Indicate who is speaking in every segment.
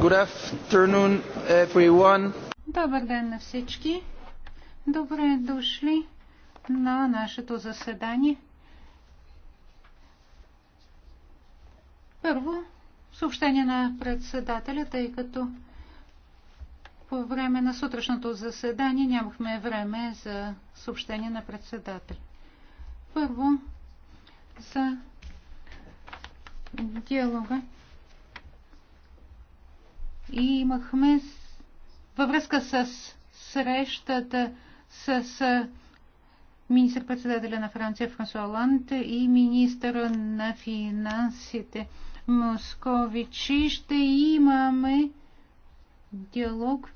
Speaker 1: Good afternoon, everyone.
Speaker 2: Добър ден на всички. Добре дошли на нашето заседание. Първо, съобщение на председателя, тъй като по време на сутрешното заседание нямахме време за съобщение на председателя. Първо, за диалога и имахме във връзка с срещата с министър-председателя на Франция Франсуа Ланд и министъра на финансите Московичи ще имаме диалог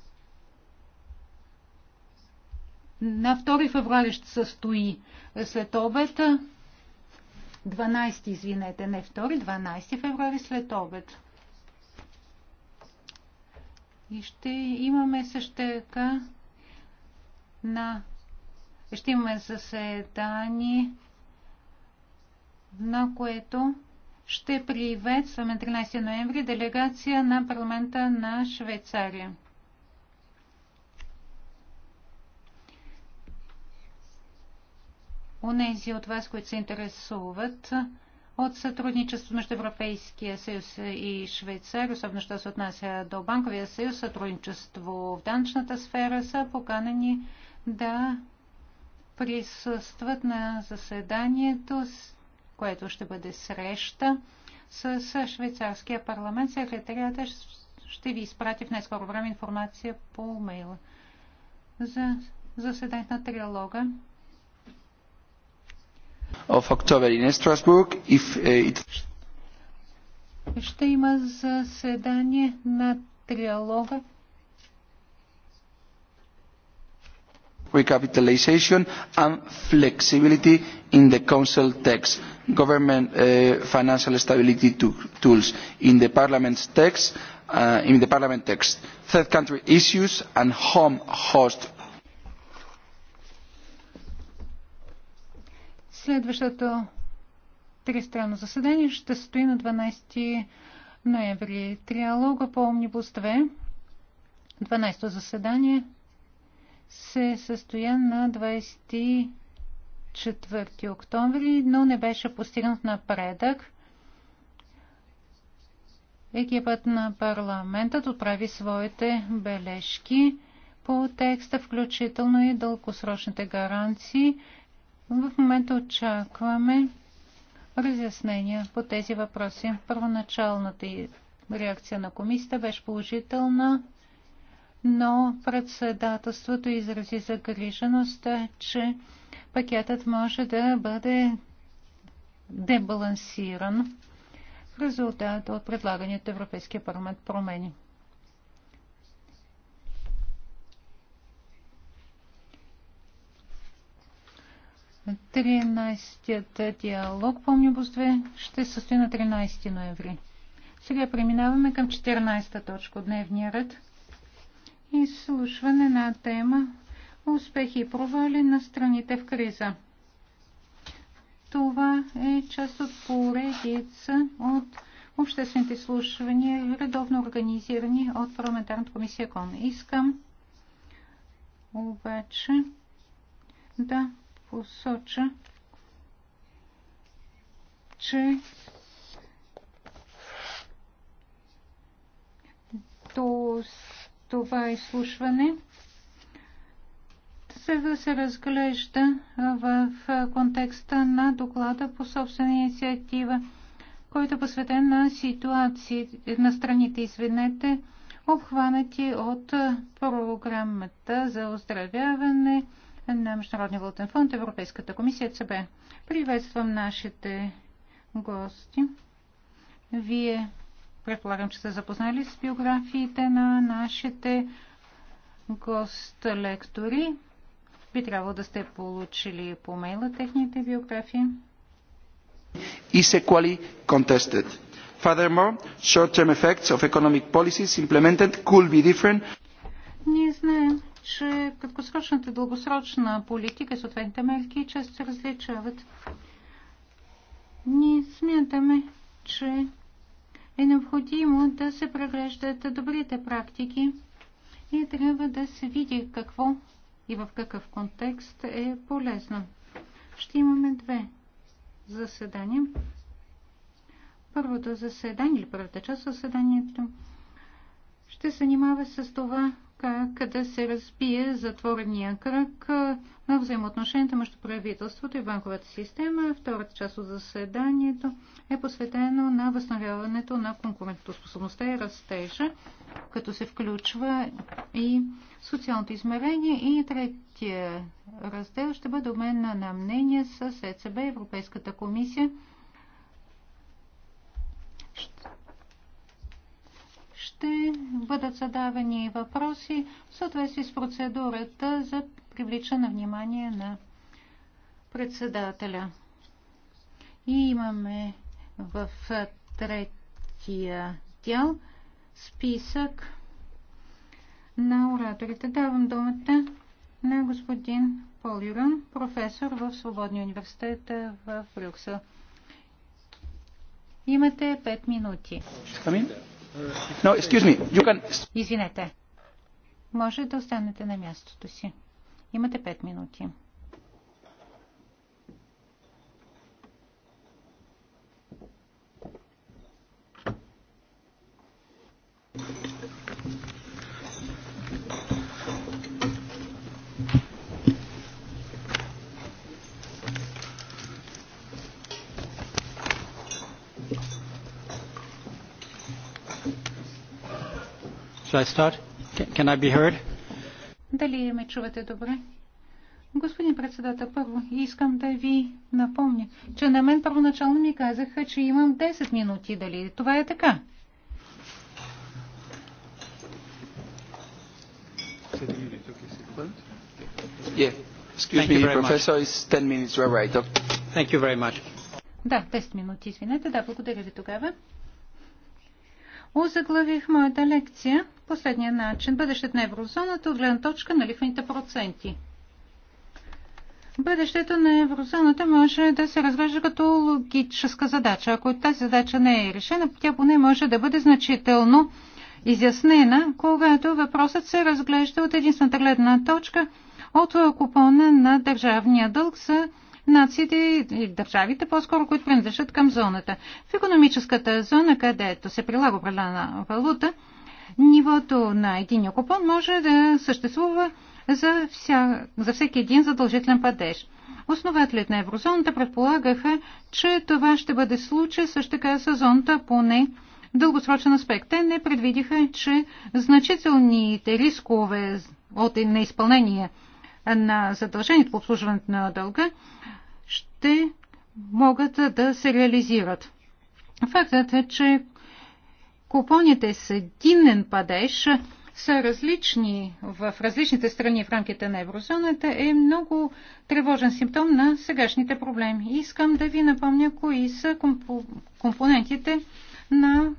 Speaker 2: на 2 феврали ще състои след обед. 12, извинете, не 2, 12 февруари след обед. И ще имаме също на... Ще имаме заседание, на което ще приветстваме 13 ноември делегация на парламента на Швейцария. Унези от вас, които се интересуват, от сътрудничество между Европейския съюз и Швейцария, особено що се отнася до банковия съюз, сътрудничество в данъчната сфера, са поканени да присъстват на заседанието, което ще бъде среща с швейцарския парламент. Секретарията ще ви изпрати в най-скоро време информация по мейла за заседанието на триалога
Speaker 1: of October in Strasbourg. If uh, it...
Speaker 2: Ще има заседание на триалога.
Speaker 1: recapitalisation and flexibility in the council text government uh, financial stability to tools in the parliament's text in the parliament text third country issues and home host
Speaker 2: Следващото тристранно заседание ще стои на 12 ноември. Триалога по Омнибус 2, 12-то заседание, се състоя на 24 октомври, но не беше постигнат напредък. Екипът на парламентът отправи своите бележки по текста, включително и дългосрочните гаранции в момента очакваме разяснения по тези въпроси. Първоначалната реакция на комисията беше положителна, но председателството изрази загриженост, че пакетът може да бъде дебалансиран в резултат от предлаганите Европейския парламент промени. 13-тият диалог по Омнибустве ще състои на 13 ноември. Сега преминаваме към 14-та точка от дневния ред. Изслушване на тема Успехи и провали на страните в криза. Това е част от поредица от обществените слушвания, редовно организирани от парламентарната комисия КОН. Искам обаче да посоча, че то, това изслушване следва да се разглежда в контекста на доклада по собствена инициатива, който е посветен на ситуации на страните, извинете, обхванати от програмата за оздравяване, на Международния валутен фонд, Европейската комисия ЦБ. Приветствам нашите гости. Вие предполагам, че сте запознали с биографиите на нашите гост-лектори. Би трябвало да сте получили по мейла техните биографии.
Speaker 1: Is equally contested. Furthermore, short-term effects of economic policies implemented could be different
Speaker 2: ние знаем, че краткосрочната и дългосрочна политика и съответните мерки често се различават. Ние смятаме, че е необходимо да се преглеждат добрите практики и трябва да се види какво и в какъв контекст е полезно. Ще имаме две заседания. Първото заседание или първата част заседанието ще се занимава с това точка, къде се разбие затворения кръг на взаимоотношенията между правителството и банковата система. Втората част от заседанието е посветено на възстановяването на конкурентоспособността и растежа, като се включва и социалното измерение. И третия раздел ще бъде обмен на мнение с ЕЦБ, Европейската комисия ще бъдат задавани въпроси в съответствие с процедурата за привличане внимание на председателя. И имаме в третия дял списък на ораторите. Давам думата на господин Пол Юран, професор в Свободния университет в Брюксел. Имате 5 минути. Ще No, excuse me. You can... Извинете. Може да останете на мястото си. Имате пет минути.
Speaker 3: I start? Can I be heard?
Speaker 2: Дали ме чувате добре? Господин председател, първо искам да ви напомня, че на мен първоначално ми казаха, че имам 10 минути. Дали това е така? Да, 10 минути, извинете. Да, благодаря ви тогава. Озаглавих моята лекция последния начин. Бъдещето на еврозоната от гледна точка на лихвените проценти. Бъдещето на еврозоната може да се разглежда като логическа задача. Ако тази задача не е решена, тя поне може да бъде значително изяснена, когато въпросът се разглежда от единствената гледна точка от купона на държавния дълг за нациите и държавите, по-скоро, които принадлежат към зоната. В економическата зона, където се прилага определена валута, нивото на един окупон може да съществува за, вся, за всеки един задължителен падеж. Основателите на еврозоната предполагаха, че това ще бъде случай също така с зоната не дългосрочен аспект. Те не предвидиха, че значителните рискове от неизпълнение на задължението по обслужването на дълга ще могат да се реализират. Фактът е, че Купоните с единен падеж са различни в различните страни в рамките на еврозоната е много тревожен симптом на сегашните проблеми. Искам да ви напомня кои са компонентите на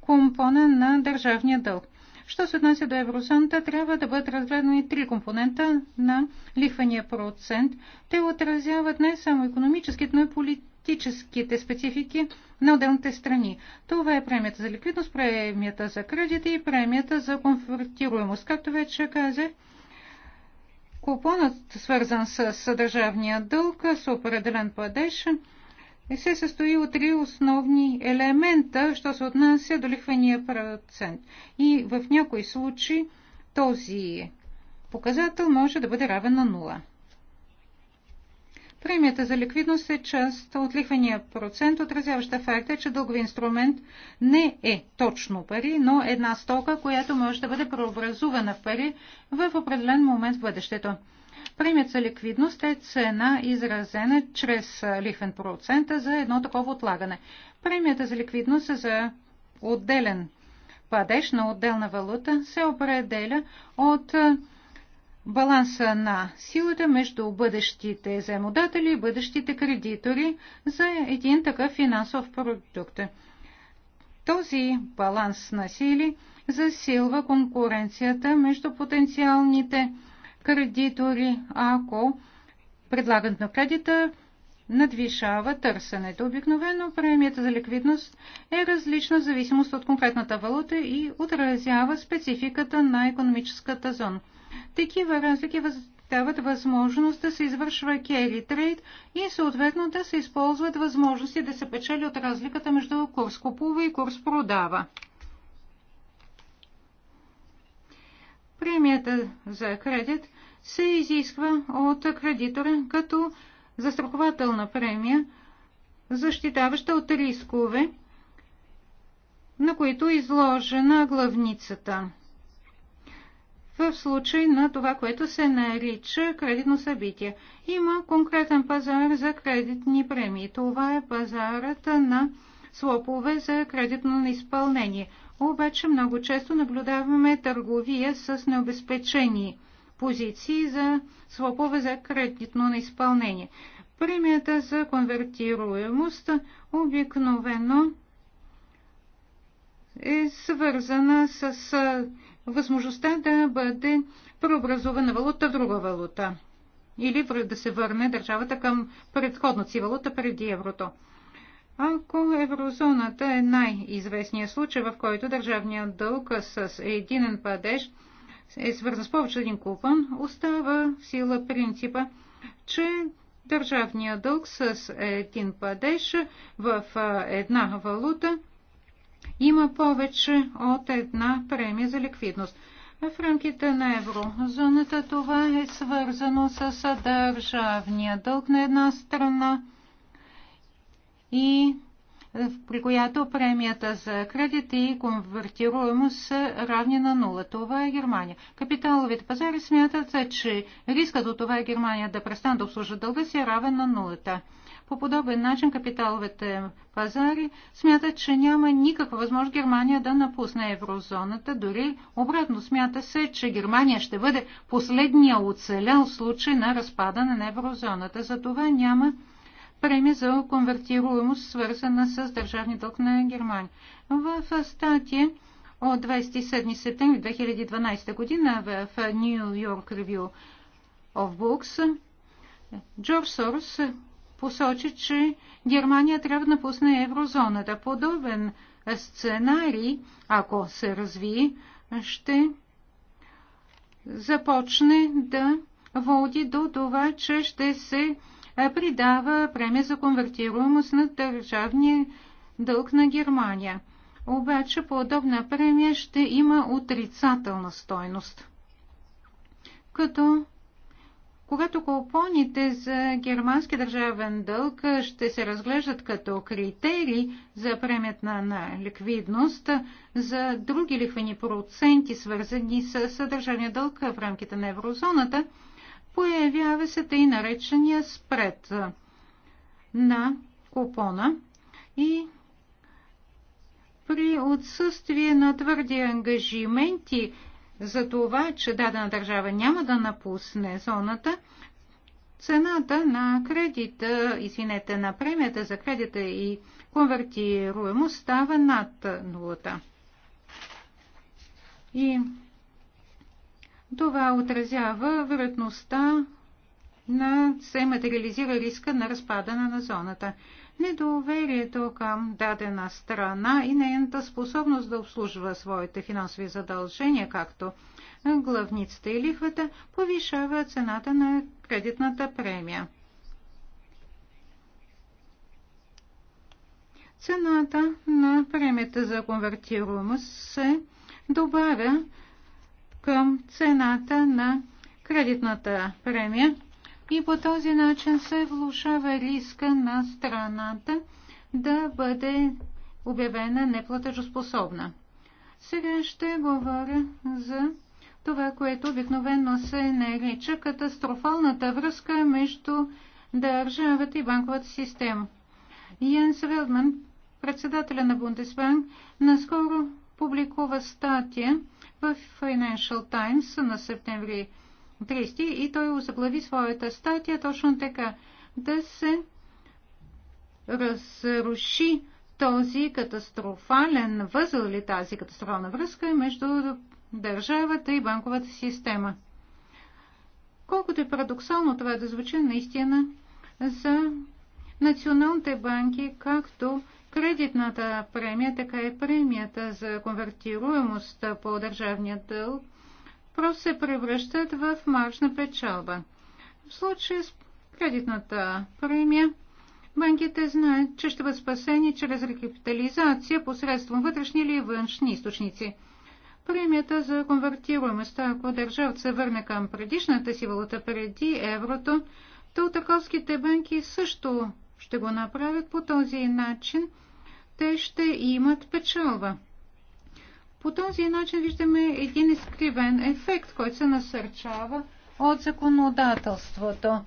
Speaker 2: компона на държавния дълг. Що се отнася до еврозоната, трябва да бъдат разгледани три компонента на лихвения процент. Те отразяват не само економическите, но и политическите практическите специфики на отделните страни. Това е премията за ликвидност, премията за кредити и премията за конфортируемост. Както вече казах, купонът, свързан с държавния дълг, с определен падеж, се състои от три основни елемента, що се отнася до лихвения процент. И в някои случаи този показател може да бъде равен на 0. Премията за ликвидност е част от лихвения процент, отразяваща факта, че дългови инструмент не е точно пари, но една стока, която може да бъде преобразувана в пари в определен момент в бъдещето. Премията за ликвидност е цена, изразена чрез лихвен процент за едно такова отлагане. Премията за ликвидност е за отделен падеж на отделна валута се определя от баланса на силата между бъдещите заемодатели и бъдещите кредитори за един такъв финансов продукт. Този баланс на сили засилва конкуренцията между потенциалните кредитори, ако предлагането на кредита надвишава търсенето. Обикновено премията за ликвидност е различна в зависимост от конкретната валута и отразява спецификата на економическата зона. Такива разлики дават възможност да се извършва кери трейд и съответно да се използват възможности да се печели от разликата между курс купува и курс продава. Премията за кредит се изисква от кредитора като застрахователна премия, защитаваща от рискове, на които е изложена главницата в случай на това, което се нарича кредитно събитие. Има конкретен пазар за кредитни премии. Това е пазарът на слопове за кредитно изпълнение. Обаче много често наблюдаваме търговия с необезпечени позиции за слопове за кредитно изпълнение. Премията за конвертируемост обикновено е свързана с възможността да бъде преобразувана валута в друга валута или да се върне държавата към предходната си валута преди еврото. Ако еврозоната е най-известният случай, в който държавният дълг с единен падеж е свързан с повече един купон, остава в сила принципа, че държавният дълг с един падеж в една валута има повече от една премия за ликвидност. В рамките на еврозоната това е свързано с държавния дълг на една страна и при която премията за кредит и конвертируемост са равни на нула. Това е Германия. Капиталовите пазари смятат, че рискът от това е Германия да престане да обслужва дълга си е равен на нулата. По подобен начин капиталовите пазари смятат, че няма никаква възможност Германия да напусне еврозоната. Дори обратно смята се, че Германия ще бъде последния оцелял случай на разпадане на еврозоната. За това няма премия за конвертируемост, свързана с държавни дълг на Германия. В статия от 27 септември 2012 година в New York Review of Books Джордж Сорос посочи, че Германия трябва да напусне еврозоната. Подобен сценарий, ако се разви, ще започне да води до това, че ще се придава премия за конвертируемост на държавния дълг на Германия. Обаче подобна премия ще има отрицателна стойност. Като когато купоните за германски държавен дълг ще се разглеждат като критерии за преметна на ликвидност за други лихвени проценти, свързани с съдържание дълг в рамките на еврозоната, появява се тъй наречения спред на купона и при отсъствие на твърди ангажименти за това, че дадена държава няма да напусне зоната, цената на кредита, извинете, на премията за кредита и конвертируемо става над нулата. И това отразява вероятността на се материализира риска на разпадане на зоната недоверието към дадена страна и нейната способност да обслужва своите финансови задължения, както главницата и лихвата, повишава цената на кредитната премия. Цената на премията за конвертируемост се добавя към цената на кредитната премия и по този начин се влушава риска на страната да бъде обявена неплатежоспособна. Сега ще говоря за това, което обикновено се нарича катастрофалната връзка между държавата и банковата система. Йенс Велдман, председателя на Бундесбанк, наскоро публикува статия в Financial Times на септември 30 и той озаглави своята статия точно така да се разруши този катастрофален възъл или тази катастрофална връзка между държавата и банковата система. Колкото е парадоксално това да звучи, наистина за националните банки, както кредитната премия, така и премията за конвертируемост по държавния дълг – просто се превръщат в на печалба. В случая с кредитната премия, банките знаят, че ще бъдат спасени чрез рекапитализация посредством вътрешни или външни източници. Премията за конвертируемостта, ако държавата се върне към предишната си валута преди еврото, то търговските банки също ще го направят по този начин. Те ще имат печалба. По този начин виждаме един изкривен ефект, който се насърчава от законодателството.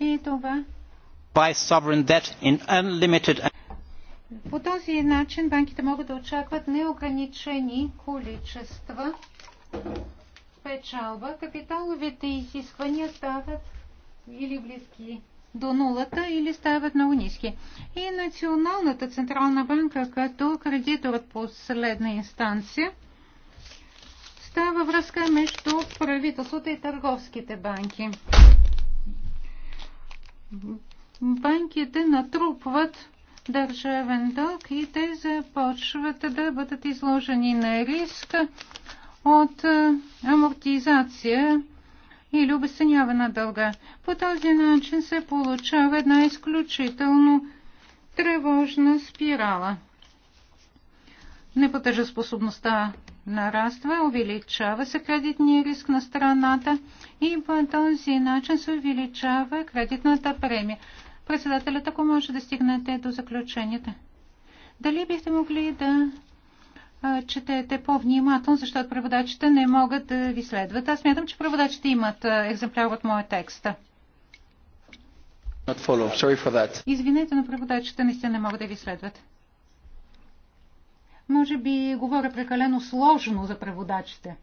Speaker 2: И това.
Speaker 3: By sovereign debt in unlimited...
Speaker 2: По този начин банките могат да очакват неограничени количества печалба. Капиталовите изисквания стават или близки до нулата или стават много ниски. И Националната централна банка като кредитор от последна инстанция става връзка между правителството и търговските банки. Банките натрупват държавен дълг и те започват да бъдат изложени на риск от амортизация или обесценява на дълга. По този начин се получава една изключително тревожна спирала. Неплатежоспособността нараства, увеличава се кредитния риск на страната и по този начин се увеличава кредитната премия. Председателят, ако може да стигнете до заключенията. Дали бихте могли да четете по-внимателно, защото преводачите не могат да ви следват. Аз мятам, че преводачите имат екземпляр от моя текст. Извинете, но преводачите наистина не могат да ви следват. Може би говоря прекалено сложно за преводачите.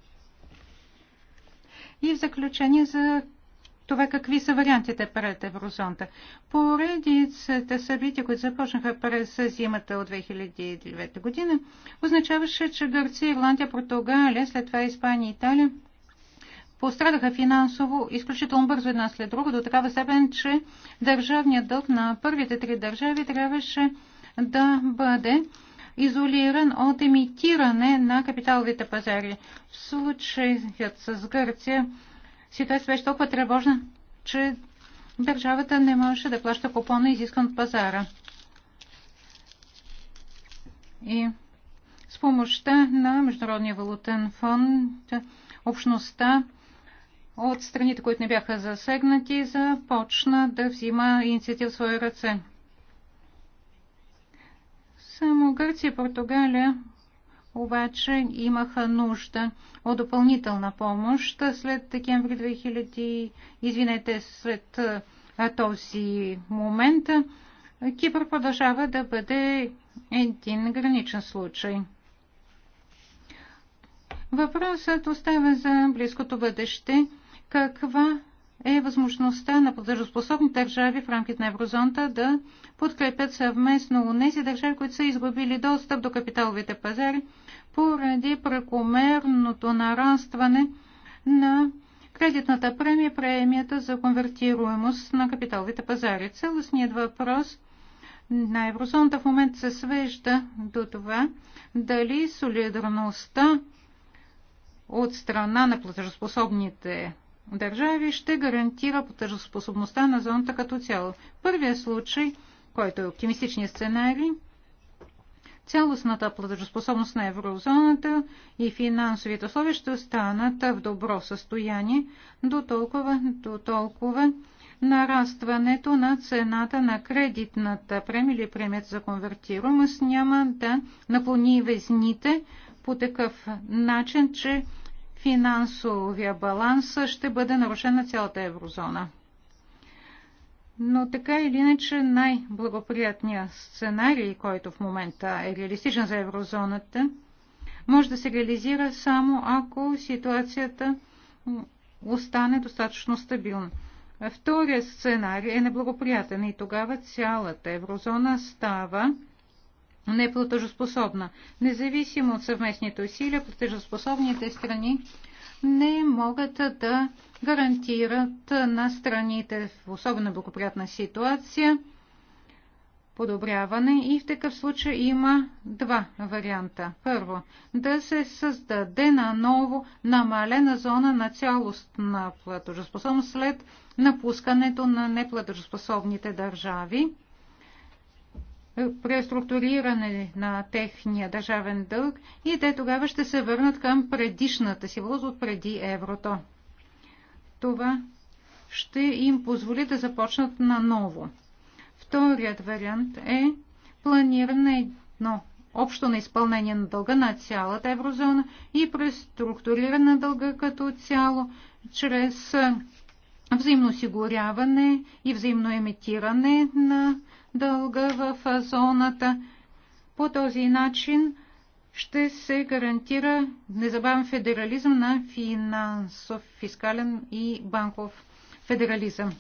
Speaker 2: И в заключение за това какви са вариантите пред еврозонта. Поредицата събития, които започнаха през зимата от 2009 година, означаваше, че Гърция, Ирландия, Португалия, след това Испания и Италия пострадаха финансово изключително бързо една след друга, до такава степен, че държавният дълг на първите три държави трябваше да бъде изолиран от имитиране на капиталовите пазари. В случаят с Гърция ситуация беше толкова тревожна, че държавата не можеше да плаща купона, изискан от пазара. И с помощта на Международния валутен фонд, общността от страните, които не бяха засегнати, започна да взима инициатива в свои ръце. Само Гърция и Португалия обаче имаха нужда от допълнителна помощ след декември 2000, извинете, след този момент. Кипър продължава да бъде един граничен случай. Въпросът остава за близкото бъдеще. Каква е възможността на поддържоспособни държави в рамките на еврозонта да подкрепят съвместно тези държави, които са изгубили достъп до капиталовите пазари поради прекомерното нарастване на кредитната премия, премията за конвертируемост на капиталовите пазари. Целостният въпрос на еврозоната в момента се свежда до това дали солидарността от страна на платежоспособните държави ще гарантира платежоспособността на зоната като цяло. Първият случай, който е оптимистичният сценарий, цялостната платежоспособност на еврозоната и финансовите условия ще останат в добро състояние до толкова, до толкова нарастването на цената на кредитната премия или премията за конвертируемост няма да наклони везните по такъв начин, че финансовия баланс ще бъде нарушен на цялата еврозона. Но така или иначе най-благоприятният сценарий, който в момента е реалистичен за еврозоната, може да се реализира само ако ситуацията остане достатъчно стабилна. Вторият сценарий е неблагоприятен и тогава цялата еврозона става неплатежоспособна. Е Независимо от съвместните усилия, платежоспособните страни не могат да гарантират на страните в особено благоприятна ситуация подобряване и в такъв случай има два варианта. Първо, да се създаде наново намалена зона на цялост на платежоспособност след напускането на неплатежоспособните държави преструктуриране на техния държавен дълг и те тогава ще се върнат към предишната си валута от преди еврото. Това ще им позволи да започнат наново. Вторият вариант е планиране едно общо на изпълнение на дълга на цялата еврозона и преструктуриране на дълга като цяло чрез взаимно осигуряване и взаимно емитиране на дълга в зоната. По този начин ще се гарантира незабавен федерализъм на финансов, фискален и банков федерализъм.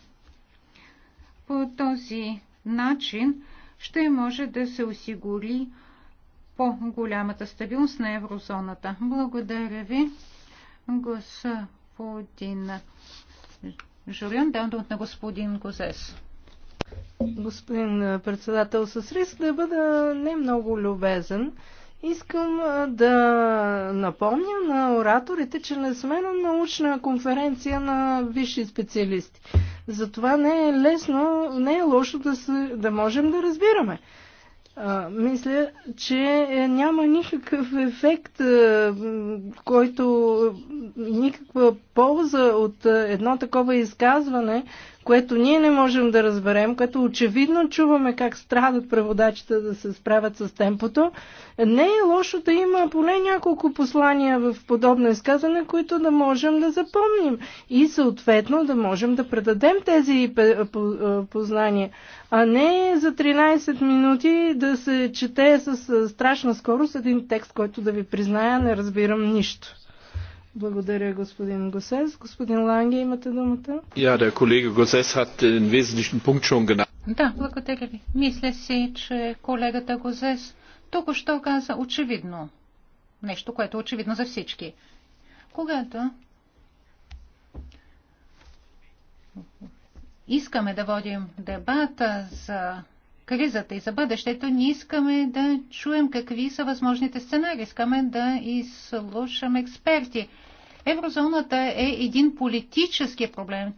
Speaker 2: По този начин ще може да се осигури по-голямата стабилност на еврозоната. Благодаря ви, господин Журен, дадот на господин Козес.
Speaker 4: Господин председател, с риск да бъда не много любезен, искам да напомня на ораторите, че не сме на научна конференция на висши специалисти. Затова не е лесно, не е лошо да, се, да можем да разбираме. А, мисля, че е, няма никакъв ефект, който никаква полза от едно такова изказване, което ние не можем да разберем, като очевидно чуваме как страдат преводачите да се справят с темпото, не е лошо да има поне няколко послания в подобно изказване, които да можем да запомним и съответно да можем да предадем тези познания, а не за 13 минути да се чете с страшна скорост един текст, който да ви призная не разбирам нищо. Благодаря, господин Госес. Господин Ланге, имате думата.
Speaker 5: Ja, der Kollege Госес
Speaker 1: hat den wesentlichen Punkt schon genannt.
Speaker 4: Да, благодаря ви. Мисля си, че колегата
Speaker 2: Госес току-що каза очевидно. Нещо, което е очевидно за всички. Когато искаме да водим дебата за кризата и за бъдещето, ние искаме да чуем какви са възможните сценари. Искаме да изслушаме експерти. Еврозоната е един политически проблем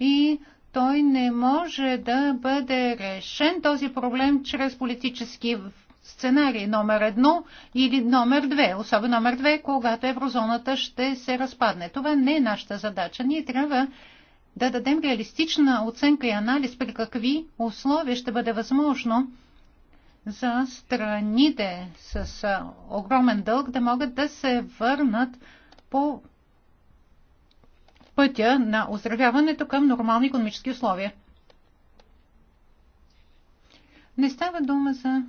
Speaker 2: и той не може да бъде решен този проблем чрез политически сценарий номер едно или номер две, особено номер две, когато еврозоната ще се разпадне. Това не е нашата задача. Ние трябва да дадем реалистична оценка и анализ при какви условия ще бъде възможно за страните с огромен дълг да могат да се върнат по пътя на оздравяването към нормални економически условия. Не става дума за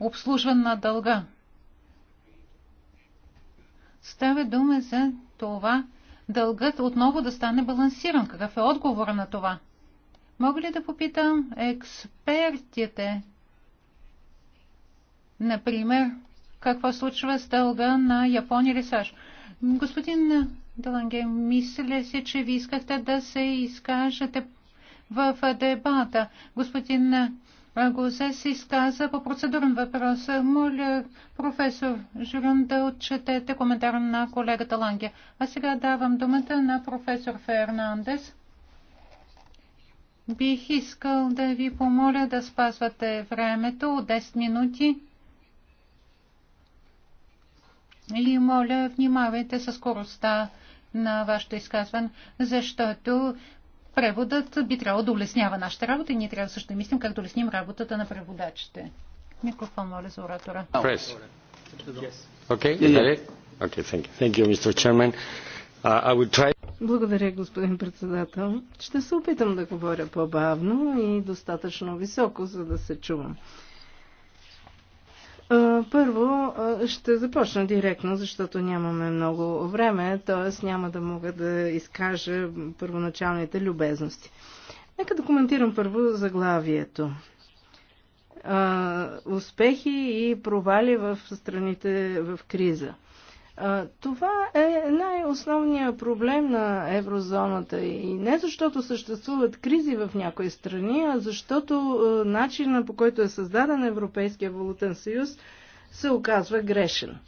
Speaker 2: обслужване на дълга. Става дума за това дългът отново да стане балансиран. Какъв е отговор на това? Мога ли да попитам експертите? Например, какво случва с дълга на Япония или САЩ? Господин Деланге, мисля се, че ви искахте да се изкажете в дебата. Господин ако се изказа по процедурен въпрос. Моля, професор Журин, да отчетете коментар на колегата Ланге. А сега давам думата на професор Фернандес. Бих искал да ви помоля да спазвате времето от 10 минути. И моля, внимавайте със скоростта на вашето изказване, защото преводът би трябвало да улеснява нашата работа и ние трябва също да мислим как да улесним работата на преводачите.
Speaker 4: Микрофон, моля, за оратора.
Speaker 3: Uh,
Speaker 4: Благодаря, господин председател. Ще се опитам да говоря по-бавно и достатъчно високо, за да се чувам. Uh, първо ще започна директно, защото нямаме много време, т.е. няма да мога да изкажа първоначалните любезности. Нека да коментирам първо заглавието. Успехи и провали в страните в криза – това е най-основният проблем на еврозоната и не защото съществуват кризи в някои страни, а защото начина по който е създаден Европейския валутен съюз се оказва грешен.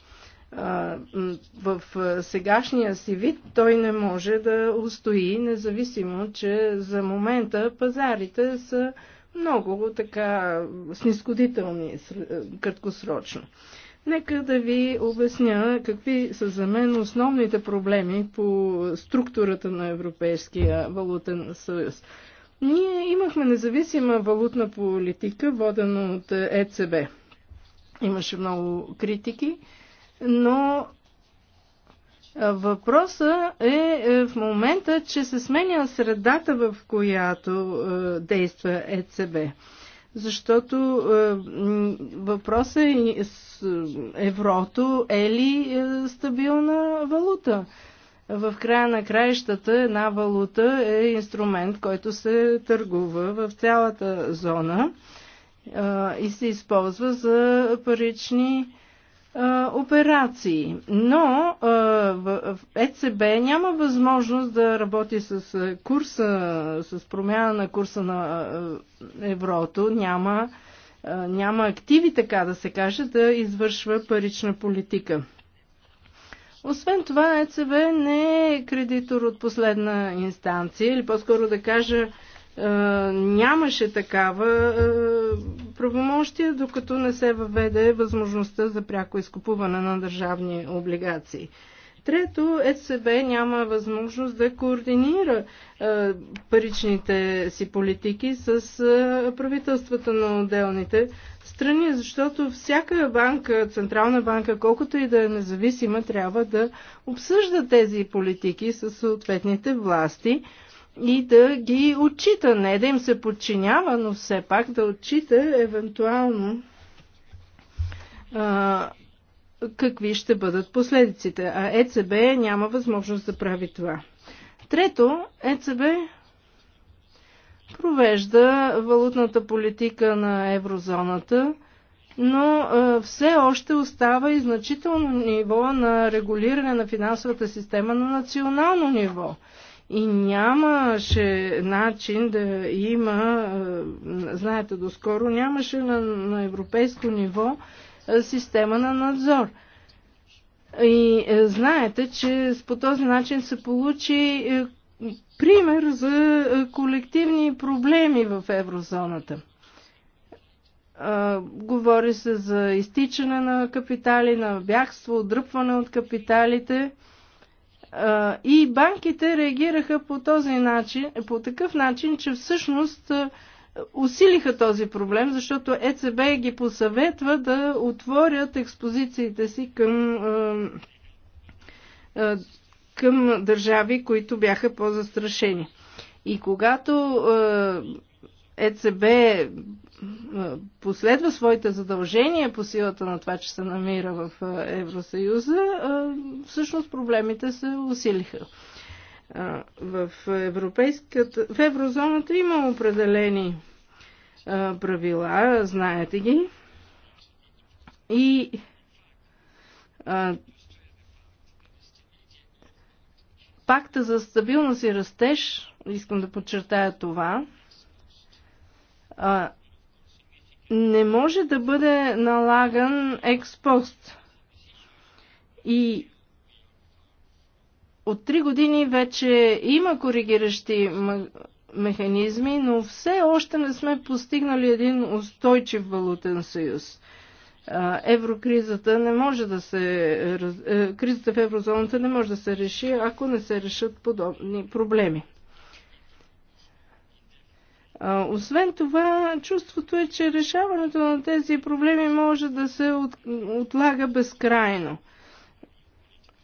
Speaker 4: В сегашния си вид той не може да устои, независимо, че за момента пазарите са много така снисходителни краткосрочно. Нека да ви обясня какви са за мен основните проблеми по структурата на Европейския валутен съюз. Ние имахме независима валутна политика, водена от ЕЦБ. Имаше много критики, но Въпросът е, е в момента, че се сменя средата, в която е, действа ЕЦБ защото е, въпросът е, е с еврото е ли е, стабилна валута. В края на краищата една валута е инструмент, който се търгува в цялата зона и се използва за парични операции. Но в ЕЦБ няма възможност да работи с курса, с промяна на курса на еврото, няма, няма активи, така да се каже, да извършва парична политика. Освен това, ЕЦБ не е кредитор от последна инстанция, или по-скоро да кажа, е, нямаше такава е, правомощия, докато не се въведе възможността за пряко изкупуване на държавни облигации. Трето, ЕЦБ няма възможност да координира е, паричните си политики с правителствата на отделните страни, защото всяка банка, централна банка, колкото и да е независима, трябва да обсъжда тези политики с съответните власти и да ги отчита, не да им се подчинява, но все пак да отчита евентуално а, какви ще бъдат последиците. А ЕЦБ няма възможност да прави това. Трето, ЕЦБ провежда валутната политика на еврозоната, но а, все още остава и значително ниво на регулиране на финансовата система на национално ниво и нямаше начин да има, е, знаете, доскоро нямаше на, на европейско ниво е, система на надзор. И е, знаете, че по този начин се получи пример за колективни проблеми в еврозоната. Говори се за изтичане на капитали, на бягство, отдръпване от капиталите – и банките реагираха по този начин, по такъв начин, че всъщност усилиха този проблем, защото ЕЦБ ги посъветва да отворят експозициите си към, към държави, които бяха по-застрашени. И когато ЕЦБ е, последва своите задължения по силата на това, че се намира в е, Евросъюза, е, всъщност проблемите се усилиха. В, европейската, в еврозоната има определени правила, знаете ги. И пакта за стабилност и растеж, искам да подчертая това, а не може да бъде налаган експост. И от три години вече има коригиращи механизми, но все още не сме постигнали един устойчив валутен съюз. Еврокризата не може да се. Е, кризата в еврозоната не може да се реши, ако не се решат подобни проблеми. Освен това, чувството е, че решаването на тези проблеми може да се отлага безкрайно.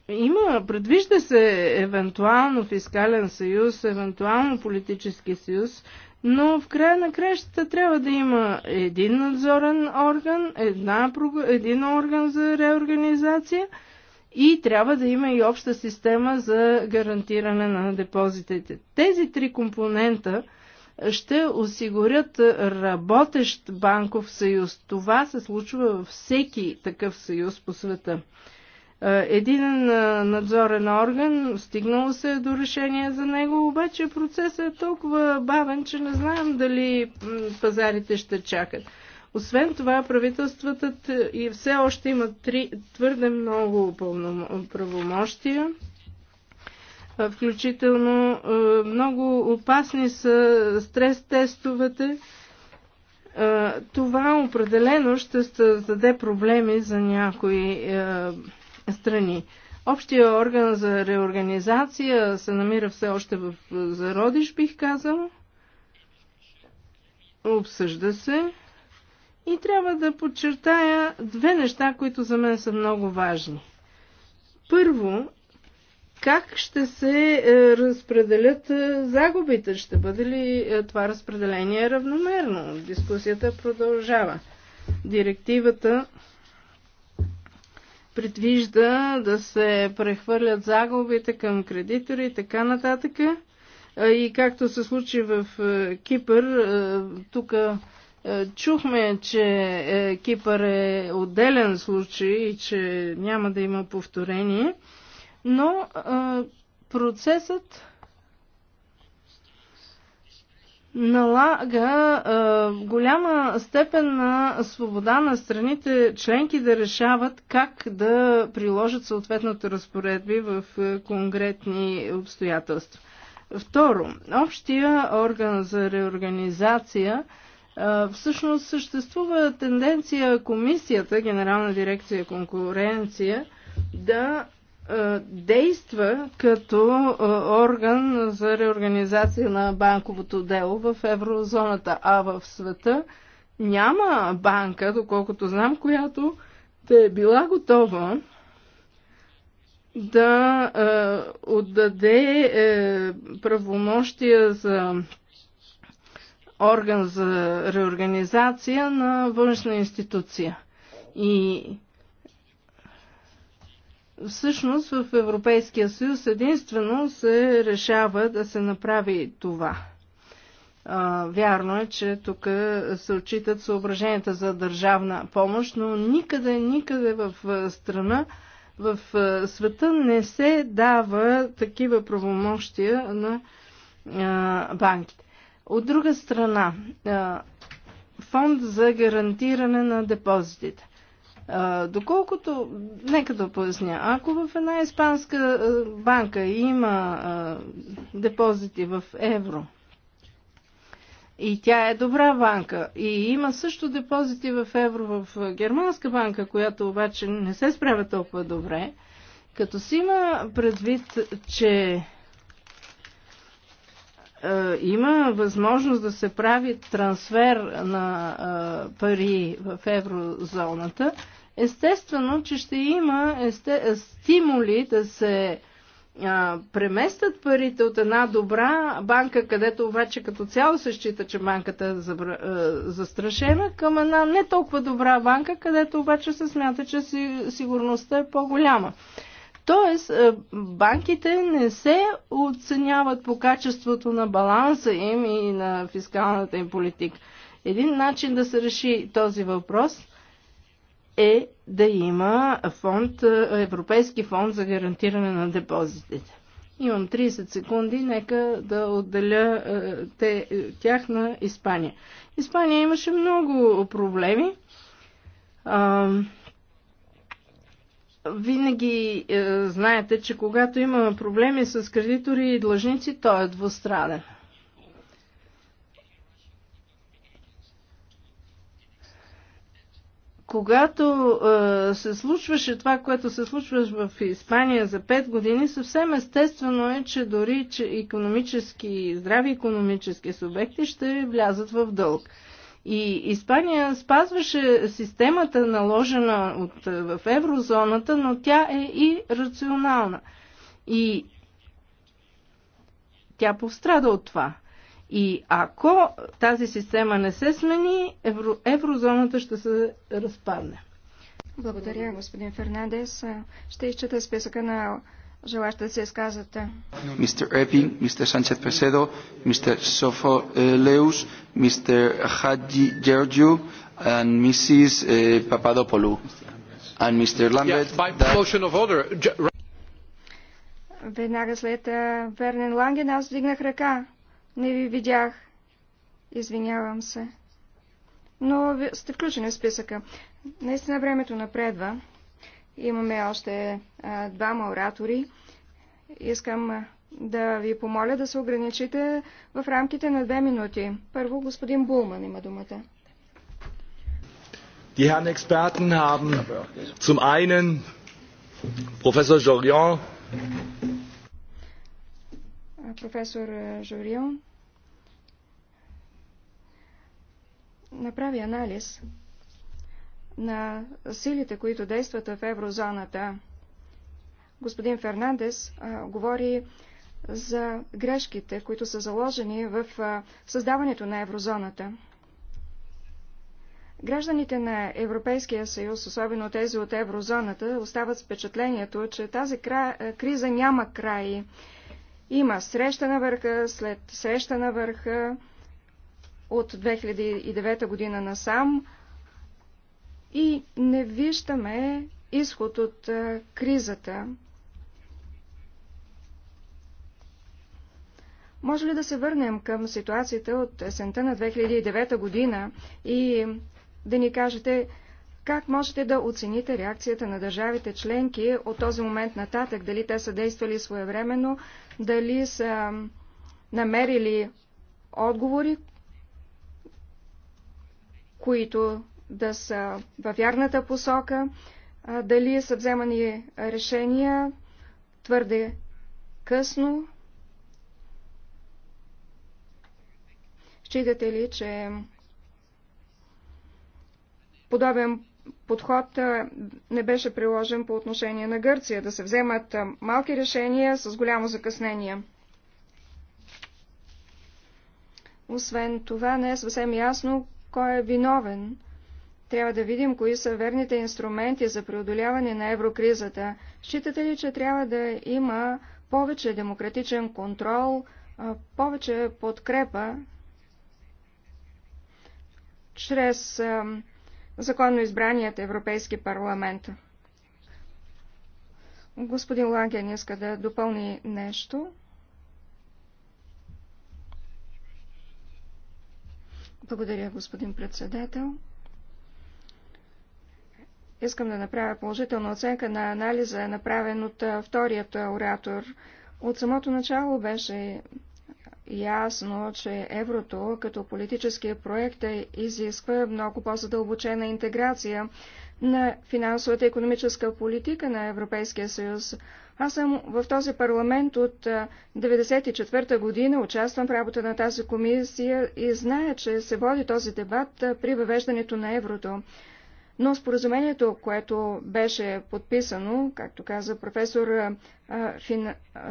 Speaker 4: Има, предвижда се евентуално фискален съюз, евентуално политически съюз, но в края на кращата трябва да има един надзорен орган, една, един орган за реорганизация и трябва да има и обща система за гарантиране на депозитите. Тези три компонента – ще осигурят работещ банков съюз. Това се случва във всеки такъв съюз по света. Е, един е, надзорен орган, стигнало се до решение за него, обаче процесът е толкова бавен, че не знаем дали пазарите ще чакат. Освен това, правителствата и все още имат три, твърде много правомощия Включително много опасни са стрес-тестовете. Това определено ще създаде проблеми за някои страни. Общия орган за реорганизация се намира все още в зародиш, бих казал. Обсъжда се. И трябва да подчертая две неща, които за мен са много важни. Първо, как ще се е, разпределят е, загубите? Ще бъде ли е, това разпределение равномерно? Дискусията продължава. Директивата предвижда да се прехвърлят загубите към кредитори и така нататък. И както се случи в Кипър, тук чухме, че Кипър е отделен случай и че няма да има повторение – но а, процесът налага а, голяма степен на свобода на страните членки да решават как да приложат съответното разпоредби в конкретни обстоятелства. Второ, общия орган за реорганизация всъщност съществува тенденция комисията, Генерална дирекция конкуренция, да е, действа като е, орган за реорганизация на банковото дело в еврозоната, а в света няма банка, доколкото знам, която да е била готова да е, отдаде е, правомощия за орган за реорганизация на външна институция. И Всъщност в Европейския съюз единствено се решава да се направи това. А, вярно е, че тук се отчитат съображенията за държавна помощ, но никъде, никъде в страна, в света не се дава такива правомощия на а, банките. От друга страна, а, фонд за гарантиране на депозитите. Доколкото, нека да поясня, ако в една испанска банка има депозити в евро, и тя е добра банка. И има също депозити в евро в германска банка, която обаче не се справя толкова добре. Като си има предвид, че е, има възможност да се прави трансфер на е, пари в еврозоната, естествено, че ще има есте... Е, стимули да се а, преместят парите от една добра банка, където обаче като цяло се счита, че банката е забра... Е, застрашена, към една не толкова добра банка, където обаче се смята, че си... сигурността е по-голяма. Тоест, е, банките не се оценяват по качеството на баланса им и на фискалната им политика. Един начин да се реши този въпрос е да има фонд, Европейски фонд за гарантиране на депозитите. Имам 30 секунди, нека да отделя е, те, е, тях на Испания. Испания имаше много проблеми. А, винаги е, знаете, че когато има проблеми с кредитори и длъжници, той е двустраден. когато а, се случваше това, което се случва в Испания за 5 години, съвсем естествено е, че дори че економически, здрави економически субекти ще влязат в дълг. И Испания спазваше системата, наложена от, в еврозоната, но тя е и рационална. И тя повстрада от това. И ако тази система не се смени, евро, еврозоната ще се
Speaker 6: разпадне. Благодаря, господин Фернандес. Ще изчета списъка на желащите да се изказват.
Speaker 1: Мистер Епи, мистер Санчет Преседо, мистер Софо е, Леус, мистер Хаджи Георгио, and Mrs. Papadopoulou, е, and Mr. Lambert. Yes, by motion of order.
Speaker 6: Веднага след е, Вернен Ланген аз вдигнах ръка. Не ви видях. Извинявам се. Но сте включени в списъка. Наистина времето напредва. Имаме още а, двама оратори. Искам да ви помоля да се ограничите в рамките на две минути. Първо господин Булман има думата.
Speaker 1: Die Herren Experten haben zum einen Professor Jorion
Speaker 6: професор е, Журил направи анализ на силите, които действат в еврозоната. Господин Фернандес а, е, говори за грешките, които са заложени в а, е, създаването на еврозоната. Гражданите на Европейския съюз, особено тези от еврозоната, остават с впечатлението, че тази кра... криза няма край има среща на върха, след среща на върха от 2009 година насам и не виждаме изход от кризата. Може ли да се върнем към ситуацията от есента на 2009 година и да ни кажете как можете да оцените реакцията на държавите членки от този момент нататък, дали те са действали своевременно, дали са намерили отговори, които да са във вярната посока, дали са вземани решения твърде късно. Считате ли, че подобен подход не беше приложен по отношение на Гърция, да се вземат малки решения с голямо закъснение. Освен това, не е съвсем ясно кой е виновен. Трябва да видим кои са верните инструменти за преодоляване на еврокризата. Считате ли, че трябва да има повече демократичен контрол, повече подкрепа чрез законно избраният Европейски парламент. Господин Лаген иска да допълни нещо. Благодаря, господин председател. Искам да направя положителна оценка на анализа, направен от вторият оратор. От самото начало беше ясно, че еврото като политически проект е изисква много по-задълбочена интеграция на финансовата и економическа политика на Европейския съюз. Аз съм в този парламент от 1994 година, участвам в работа на тази комисия и зная, че се води този дебат при въвеждането на еврото. Но споразумението, което беше подписано, както каза професор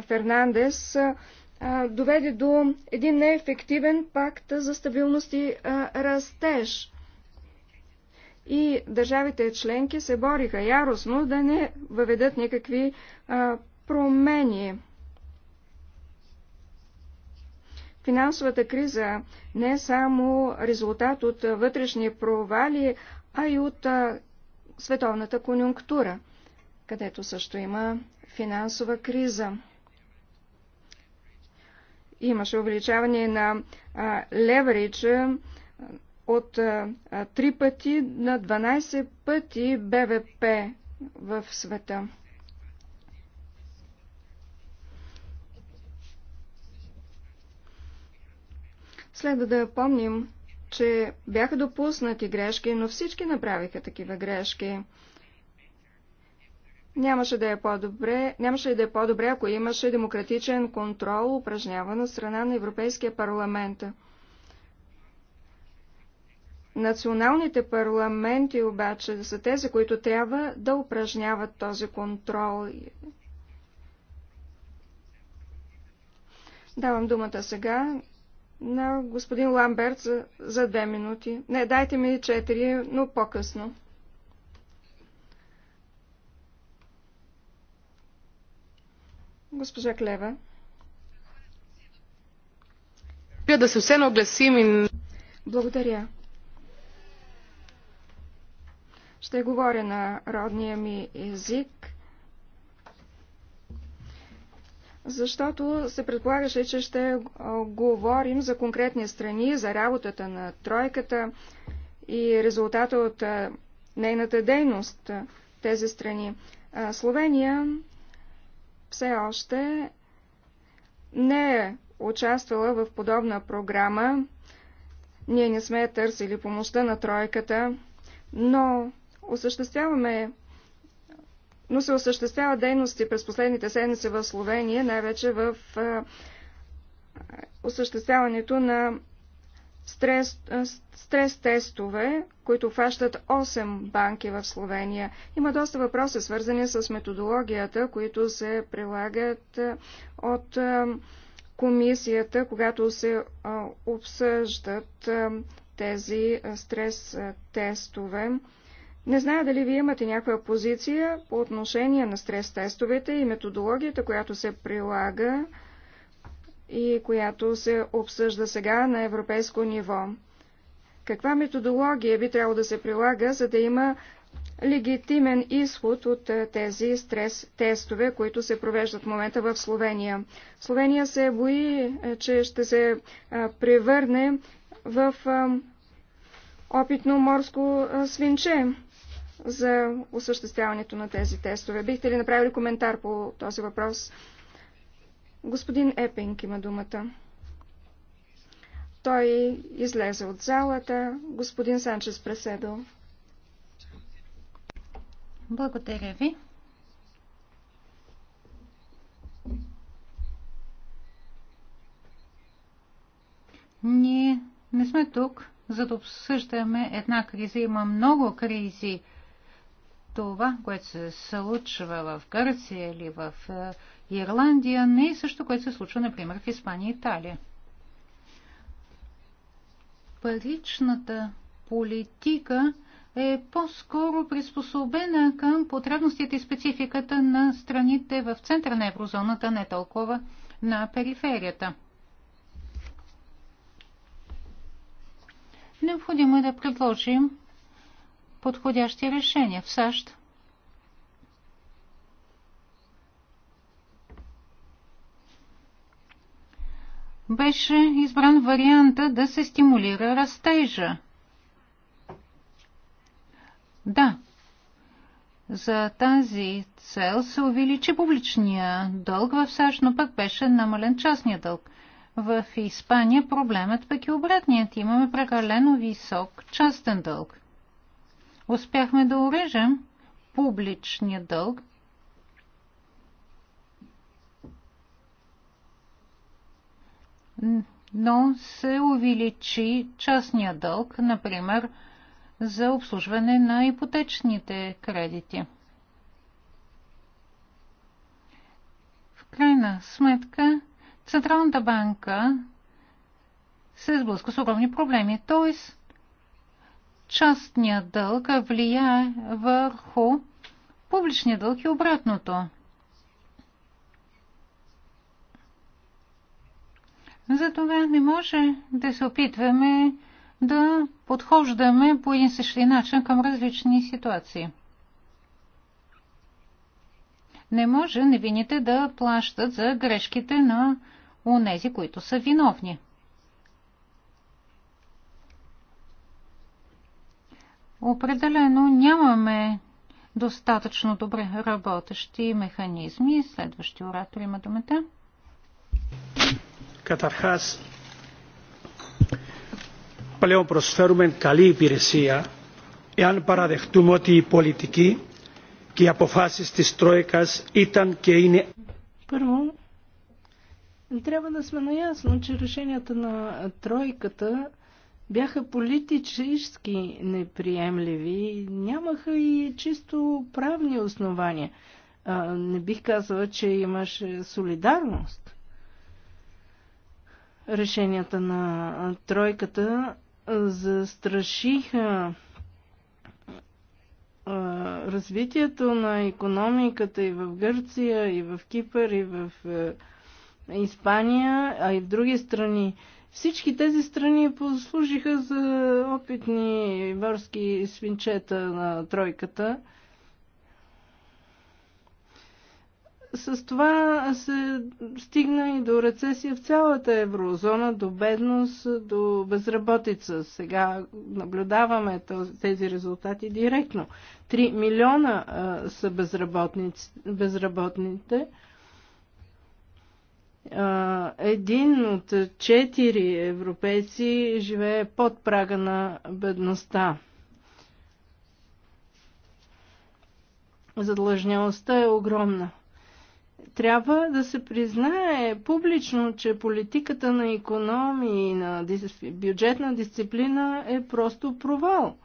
Speaker 6: Фернандес, доведе до един неефективен пакт за стабилност и растеж. И държавите членки се бориха яростно да не въведат никакви промени. Финансовата криза не е само резултат от вътрешни провали, а и от световната конюнктура, където също има финансова криза. Имаше увеличаване на левериджа от три пъти на 12 пъти БВП в света. Следва да помним, че бяха допуснати грешки, но всички направиха такива грешки. Нямаше да е по-добре, нямаше да е по-добре, ако имаше демократичен контрол, упражняван от страна на Европейския парламент. Националните парламенти обаче са тези, които трябва да упражняват този контрол. Давам думата сега на господин Ламберт за, за две минути. Не, дайте ми четири, но по-късно. Госпожа Клева. Да
Speaker 4: се все нагласим и...
Speaker 6: Благодаря. Ще говоря на родния ми език, защото се предполагаше, че ще говорим за конкретни страни, за работата на тройката и резултата от нейната дейност тези страни. Словения все още не е участвала в подобна програма. Ние не сме търсили помощта на тройката, но осъществяваме но се осъществява дейности през последните седмици в Словения, най-вече в осъществяването на стрес, тестове, които фащат 8 банки в Словения. Има доста въпроси, свързани с методологията, които се прилагат от комисията, когато се обсъждат тези стрес тестове. Не зная дали вие имате някаква позиция по отношение на стрес тестовете и методологията, която се прилага и която се обсъжда сега на европейско ниво. Каква методология би трябвало да се прилага, за да има легитимен изход от е, тези стрес-тестове, които се провеждат в момента в Словения. Словения се бои, е, че ще се е, превърне в опитно морско свинче за осъществяването на тези тестове. Бихте ли направили коментар по този въпрос? Господин Епинг има думата. Той излезе от залата. Господин Санчес преседал. Благодаря ви.
Speaker 2: Ние не сме тук, за да обсъждаме една криза. Има много кризи. Това, което се случва в Гърция или в е, Ирландия не е също, което се случва, например, в Испания и Италия. Паричната политика е по-скоро приспособена към потребностите и спецификата на страните в центъра на еврозоната, не толкова на периферията. Необходимо е да предложим подходящи решения в САЩ. беше избран варианта да се стимулира растежа. Да, за тази цел се увеличи публичния дълг в САЩ, но пък беше намален частния дълг. В Испания проблемът пък е обратният. Имаме прекалено висок частен дълг. Успяхме да урежем публичния дълг но се увеличи частния дълг, например, за обслужване на ипотечните кредити. В крайна сметка, Централната банка се сблъска с огромни проблеми, т.е. частният дълг влияе върху публичния дълг и обратното. Затова не може да се опитваме да подхождаме по един същи начин към различни ситуации. Не може невините да плащат за грешките на унези, които са виновни. Определено нямаме достатъчно добре работещи механизми. Следващи оратор има думата.
Speaker 1: Καταρχάς, πλέον προσφέρουμε καλή υπηρεσία εάν παραδεχτούμε ότι η πολιτική και οι αποφάσεις της Τρόικας ήταν και είναι...
Speaker 4: Първо, трябва да сме наясно, че решенията на тройката бяха политически неприемливи, и нямаха и чисто правни основания. не бих казала, че имаше солидарност решенията на тройката застрашиха развитието на економиката и в Гърция, и в Кипър, и в Испания, а и в други страни. Всички тези страни послужиха за опитни борски свинчета на тройката – С това се стигна и до рецесия в цялата еврозона, до бедност, до безработица. Сега наблюдаваме тези резултати директно. 3 милиона а, са безработните. А, един от четири европейци живее под прага на бедността. Задлъжнялостта е огромна трябва да се признае публично, че политиката на економии и на бюджетна дисциплина е просто провал.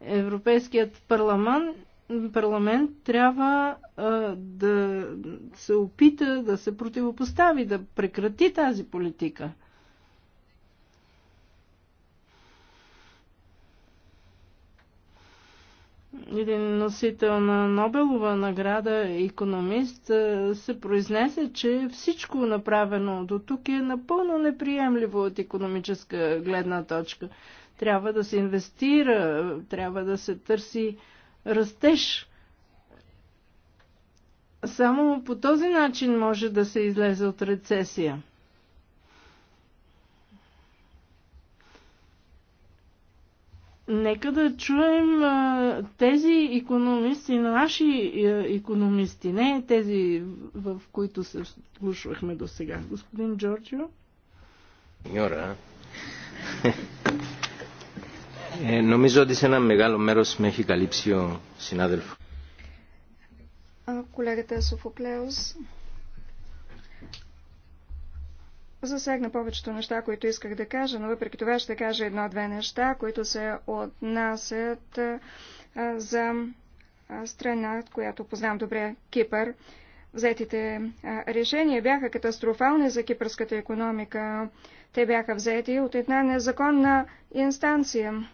Speaker 4: Европейският парламент, парламент трябва а, да се опита да се противопостави, да прекрати тази политика – един носител на Нобелова награда, економист, е, се произнесе, че всичко направено до тук е напълно неприемливо от економическа гледна точка. Трябва да се инвестира, трябва да се търси растеж. Само по този начин може да се излезе от рецесия. Нека да чуем а, тези економисти, наши економисти, не тези, в които се слушвахме до сега. Господин Джорджио.
Speaker 5: Йора. Ε, νομίζω ότι σε ένα μεγάλο μέρος με έχει
Speaker 4: καλύψει ο συνάδελφος.
Speaker 6: Колегата Софоклеус Засегна повечето неща, които исках да кажа, но въпреки това ще кажа едно-две неща, които се отнасят за страна, която познавам добре, Кипър. Взетите решения бяха катастрофални за кипърската економика. Те бяха взети от една незаконна инстанция.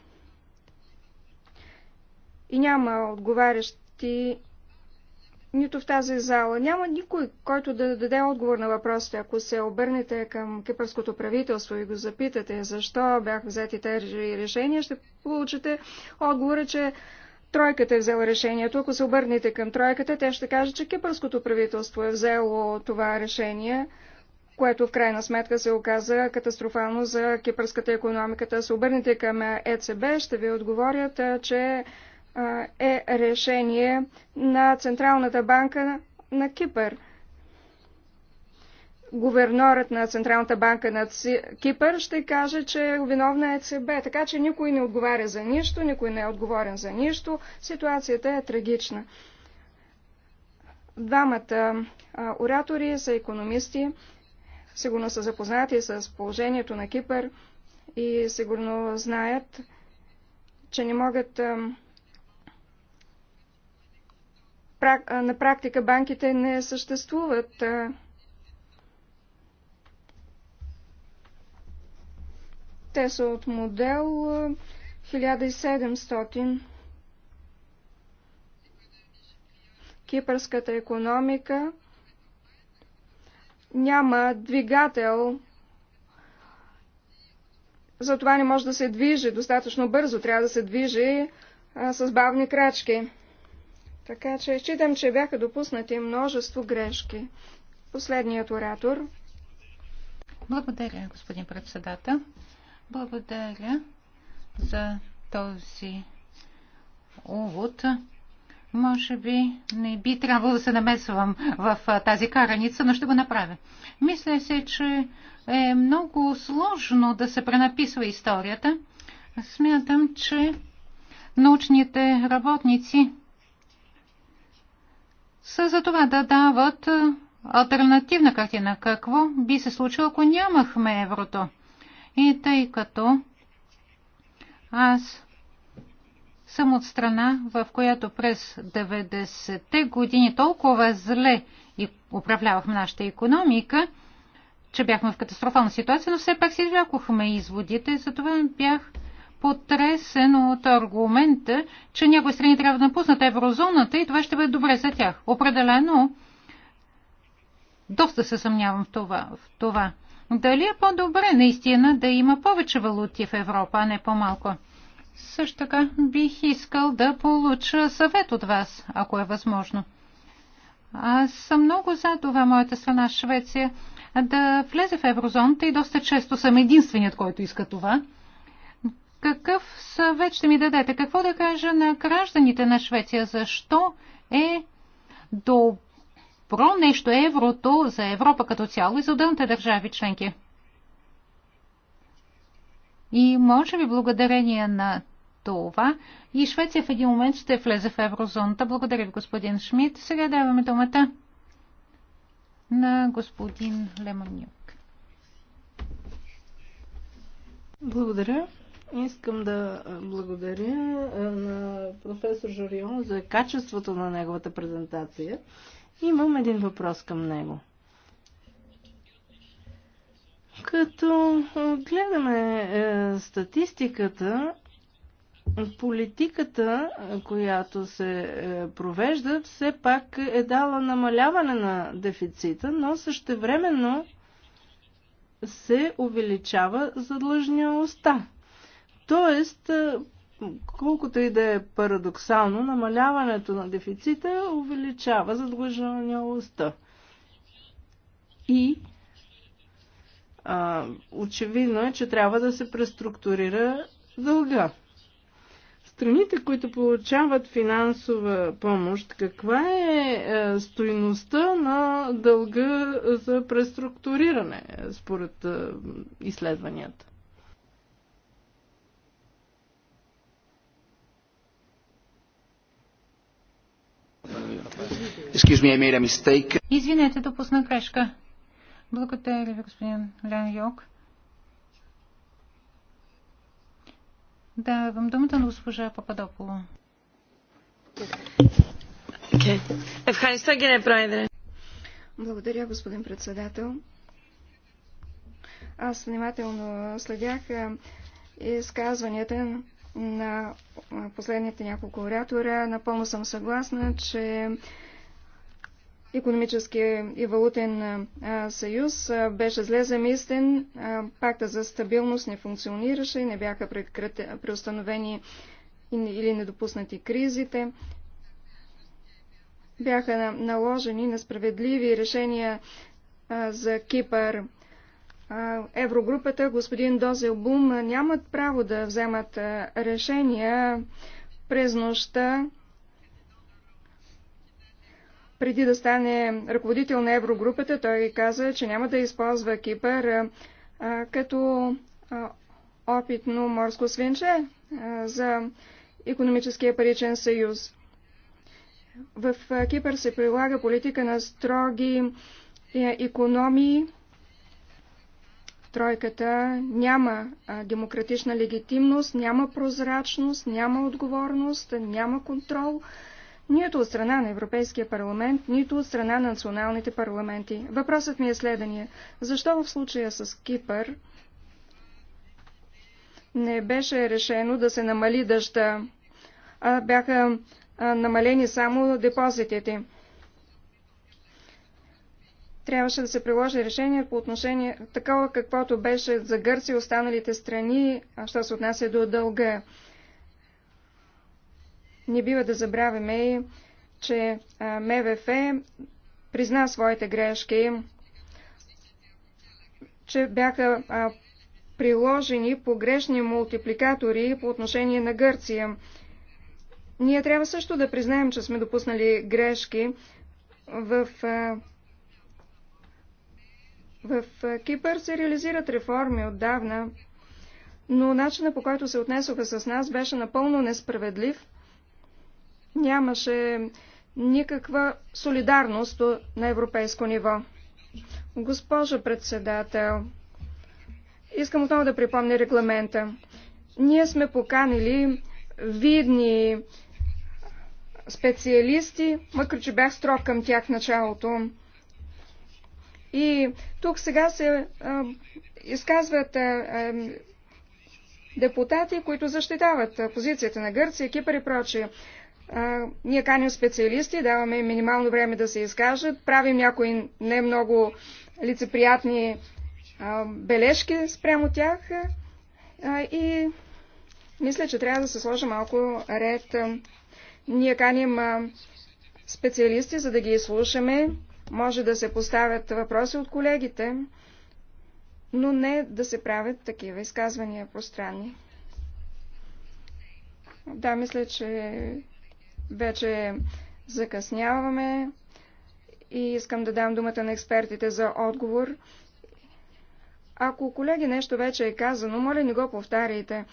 Speaker 6: И няма отговарящи нито в тази зала. Няма никой, който да даде отговор на въпросите. Ако се обърнете към кипърското правителство и го запитате защо бяха взети тези решения, ще получите отговора, че тройката е взела решението. Ако се обърнете към тройката, те ще кажат, че кипърското правителство е взело това решение което в крайна сметка се оказа катастрофално за кипърската економика. се обърнете към ЕЦБ, ще ви отговорят, че е решение на Централната банка на Кипър. Говернорът на Централната банка на Кипър ще каже, че виновна е ЦБ, така че никой не отговаря за нищо, никой не е отговорен за нищо. Ситуацията е трагична. Двамата оратори са економисти, сигурно са запознати с положението на Кипър и сигурно знаят, че не могат на практика банките не съществуват. Те са от модел 1700. Кипърската економика няма двигател, затова не може да се движи достатъчно бързо, трябва да се движи а, с бавни крачки. Така че считам, че бяха допуснати множество грешки. Последният оратор.
Speaker 2: Благодаря, господин председател. Благодаря за този увод. Може би не би трябвало да се намесвам в тази караница, но ще го направя. Мисля се, че е много сложно да се пренаписва историята. Смятам, че научните работници са за това да дават альтернативна картина. Какво би се случило, ако нямахме еврото? И тъй като аз съм от страна, в която през 90-те години толкова зле и управлявахме нашата економика, че бяхме в катастрофална ситуация, но все пак си извлякохме изводите и затова бях потресен от аргумента, че някои страни трябва да напуснат еврозоната и това ще бъде добре за тях. Определено, доста се съмнявам в това. В това. Дали е по-добре наистина да има повече валути в Европа, а не по-малко? Също така бих искал да получа съвет от вас, ако е възможно. Аз съм много за това моята страна Швеция да влезе в еврозоната и доста често съм единственият, който иска това. Какъв съвет ще ми дадете? Какво да кажа на гражданите на Швеция? Защо е добро нещо еврото за Европа като цяло и за отделните държави членки? И може би благодарение на това и Швеция в един момент ще влезе в еврозоната. Благодаря ви, господин Шмидт. Сега даваме думата на господин Лемонюк.
Speaker 4: Благодаря. Искам да благодаря на професор Жорион за качеството на неговата презентация. Имам един въпрос към него. Като гледаме е, статистиката, политиката, която се е, провежда, все пак е дала намаляване на дефицита, но същевременно се увеличава задлъжнялостта. Тоест, е, колкото и да е парадоксално, намаляването на дефицита увеличава задлъжнялостта. И а, очевидно е, че трябва да се преструктурира дълга. Страните, които получават финансова помощ, каква е, е стоиността на дълга за преструктуриране според е, изследванията?
Speaker 2: Извинете, допусна грешка. Благодаря ви, господин Лян Йок. Давам думата на госпожа Пападопова.
Speaker 6: Благодаря, господин председател. Аз внимателно следях е, изказванията на последните няколко оратора. Напълно съм съгласна, че Економически и валутен съюз беше зле замислен, пакта за стабилност не функционираше, не бяха преустановени или недопуснати кризите, бяха наложени несправедливи решения за Кипър Еврогрупата, господин Дозелбум, нямат право да вземат решения през нощта, преди да стане ръководител на Еврогрупата, той каза, че няма да използва Кипър а, като а, опитно морско свинче а, за економическия паричен съюз. В Кипър се прилага политика на строги економии, Тройката няма демократична легитимност, няма прозрачност, няма отговорност, няма контрол нито от страна на Европейския парламент, нито от страна на националните парламенти. Въпросът ми е следания. Защо в случая с Кипър не беше решено да се намали дъжда, а бяха намалени само депозитите? трябваше да се приложи решение по отношение такова, каквото беше за Гърция и останалите страни, а що се отнася до дълга. Не бива да забравяме, че МВФ призна своите грешки, че бяха приложени погрешни мултипликатори по отношение на Гърция. Ние трябва също да признаем, че сме допуснали грешки в в Кипър се реализират реформи отдавна, но начина по който се отнесоха с нас беше напълно несправедлив. Нямаше никаква солидарност на европейско ниво. Госпожо председател, искам отново да припомня регламента. Ние сме поканили видни специалисти, макар че бях строг към тях началото. И тук сега се а, изказват а, а, депутати, които защитават позицията на Гърция, Кипър и прочие. А, ние каним специалисти, даваме минимално време да се изкажат, правим някои не много лицеприятни а, бележки спрямо тях а, и мисля, че трябва да се сложи малко ред. Ние каним специалисти, за да ги изслушаме, може да се поставят въпроси от колегите, но не да се правят такива изказвания пространни. Да, мисля, че вече закъсняваме и искам да дам думата на експертите за отговор. Ако, колеги, нещо вече е казано, моля не го повтаряйте,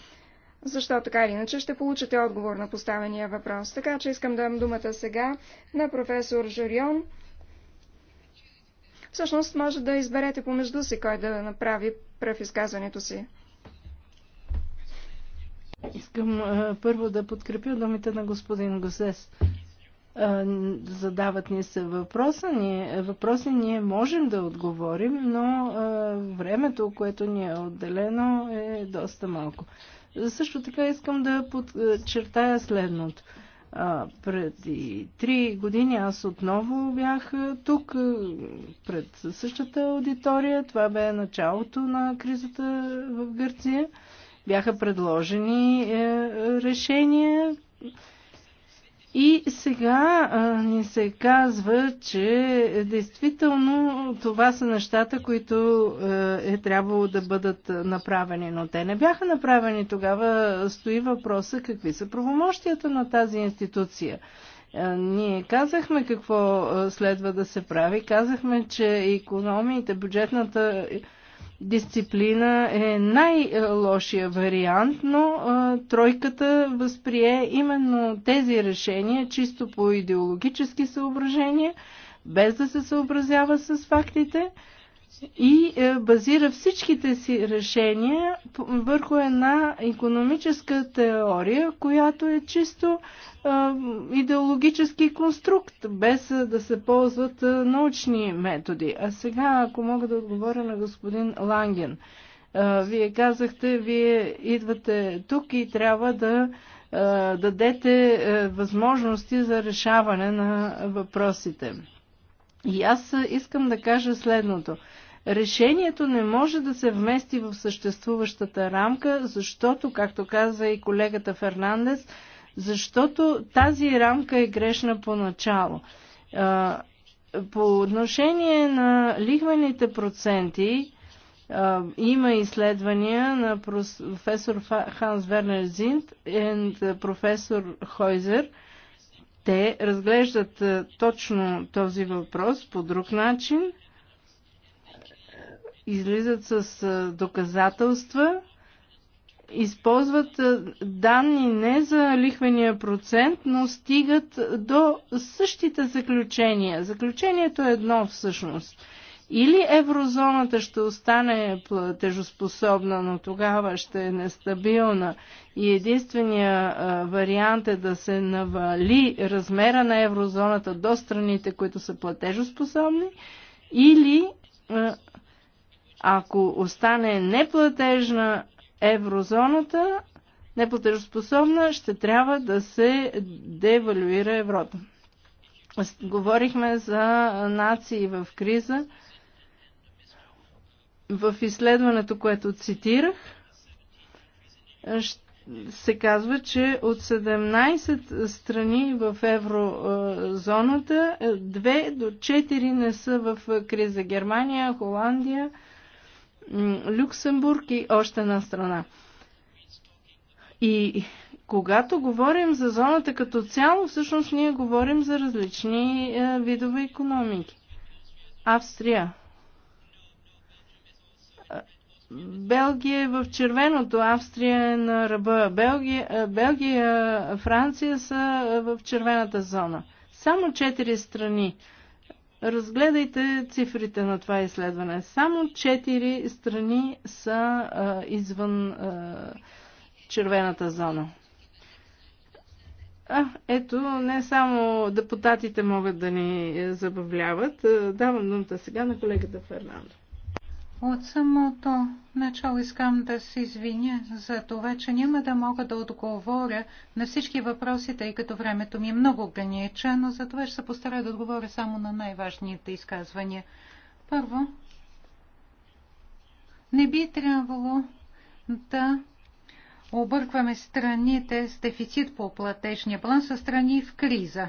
Speaker 6: защо така или иначе ще получите отговор на поставения въпрос. Така че искам да дам думата сега на професор Жорион. Всъщност може да изберете помежду си кой да направи пръв изказването си.
Speaker 4: Искам а, първо да подкрепя думите на господин Госес. А, задават ни се въпроса, ние, въпроси ние можем да отговорим, но а, времето, което ни е отделено, е доста малко. Също така искам да подчертая следното преди три години аз отново бях тук пред същата аудитория. Това бе началото на кризата в Гърция. Бяха предложени е, е, решения, и сега а, ни се казва, че действително това са нещата, които е трябвало да бъдат направени, но те не бяха направени. Тогава стои въпроса какви са правомощията на тази институция. Ние казахме какво следва да се прави, казахме, че економиите, бюджетната дисциплина е най-лошия вариант, но а, тройката възприе именно тези решения чисто по идеологически съображения, без да се съобразява с фактите и е, базира всичките си решения върху една економическа теория, която е чисто е, идеологически конструкт, без е, да се ползват научни методи. А сега, ако мога да отговоря на господин Ланген, вие казахте, вие идвате тук и трябва да дадете възможности за решаване на въпросите. И аз искам да кажа следното. Решението не може да се вмести в съществуващата рамка, защото, както каза и колегата Фернандес, защото тази рамка е грешна поначало. По отношение на лихвените проценти, има изследвания на професор Ханс Вернер Зинт и професор Хойзер – те разглеждат е, точно този въпрос по друг начин, излизат с е, доказателства, използват е, данни не за лихвения процент, но стигат до същите заключения. Заключението е едно всъщност – или еврозоната ще остане платежоспособна, но тогава ще е нестабилна и единствения вариант е да се навали размера на еврозоната до страните, които са платежоспособни, или ако остане неплатежна еврозоната, неплатежоспособна, ще трябва да се девалюира еврото. Говорихме за нации в криза в изследването, което цитирах, се казва, че от 17 страни в еврозоната, 2 е, до 4 не са в криза. Германия, Холандия, Люксембург и още една страна. И когато говорим за зоната като цяло, всъщност ние говорим за различни е, видове економики. Австрия, Белгия е в червеното, Австрия е на ръба, Белгия, е, Белгия, Франция са е, в червената зона. Само четири страни. Разгледайте цифрите на това изследване. Само четири страни са а, е, извън а, червената зона. А, ето, не само депутатите могат да ни забавляват. Давам думата сега на колегата Фернандо.
Speaker 2: От самото начало искам да се извиня за това, че няма да мога да отговоря на всички въпроси, тъй като времето ми е много ограничено, затова ще се постарая да отговоря само на най-важните изказвания. Първо, не би трябвало да объркваме страните с дефицит по платежния план са страни в криза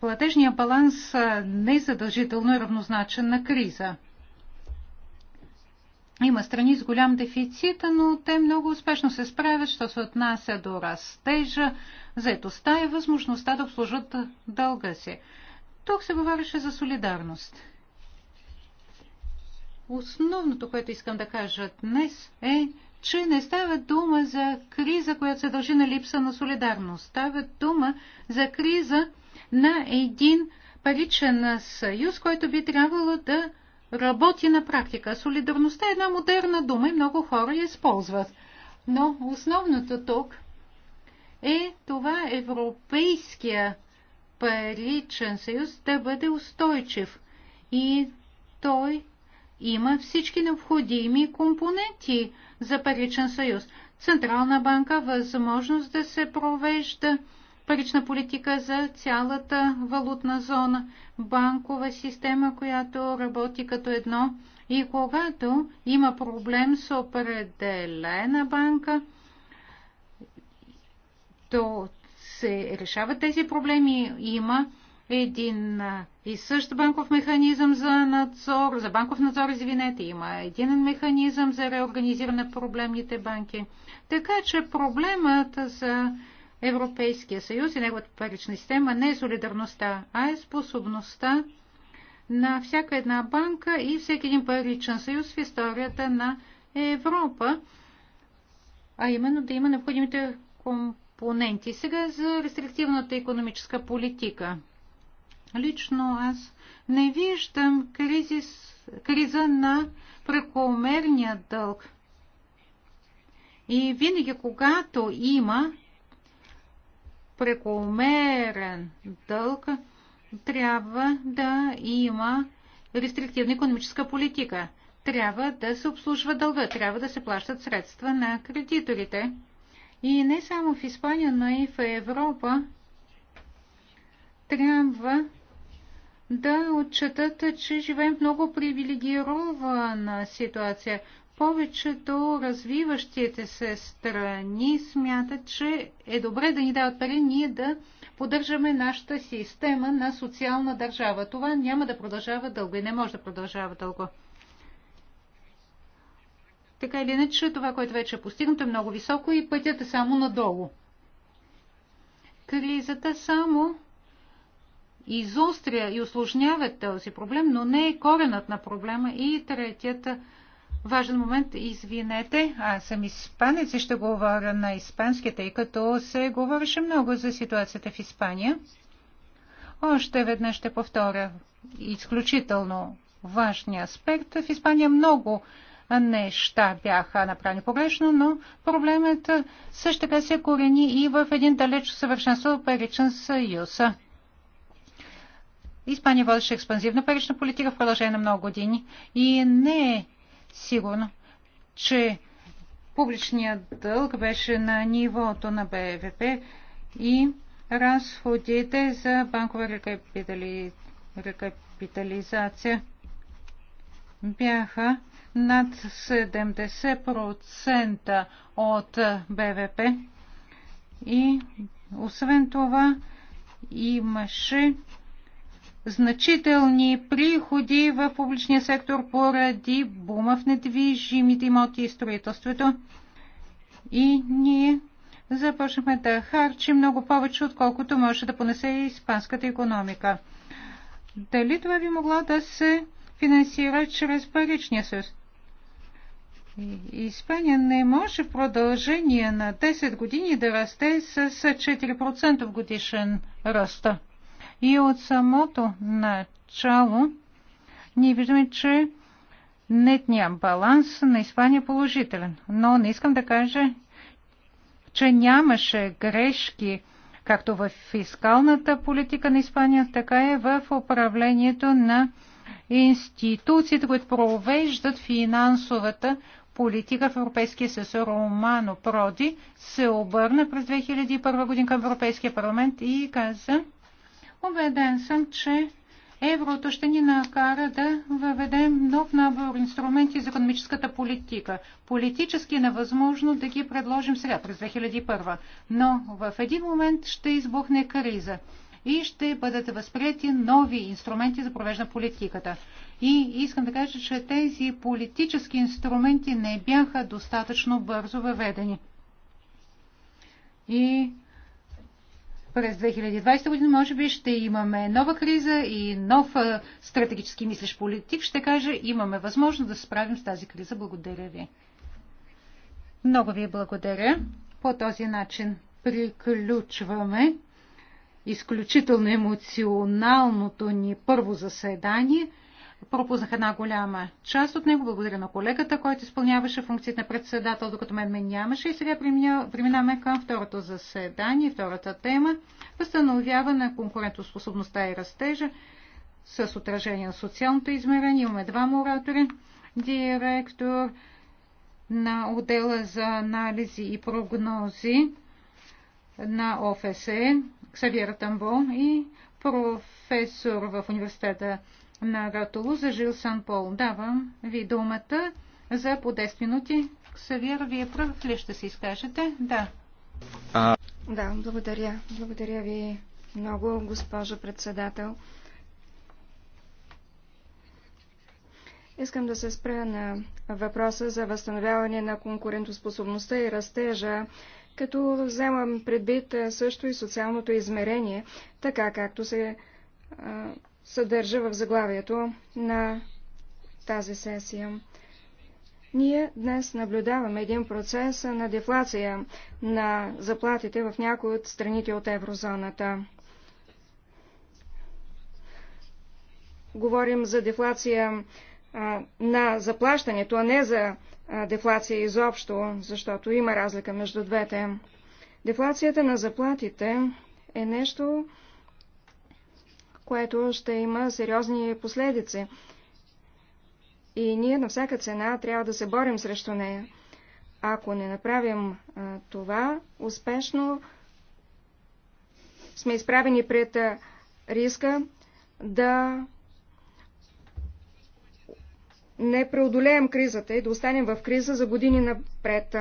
Speaker 2: Платежният баланс не е задължително е равнозначен на криза. Има страни с голям дефицит, но те много успешно се справят, що се отнася до растежа, заетостта и възможността да обслужат дълга си. Тук се говореше за солидарност. Основното, което искам да кажа днес е, че не става дума за криза, която се дължи на липса на солидарност. Става дума за криза, на един паричен съюз, който би трябвало да работи на практика. Солидарността е една модерна дума и много хора я използват. Но основното тук е това Европейския паричен съюз да бъде устойчив и той има всички необходими компоненти за паричен съюз. Централна банка, възможност да се провежда парична политика за цялата валутна зона, банкова система, която работи като едно. И когато има проблем с определена банка, то се решават тези проблеми. Има един и същ банков механизъм за надзор, за банков надзор, извинете, има един механизъм за реорганизиране на проблемните банки. Така че проблемът за Европейския съюз и неговата парична система не е солидарността, а е способността на всяка една банка и всеки един паричен съюз в историята на Европа, а именно да има необходимите компоненти. Сега за рестриктивната економическа политика. Лично аз не виждам кризис, криза на прекомерния дълг. И винаги, когато има прекомерен дълг, трябва да има рестриктивна економическа политика. Трябва да се обслужва дълга, трябва да се плащат средства на кредиторите. И не само в Испания, но и в Европа трябва да отчетат, че живеем в много привилегирована ситуация. Повечето развиващите се страни смятат, че е добре да ни дават пари, ние да поддържаме нашата система на социална държава. Това няма да продължава дълго и не може да продължава дълго. Така или иначе, това, което вече е постигнато, е много високо и пътят е само надолу. Кризата само изостря и осложнява този проблем, но не е коренът на проблема. И третията важен момент. Извинете, аз съм испанец и ще говоря на испански, тъй като се говореше много за ситуацията в Испания. Още веднъж ще повторя изключително важния аспект. В Испания много неща бяха направени погрешно, но проблемът също така се корени и в един далеч съвършенство паричен съюз. Испания водеше експанзивна парична политика в продължение на много години и не е Сигурно, че публичният дълг беше на нивото на БВП и разходите за банкова рекапитали... рекапитализация бяха над 70% от БВП и освен това имаше значителни приходи в публичния сектор поради бума в недвижимите имоти и строителството. И ние започнахме да харчим много повече, отколкото може да понесе и испанската економика. Дали това би могло да се финансира чрез паричния съюз? Испания не може в продължение на 10 години да расте с 4% годишен ръста. И от самото начало ние виждаме, че нетният баланс на Испания е положителен. Но не искам да кажа, че нямаше грешки както в фискалната политика на Испания, така и в управлението на институциите, които провеждат финансовата политика в Европейския съюз. Романо Проди се обърна през 2001 година към Европейския парламент и каза, Обеден съм, че еврото ще ни накара да въведем нов набор инструменти за економическата политика. Политически е невъзможно да ги предложим сега, през 2001. Но в един момент ще избухне криза и ще бъдат възприяти нови инструменти за провежда политиката. И искам да кажа, че тези политически инструменти не бяха достатъчно бързо въведени. И през 2020 година може би ще имаме нова криза и нов стратегически мислещ политик ще каже, имаме възможност да се справим с тази криза. Благодаря ви. Много ви благодаря. По този начин приключваме изключително емоционалното ни първо заседание – пропуснах една голяма част от него. Благодаря на колегата, който изпълняваше функцията на председател, докато мен ме нямаше. И сега преминаваме към второто заседание, втората тема – възстановяване на конкурентоспособността и растежа с отражение на социалното измерение. Имаме двама оратори. Директор на отдела за анализи и прогнози на ОФСЕ Ксавиера Тамбо и професор в университета на за Жил Сан Пол. Давам ви думата за по 10 минути. Савир, вие пръв ли ще се изкажете?
Speaker 6: Да. А... Да, благодаря. Благодаря ви много, госпожо председател. Искам да се спра на въпроса за възстановяване на конкурентоспособността и растежа, като вземам предвид също и социалното измерение, така както се съдържа в заглавието на тази сесия. Ние днес наблюдаваме един процес на дефлация на заплатите в някои от страните от еврозоната. Говорим за дефлация а, на заплащането, а не за а, дефлация изобщо, защото има разлика между двете. Дефлацията на заплатите е нещо, което ще има сериозни последици. И ние на всяка цена трябва да се борим срещу нея. Ако не направим а, това успешно, сме изправени пред а, риска да не преодолеем кризата и да останем в криза за години напред.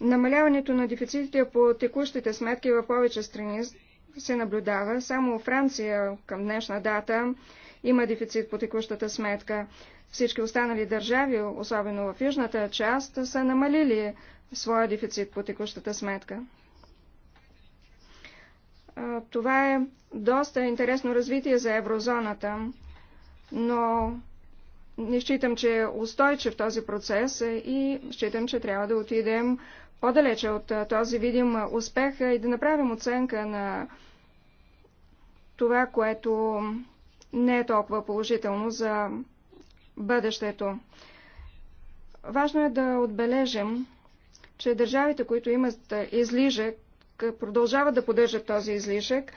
Speaker 6: Намаляването на дефицитите по текущите сметки в повече страни се наблюдава. Само Франция към днешна дата има дефицит по текущата сметка. Всички останали държави, особено в южната част, са намалили своя дефицит по текущата сметка. Това е доста интересно развитие за еврозоната, но не считам, че е устойчив този процес и считам, че трябва да отидем по-далече от този видим успех и да направим оценка на това, което не е толкова положително за бъдещето. Важно е да отбележим, че държавите, които имат излишък, продължават да поддържат този излишък,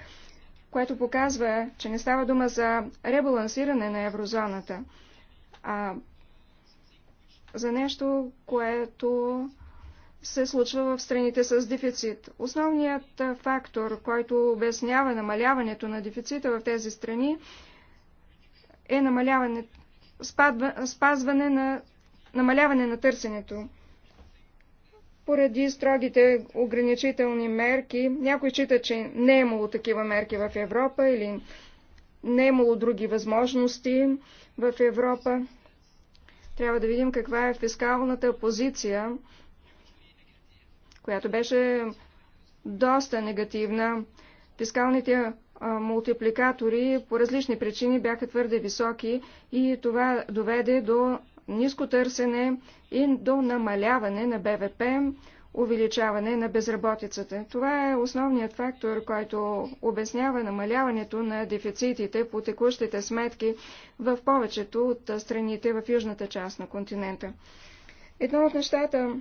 Speaker 6: което показва, че не става дума за ребалансиране на еврозоната, а за нещо, което се случва в страните с дефицит. Основният фактор, който обяснява намаляването на дефицита в тези страни, е намаляване, спадва, спазване на, намаляване на търсенето. Поради строгите ограничителни мерки, някой чита, че не е имало такива мерки в Европа или не е имало други възможности в Европа. Трябва да видим каква е фискалната позиция която беше доста негативна. Фискалните мултипликатори по различни причини бяха твърде високи и това доведе до ниско търсене и до намаляване на БВП, увеличаване на безработицата. Това е основният фактор, който обяснява намаляването на дефицитите по текущите сметки в повечето от страните в южната част на континента. Едно от нещата,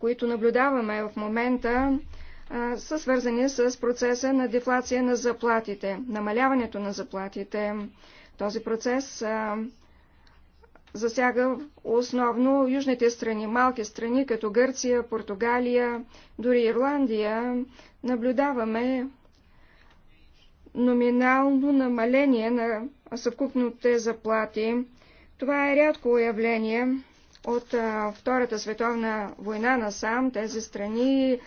Speaker 6: които наблюдаваме в момента, са свързани с процеса на дефлация на заплатите, намаляването на заплатите. Този процес засяга основно южните страни, малки страни, като Гърция, Португалия, дори Ирландия. Наблюдаваме номинално намаление на съвкупните заплати. Това е рядко явление от а, Втората световна война насам тези страни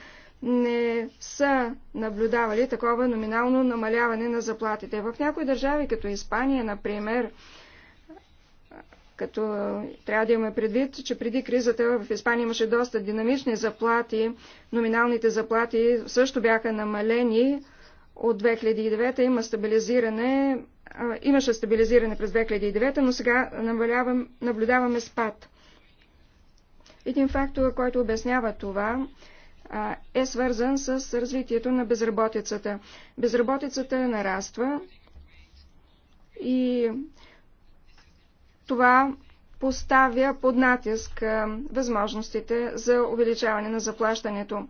Speaker 6: не са наблюдавали такова номинално намаляване на заплатите. В някои държави, като Испания, например, като трябва да имаме предвид, че преди кризата в Испания имаше доста динамични заплати, номиналните заплати също бяха намалени. От 2009 има стабилизиране, имаше стабилизиране през 2009, но сега наблюдаваме спад. Един фактор, който обяснява това, е свързан с развитието на безработицата. Безработицата нараства и това поставя под натиск възможностите за увеличаване на заплащането.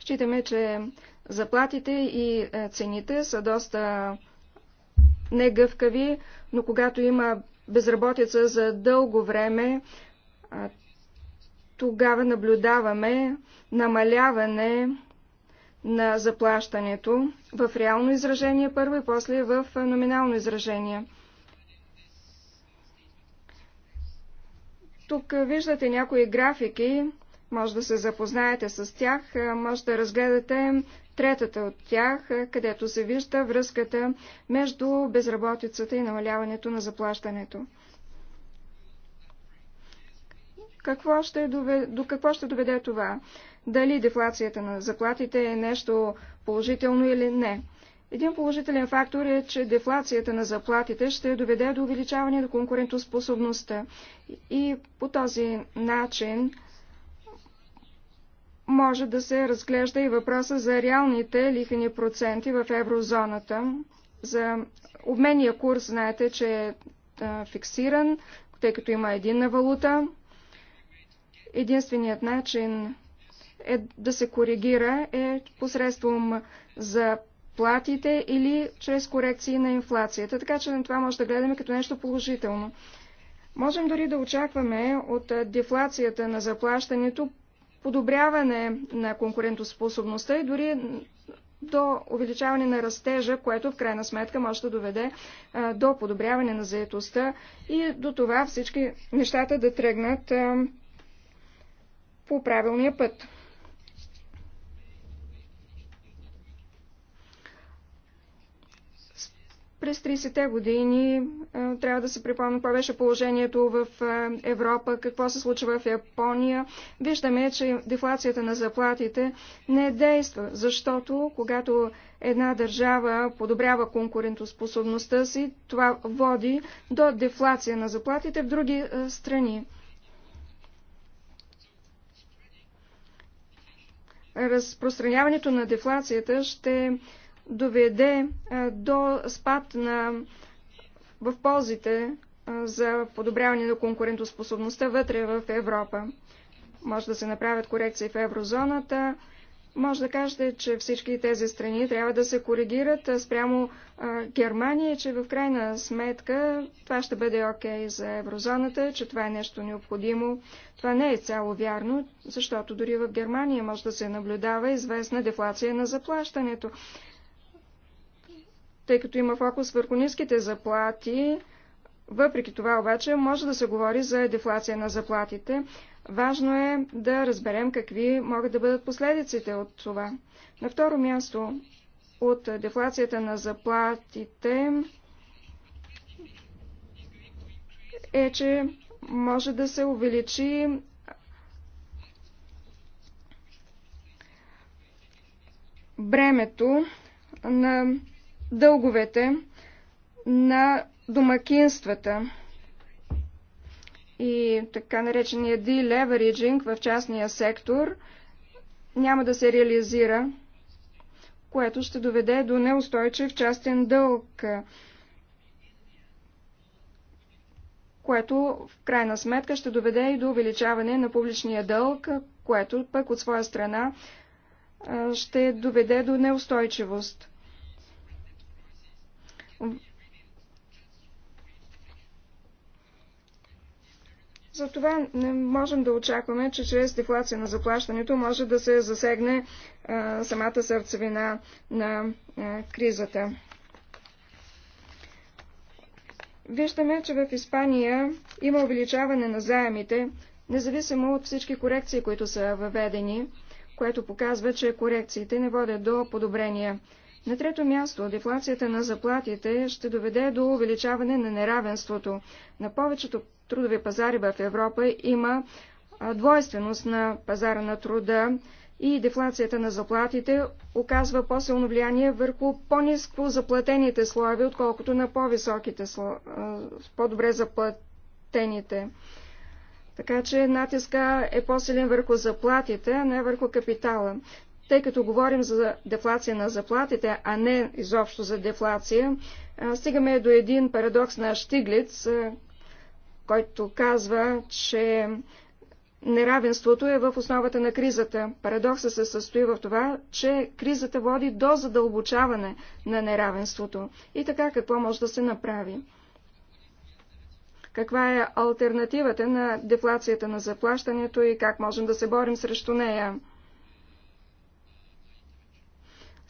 Speaker 6: Считаме, че заплатите и цените са доста негъвкави, но когато има безработица за дълго време, тогава наблюдаваме намаляване на заплащането в реално изражение първо и после в номинално изражение. Тук виждате някои графики, може да се запознаете с тях, може да разгледате Третата от тях, е, където се вижда връзката между безработицата и намаляването на заплащането. Какво ще доведе, до какво ще доведе това? Дали дефлацията на заплатите е нещо положително или не? Един положителен фактор е, че дефлацията на заплатите ще доведе до увеличаване на конкурентоспособността и по този начин може да се разглежда и въпроса за реалните лихвени проценти в еврозоната. За обменния курс знаете, че е фиксиран, тъй като има единна валута. Единственият начин е да се коригира е посредством за платите или чрез корекции на инфлацията. Така че на това може да гледаме като нещо положително. Можем дори да очакваме от дефлацията на заплащането подобряване на конкурентоспособността и дори до увеличаване на растежа, което в крайна сметка може да доведе а, до подобряване на заетостта и до това всички нещата да тръгнат а, по правилния път. През 30-те години трябва да се припомня какво беше положението в Европа, какво се случва в Япония. Виждаме, че дефлацията на заплатите не действа, защото когато една държава подобрява конкурентоспособността си, това води до дефлация на заплатите в други страни. Разпространяването на дефлацията ще доведе е, до спад на в ползите е, за подобряване на конкурентоспособността вътре в Европа. Може да се направят корекции в еврозоната. Може да кажете, че всички тези страни трябва да се коригират е, спрямо Германия, че в крайна сметка това ще бъде окей okay за еврозоната, че това е нещо необходимо. Това не е цяло вярно, защото дори в Германия може да се наблюдава известна дефлация на заплащането тъй като има фокус върху ниските заплати. Въпреки това обаче може да се говори за дефлация на заплатите. Важно е да разберем какви могат да бъдат последиците от това. На второ място, от дефлацията на заплатите е, че може да се увеличи бремето на дълговете на домакинствата и така наречения делевериджинг в частния сектор няма да се реализира, което ще доведе до неустойчив частен дълг, което в крайна сметка ще доведе и до увеличаване на публичния дълг, което пък от своя страна ще доведе до неустойчивост. Затова не можем да очакваме, че чрез дефлация на заплащането може да се засегне а, самата сърцевина на а, кризата. Виждаме, че в Испания има увеличаване на заемите, независимо от всички корекции, които са въведени, което показва, че корекциите не водят до подобрения. На трето място, дефлацията на заплатите ще доведе до увеличаване на неравенството. На повечето трудови пазари в Европа има двойственост на пазара на труда и дефлацията на заплатите оказва по-силно влияние върху по-низко заплатените слоеве, отколкото на по-високите, по-добре заплатените. Така че натиска е по-силен върху заплатите, а не върху капитала. Тъй като говорим за дефлация на заплатите, а не изобщо за дефлация, стигаме до един парадокс на Штиглиц, който казва, че неравенството е в основата на кризата. Парадокса се състои в това, че кризата води до задълбочаване на неравенството. И така какво може да се направи? Каква е альтернативата на дефлацията на заплащането и как можем да се борим срещу нея?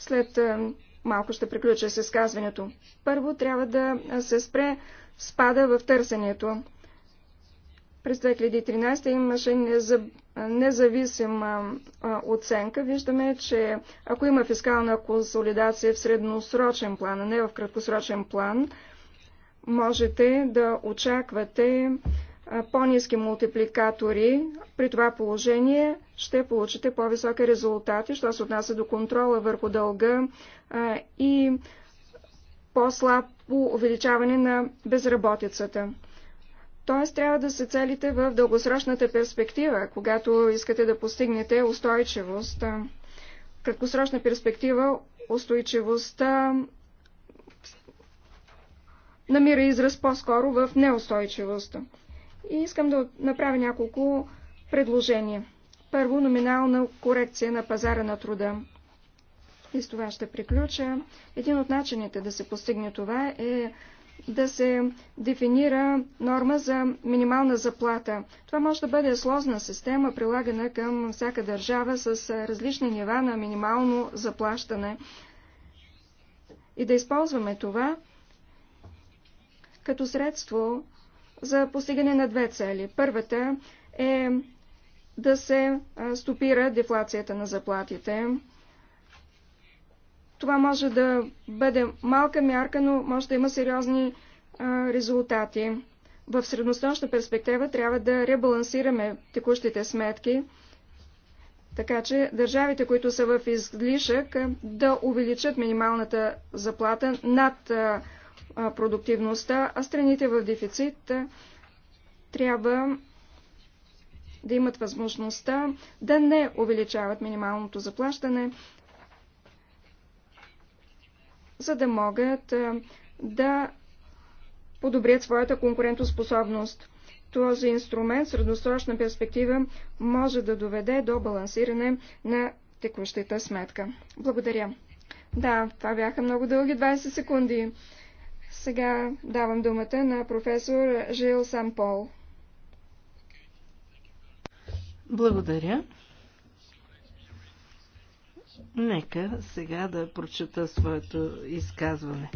Speaker 6: След е, малко ще приключа с изказването. Първо трябва да се спре спада в търсенето. През 2013 имаше независима оценка. Виждаме, че ако има фискална консолидация в средносрочен план, а не в краткосрочен план, можете да очаквате по-низки мултипликатори, при това положение ще получите по-високи резултати, що се отнася до контрола върху дълга и по-слабо увеличаване на безработицата. Т.е. трябва да се целите в дългосрочната перспектива, когато искате да постигнете устойчивост. Краткосрочна перспектива устойчивостта намира израз по-скоро в неустойчивостта. И искам да направя няколко предложения. Първо, номинална корекция на пазара на труда. И с това ще приключа. Един от начините да се постигне това е да се дефинира норма за минимална заплата. Това може да бъде сложна система, прилагана към всяка държава с различни нива на минимално заплащане. И да използваме това като средство за постигане на две цели. Първата е да се стопира дефлацията на заплатите. Това може да бъде малка мярка, но може да има сериозни резултати. В средносрочна перспектива трябва да ребалансираме текущите сметки, така че държавите, които са в излишък, да увеличат минималната заплата над продуктивността, а страните в дефицит трябва да имат възможността да не увеличават минималното заплащане, за да могат да подобрят своята конкурентоспособност. Този инструмент средносрочна перспектива може да доведе до балансиране на текущата сметка. Благодаря. Да, това бяха много дълги 20 секунди. Сега давам думата на професор Жил Сампол.
Speaker 4: Благодаря. Нека сега да прочета своето изказване.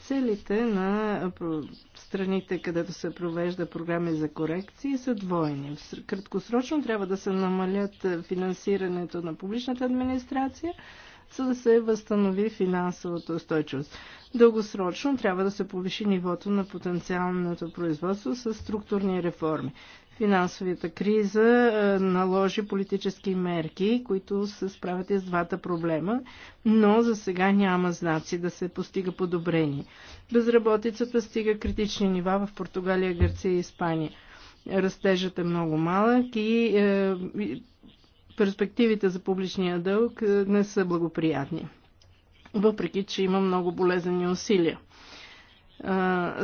Speaker 4: Целите на страните, където се провежда програми за корекции, са двойни. Краткосрочно трябва да се намалят финансирането на публичната администрация – за да се възстанови финансовата устойчивост. Дългосрочно трябва да се повиши нивото на потенциалното производство с структурни реформи. Финансовата криза е, наложи политически мерки, които се справят и с двата проблема, но за сега няма знаци да се постига подобрение. Безработицата стига критични нива в Португалия, Гърция и Испания растежът е много малък и е, перспективите за публичния дълг е, не са благоприятни. Въпреки, че има много болезнени усилия. Е,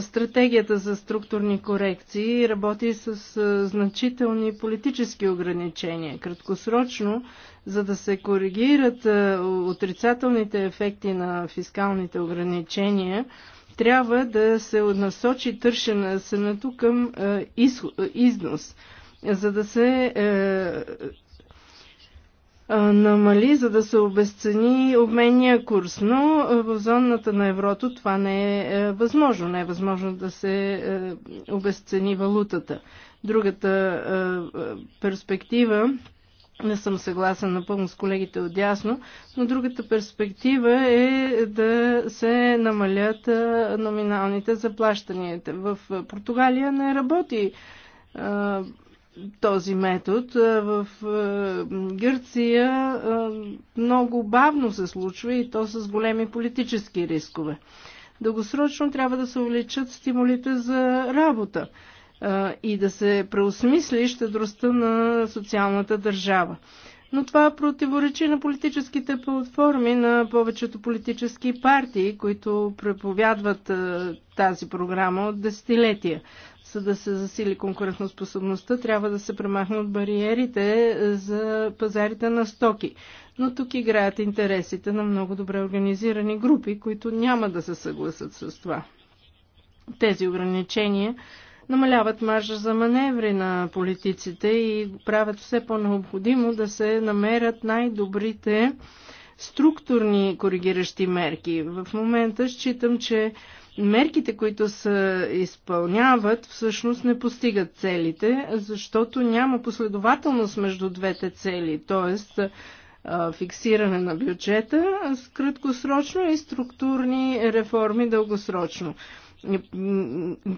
Speaker 4: стратегията за структурни корекции работи с е, значителни политически ограничения. Краткосрочно, за да се коригират отрицателните ефекти на фискалните ограничения, трябва да се насочи търсенето към износ, за да се намали, за да се обесцени обменния курс. Но в зоната на еврото това не е, е възможно. Не е възможно да се е, обесцени валутата. Другата е, перспектива, не съм съгласен напълно с колегите от дясно, но другата перспектива е да се намалят номиналните заплащания. В Португалия не работи този метод. В Гърция много бавно се случва и то с големи политически рискове. Дългосрочно трябва да се увеличат стимулите за работа и да се преосмисли щедростта на социалната държава. Но това противоречи на политическите платформи на повечето политически партии, които преповядват тази програма от десетилетия за да се засили конкурентоспособността, трябва да се премахнат бариерите е, за пазарите на стоки. Но тук играят интересите на много добре организирани групи, които няма да се съгласат с това. Тези ограничения намаляват маржа за маневри на политиците и правят все по-необходимо да се намерят най-добрите структурни коригиращи мерки. В момента считам, че мерките, които се изпълняват, всъщност не постигат целите, защото няма последователност между двете цели, т.е. фиксиране на бюджета с краткосрочно и структурни реформи дългосрочно.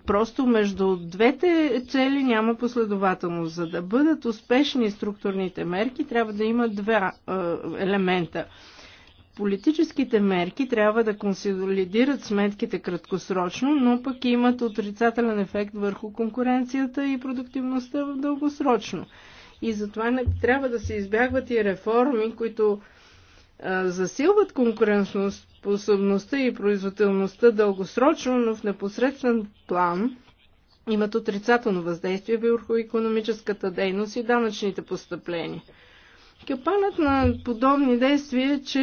Speaker 4: Просто между двете цели няма последователност. За да бъдат успешни структурните мерки, трябва да има два елемента – политическите мерки трябва да консолидират сметките краткосрочно, но пък имат отрицателен ефект върху конкуренцията и продуктивността в дългосрочно. И затова не трябва да се избягват и реформи, които а, засилват конкурентоспособността и производителността дългосрочно, но в непосредствен план имат отрицателно въздействие върху економическата дейност и данъчните постъпления. Капанът на подобни действия е, че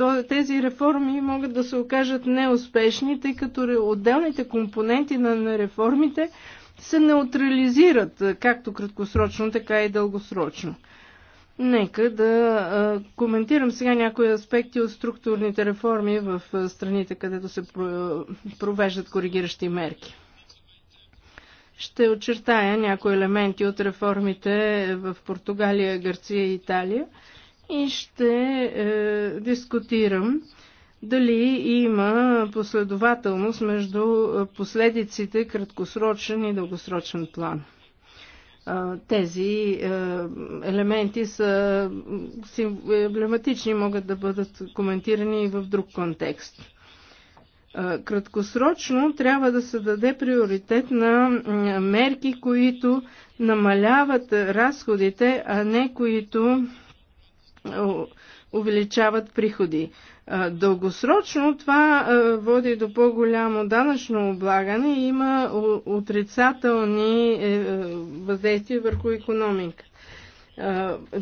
Speaker 4: е, тези реформи могат да се окажат неуспешни, тъй като отделните компоненти на реформите се неутрализират, е, както краткосрочно, така и дългосрочно. Нека да е, коментирам сега някои аспекти от структурните реформи в е, страните, където се провеждат коригиращи мерки. Ще очертая някои елементи от реформите в Португалия, Гърция и Италия и ще е, дискутирам дали има последователност между последиците краткосрочен и дългосрочен план. Тези е, елементи са емблематични, могат да бъдат коментирани и в друг контекст краткосрочно трябва да се даде приоритет на мерки, които намаляват разходите, а не които увеличават приходи. Дългосрочно това води до по-голямо данъчно облагане и има отрицателни е, е, въздействия върху економика.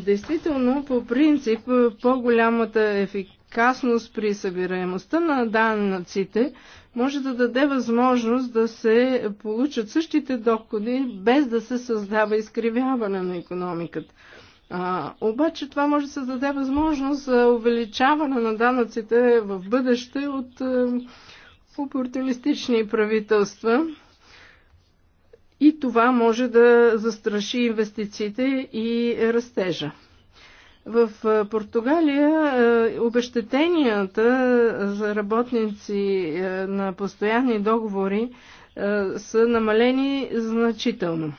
Speaker 4: Действително, по принцип, по-голямата ефективност ефикасност при събираемостта на данъците може да даде възможност да се получат същите доходи, без да се създава изкривяване на економиката. А, обаче това може да създаде възможност за увеличаване на данъците в бъдеще от е, опортунистични правителства. И това може да застраши инвестициите и растежа. В Португалия обещетенията за работници на постоянни договори са намалени значително.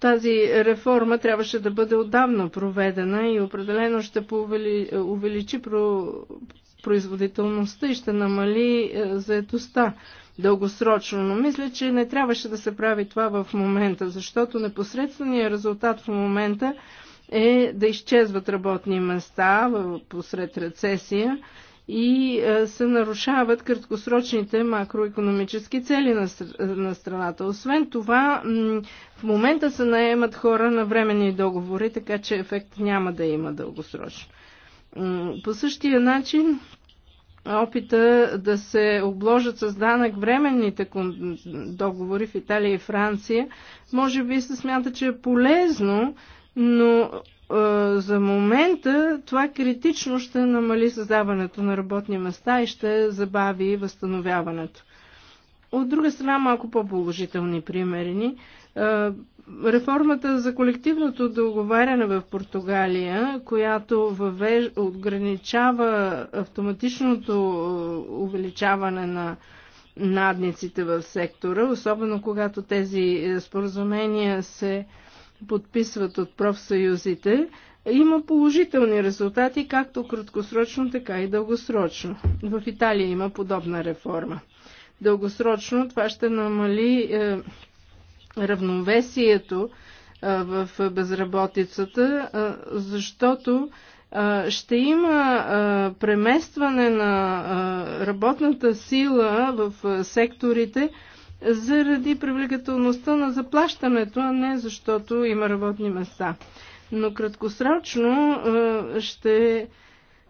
Speaker 4: Тази реформа трябваше да бъде отдавна проведена и определено ще увеличи производителността и ще намали заетостта дългосрочно. Но мисля, че не трябваше да се прави това в момента, защото непосредственият резултат в момента е да изчезват работни места посред рецесия и е, се нарушават краткосрочните макроекономически цели на, страната. Освен това, в момента се наемат хора на временни договори, така че ефект няма да има дългосрочно. По същия начин, опита да се обложат с данък временните договори в Италия и Франция, може би се смята, че е полезно, но за момента това критично ще намали създаването на работни места и ще забави възстановяването. От друга страна, малко по-положителни примери ни. Реформата за колективното договаряне в Португалия, която въвеж... ограничава автоматичното увеличаване на надниците в сектора, особено когато тези споразумения се подписват от профсъюзите, има положителни резултати, както краткосрочно, така и дългосрочно. В Италия има подобна реформа. Дългосрочно това ще намали е, равновесието е, в безработицата, е, защото е, ще има е, преместване на е, работната сила в секторите, заради привлекателността на заплащането, а не защото има работни места. Но краткосрочно е, ще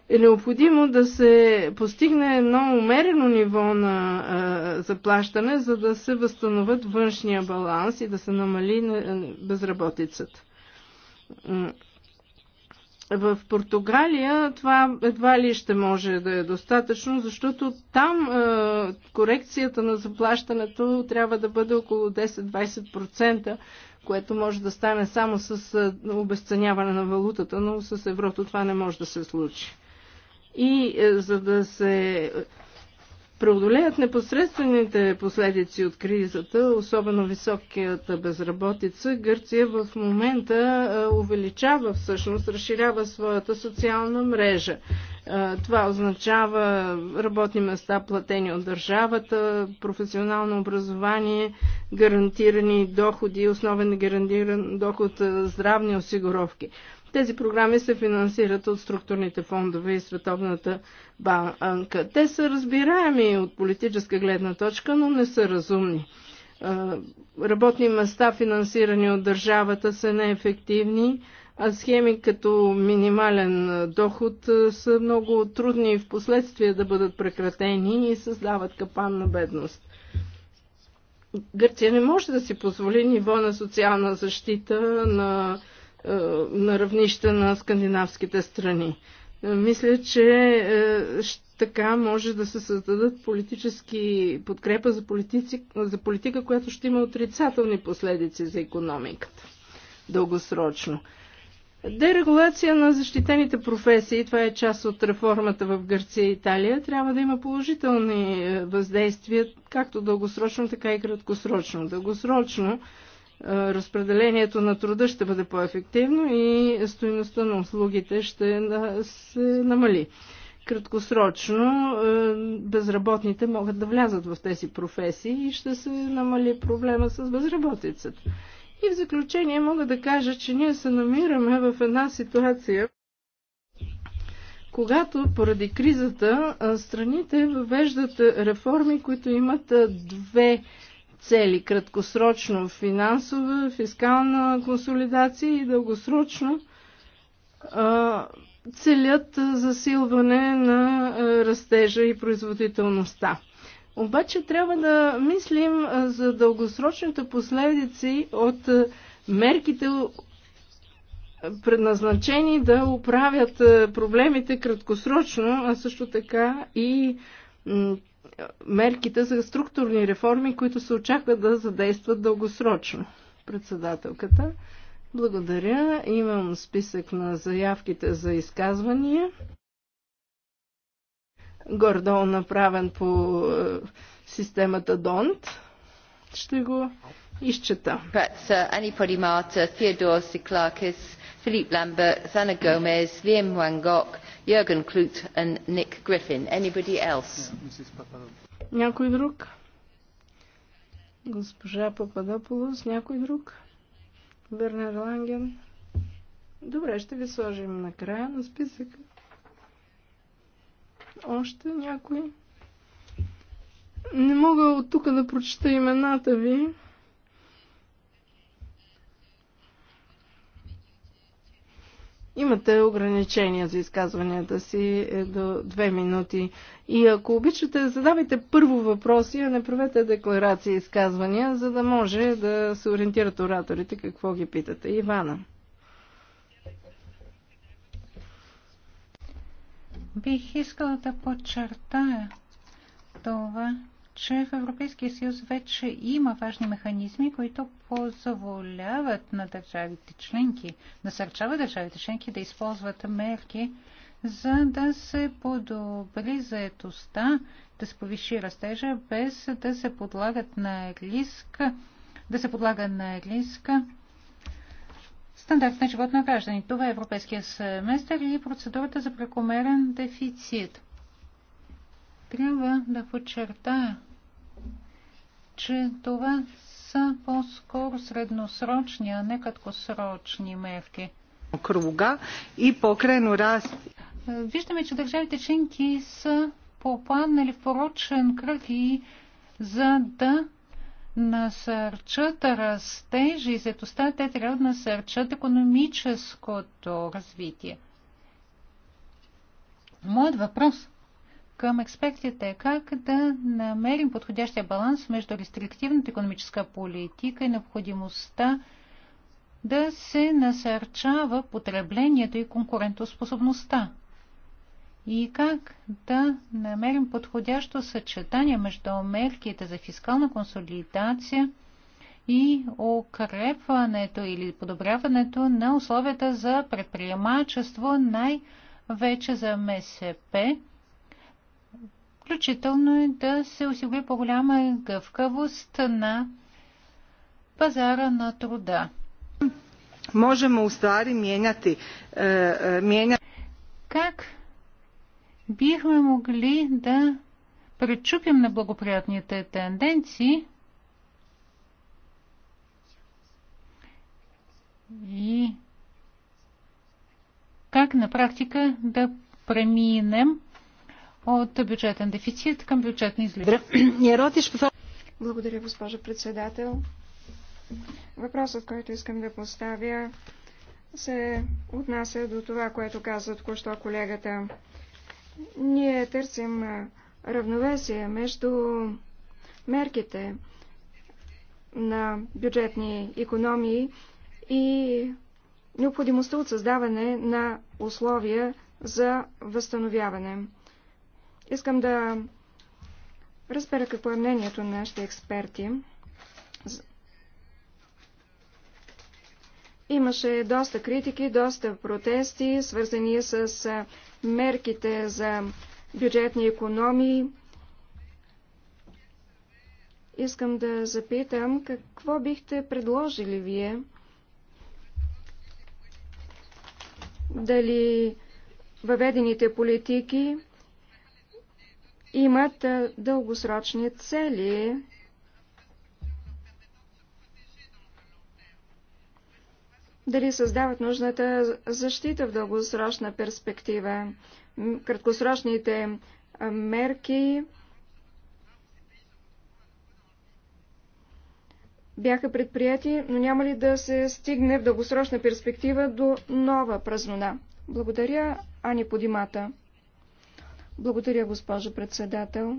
Speaker 4: е необходимо да се постигне едно умерено ниво на е, заплащане, за да се възстановят външния баланс и да се намали е, безработицата. В Португалия това едва ли ще може да е достатъчно, защото там е, корекцията на заплащането трябва да бъде около 10-20%, което може да стане само с е, обесценяване на валутата, но с еврото това не може да се случи. И е, за да се преодолеят непосредствените последици от кризата, особено високията безработица, Гърция в момента увеличава всъщност, разширява своята социална мрежа. Това означава работни места, платени от държавата, професионално образование, гарантирани доходи, основен гарантиран доход, здравни осигуровки. Тези програми се финансират от структурните фондове и Световната банка. Те са разбираеми от политическа гледна точка, но не са разумни. Работни места, финансирани от държавата, са неефективни, а схеми като минимален доход са много трудни в последствие да бъдат прекратени и създават капан на бедност. Гърция не може да си позволи ниво на социална защита на е, на равнище на скандинавските страни. Е, мисля, че е, така може да се създадат политически подкрепа за, политици, за политика, която ще има отрицателни последици за економиката дългосрочно. Дерегулация на защитените професии, това е част от реформата в Гърция и Италия, трябва да има положителни въздействия, както дългосрочно, така и краткосрочно. Дългосрочно разпределението на труда ще бъде по-ефективно и стоиността на услугите ще се намали. Краткосрочно безработните могат да влязат в тези професии и ще се намали проблема с безработицата. И в заключение мога да кажа, че ние се намираме в една ситуация, когато поради кризата страните въвеждат реформи, които имат две цели краткосрочно финансова, фискална консолидация и дългосрочно целят засилване на растежа и производителността. Обаче трябва да мислим за дългосрочните последици от мерките, предназначени да оправят проблемите краткосрочно, а също така и мерките за структурни реформи, които се очаква да задействат дългосрочно. Председателката, благодаря. Имам списък на заявките за изказвания. Гордол направен по е, системата ДОНТ. Ще го изчета. Кратца, Ани Подимата, Феодор Сиклакис, philippe lamberts zana gomes liam gogh jrgen klute and nick griffin. anybody else? някой друг? госпожа Пападополос, някой друг? Бернер Ланген? Добре, ще ви сложим накрая на списъка. Още някой? Не мога от тук да прочета имената ви. Имате ограничения за изказванията си е, до две минути. И ако обичате, задавайте първо въпроси, а не правете декларации и изказвания, за да може да се ориентират ораторите какво ги питате. Ивана.
Speaker 2: Бих искала да подчертая това, че в Европейския съюз вече има важни механизми, които позволяват на държавите членки, насърчават държавите членки да използват мерки, за да се подобри заетостта, да се повиши растежа, без да се подлагат на риск, да се подлага на риск стандарт на живот на граждани. Това е европейския семестър и процедурата за прекомерен дефицит – трябва да подчертая, че това са по-скоро средносрочни, а не краткосрочни мерки. Круга и покрено раз. Виждаме, че държавите членки са попаднали в порочен кръг и за да насърчат растежи и заедостта, те трябва да насърчат економическото развитие. Моят въпрос към експертите е как да намерим подходящия баланс между рестриктивната економическа политика и необходимостта да се насърчава потреблението и конкурентоспособността и как да намерим подходящо съчетание между мерките за фискална консолидация и укрепването или подобряването на условията за предприемачество най-вече за МСП включително и е да се осигури по-голяма гъвкавост на пазара на труда.
Speaker 4: Можем у устvari mijenjati mijenja
Speaker 2: Как бихме могли да пречупим на благоприятните тенденции и как на практика да преминем от бюджетен дефицит към бюджетни излишъци.
Speaker 6: Благодаря, госпожа председател. Въпросът, който искам да поставя, се отнася до това, което каза току-що колегата. Ние търсим равновесие между мерките на бюджетни економии и необходимостта от създаване на условия за възстановяване. Искам да разбера какво е мнението на нашите експерти. Имаше доста критики, доста протести, свързани с мерките за бюджетни економии. Искам да запитам, какво бихте предложили вие? Дали въведените политики имат дългосрочни цели. Дали създават нужната защита в дългосрочна перспектива? Краткосрочните мерки бяха предприяти, но няма ли да се стигне в дългосрочна перспектива до нова празнона? Благодаря, Ани Подимата. Благодаря, госпожо председател.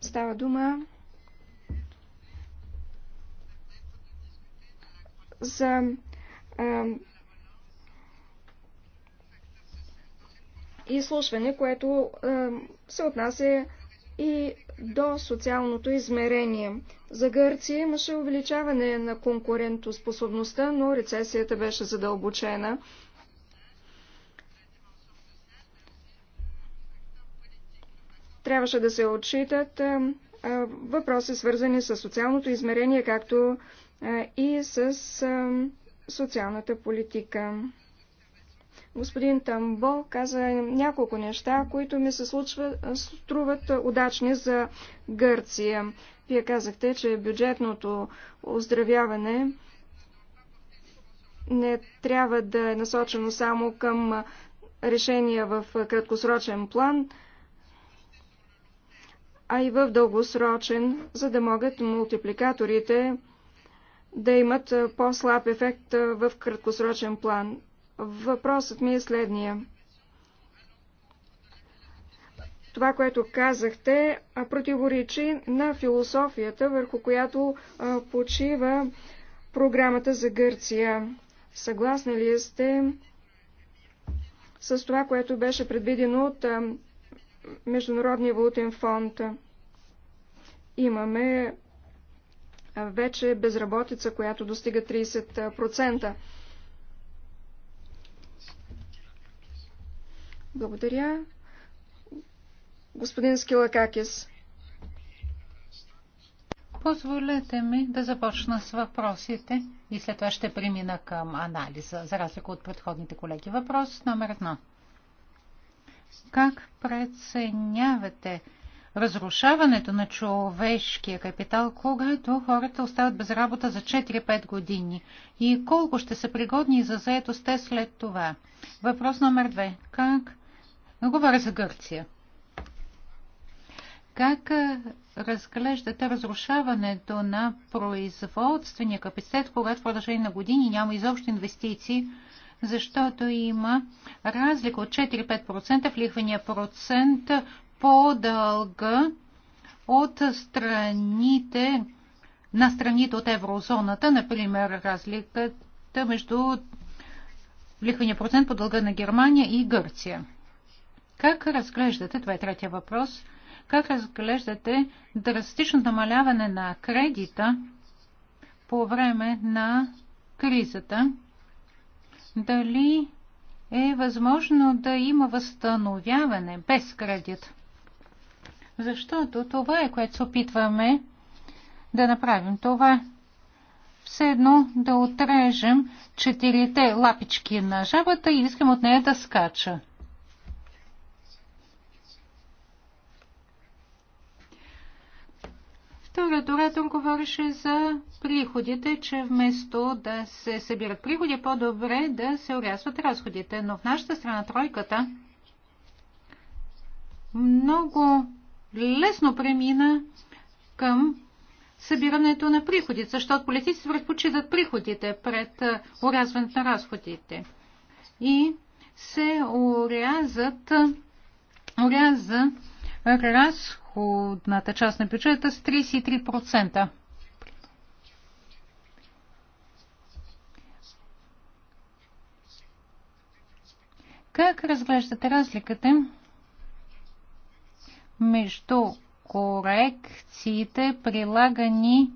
Speaker 6: Става дума за а, изслушване, което а, се отнася и до социалното измерение. За Гърция имаше увеличаване на конкурентоспособността, но рецесията беше задълбочена. Трябваше да се отчитат въпроси, свързани с социалното измерение, както и с социалната политика господин Тамбо каза няколко неща, които ми се случва, струват удачни за Гърция. Вие казахте, че бюджетното оздравяване не трябва да е насочено само към решения в краткосрочен план, а и в дългосрочен, за да могат мултипликаторите да имат по-слаб ефект в краткосрочен план. Въпросът ми е следния. Това, което казахте, противоречи на философията, върху която почива програмата за Гърция. Съгласни ли сте с това, което беше предвидено от Международния валутен фонд? Имаме вече безработица, която достига 30%. Благодаря. Господин Скилакакис. Позволете ми да започна
Speaker 2: с въпросите и след това ще премина към анализа, за разлика от предходните колеги. Въпрос номер едно. Как преценявате разрушаването на човешкия капитал, когато хората остават без работа за 4-5 години и колко ще са пригодни за заетост те след това? Въпрос номер две. Как Говоря за Гърция. Как разглеждате разрушаването на производствения капацитет, когато в продължение на години няма изобщо инвестиции, защото има разлика от 4-5% в лихвения процент по дълга от страните, на страните от еврозоната, например, разликата между лихвения процент по дълга на Германия и Гърция. Как разглеждате, това е третия въпрос, как разглеждате драстично намаляване на кредита по време на кризата? Дали е възможно да има възстановяване без кредит? Защото това е, което се опитваме да направим. Това все едно да отрежем четирите лапички на жабата и искам от нея да скача. Вторият оратор говореше за приходите, че вместо да се събират приходи, е по-добре да се урязват разходите. Но в нашата страна тройката много лесно премина към събирането на приходите, защото политиците предпочитат приходите пред урязването на разходите. И се урязат, уряза разходите приходната част на бюджета с 33%. Как разглеждате разликата между корекциите, прилагани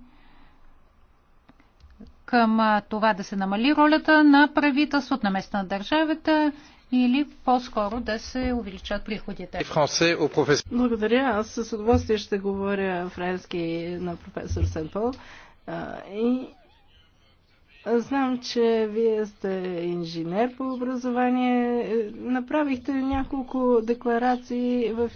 Speaker 2: към това да се намали ролята на правителството на местна държавата
Speaker 4: или по-скоро да се увеличат приходите. Благодаря. Аз с удоволствие ще говоря френски на професор Сенпол. И Знам, че вие сте инженер по образование. Е, направихте няколко декларации в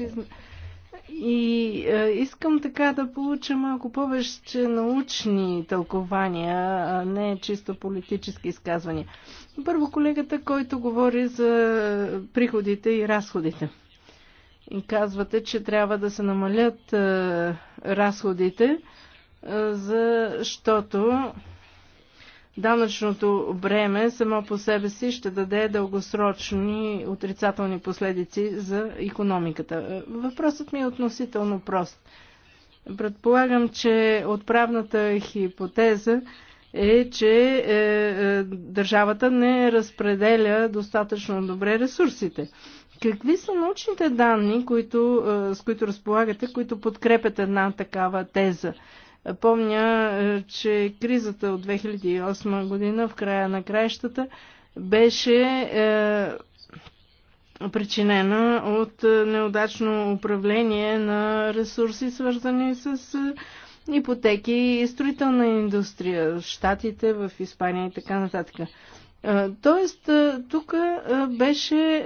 Speaker 4: и е, искам така да получа малко повече научни тълкования, а не чисто политически изказвания. Първо колегата, който говори за приходите и разходите. И казвате, че трябва да се намалят е, разходите, е, защото данъчното бреме само по себе си ще даде дългосрочни отрицателни последици за економиката. Е, въпросът ми е относително прост. Предполагам, че отправната хипотеза е, че е, е, държавата не разпределя достатъчно добре ресурсите. Какви са научните данни, които, е, с които разполагате, които подкрепят една такава теза? Помня, е, че кризата от 2008 година в края на краищата беше е, причинена от е, неудачно управление на ресурси, свързани с е, ипотеки и строителна индустрия в Штатите, в Испания и така нататък. Тоест, тук беше е,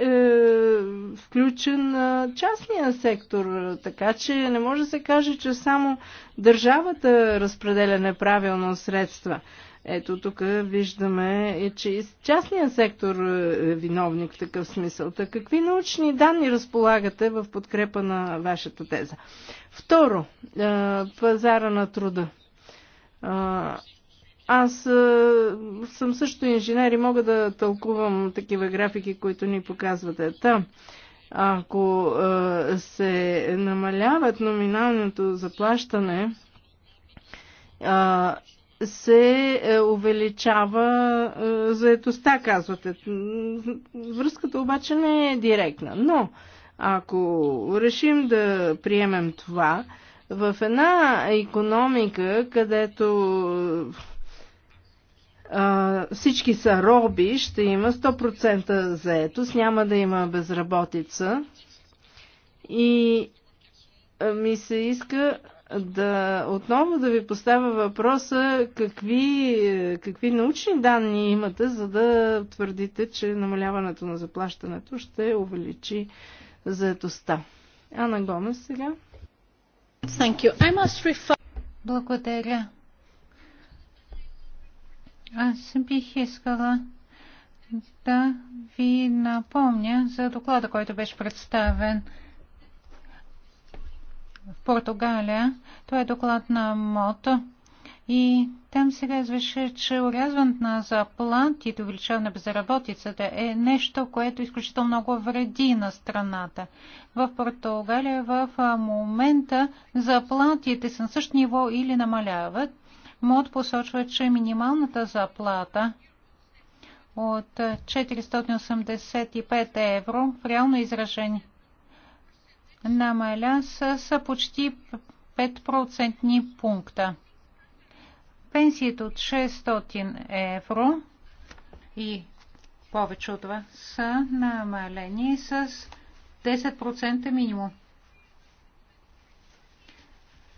Speaker 4: включен частния сектор, така че не може да се каже, че само държавата разпределя неправилно средства. Ето тук виждаме, е, че и частния сектор е, е виновник в такъв смисъл. Так какви научни данни разполагате в подкрепа на вашата теза? Второ, пазара на труда. Аз а, е, съм също инженер и мога да тълкувам такива графики, които ни показвате. Та, ако а, е, се намаляват номиналното заплащане, а, се е, увеличава заетостта, казвате. Връзката обаче не е директна. Но, ако решим да приемем това, в една економика, където а, всички са роби, ще има 100% заетост, няма да има безработица. И ми се иска да отново да ви поставя въпроса какви, какви научни данни имате, за да твърдите, че намаляването на заплащането ще увеличи заетостта. Ана Гомес сега. Thank you. I must refer...
Speaker 2: Благодаря. Аз бих искала да ви напомня за доклада, който беше представен в Португалия. Това е доклад на МОТО. И там се казваше, че урязването на заплатите, увеличаване на безработицата е нещо, което е изключително много вреди на страната. В Португалия в момента заплатите са на същото ниво или намаляват, МОД посочва, че минималната заплата от 485 евро в реално изражение намаля с, с почти 5% пункта. Пенсията от 600 евро и повече от това са намалени с 10% минимум.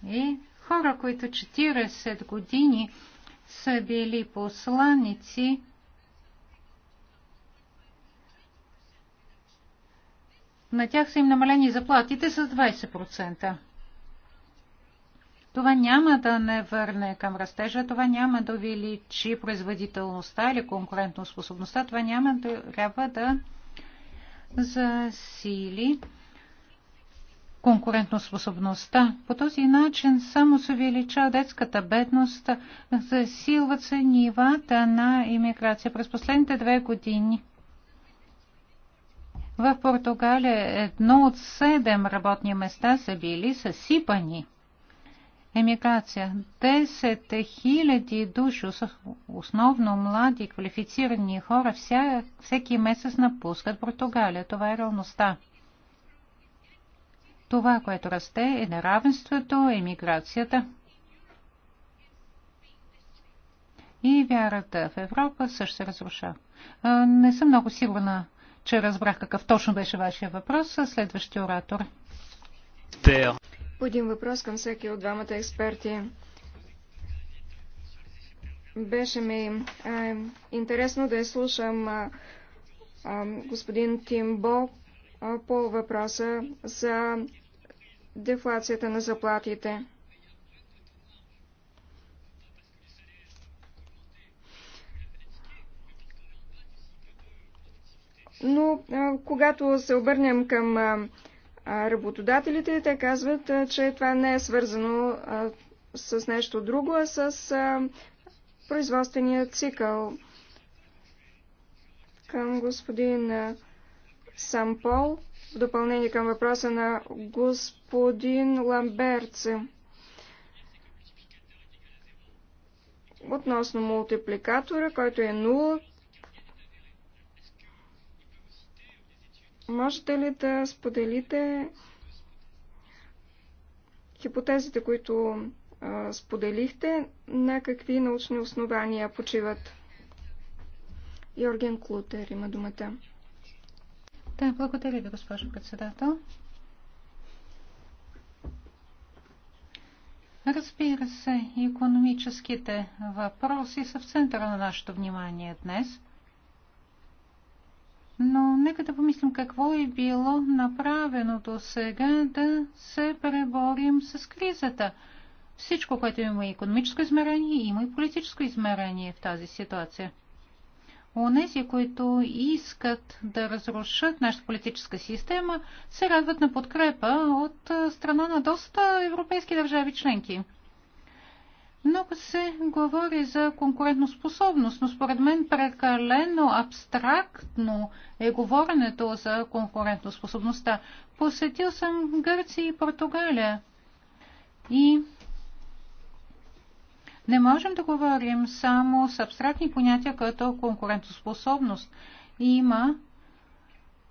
Speaker 2: И хора, които 40 години са били посланици, на тях са им намалени заплатите с 20%. Това няма да не върне към растежа, това няма да увеличи производителността или конкурентоспособността, това няма да трябва да засили конкурентоспособността. По този начин само се увеличава детската бедност, засилват се нивата на иммиграция. През последните две години в Португалия едно от седем работни места са били съсипани. Емиграция. 10 000 души, основно млади, квалифицирани хора, вся, всеки месец напускат Португалия. Това е реалността. Това, което расте, е неравенството, емиграцията. И вярата в Европа също се разруша. Не съм много сигурна, че разбрах какъв точно беше вашия въпрос. Следващия оратор.
Speaker 6: един въпрос към всеки от двамата експерти. Беше ми интересно да я слушам господин Тим Бок по въпроса за дефлацията на заплатите. Но когато се обърнем към работодателите, те казват, че това не е свързано с нещо друго, а с производствения цикъл. Към господин Пол, в допълнение към въпроса на господин Ламберце. Относно мултипликатора, който е 0, можете ли да споделите хипотезите, които а, споделихте, на какви научни основания почиват? Йорген Клутер има думата. Да, благодаря ви, госпожо председател.
Speaker 2: Разбира се, економическите въпроси са в центъра на нашето внимание днес. Но нека да помислим какво е било направено до сега да се преборим с кризата. Всичко, което има и економическо измерение, има и политическо измерение в тази ситуация. Онези, които искат да разрушат нашата политическа система, се радват на подкрепа от страна на доста европейски държави членки. Много се говори за конкурентоспособност, но според мен прекалено абстрактно е говоренето за конкурентоспособността. Посетил съм Гърция и Португалия и не можем да говорим само с абстрактни понятия като конкурентоспособност. Има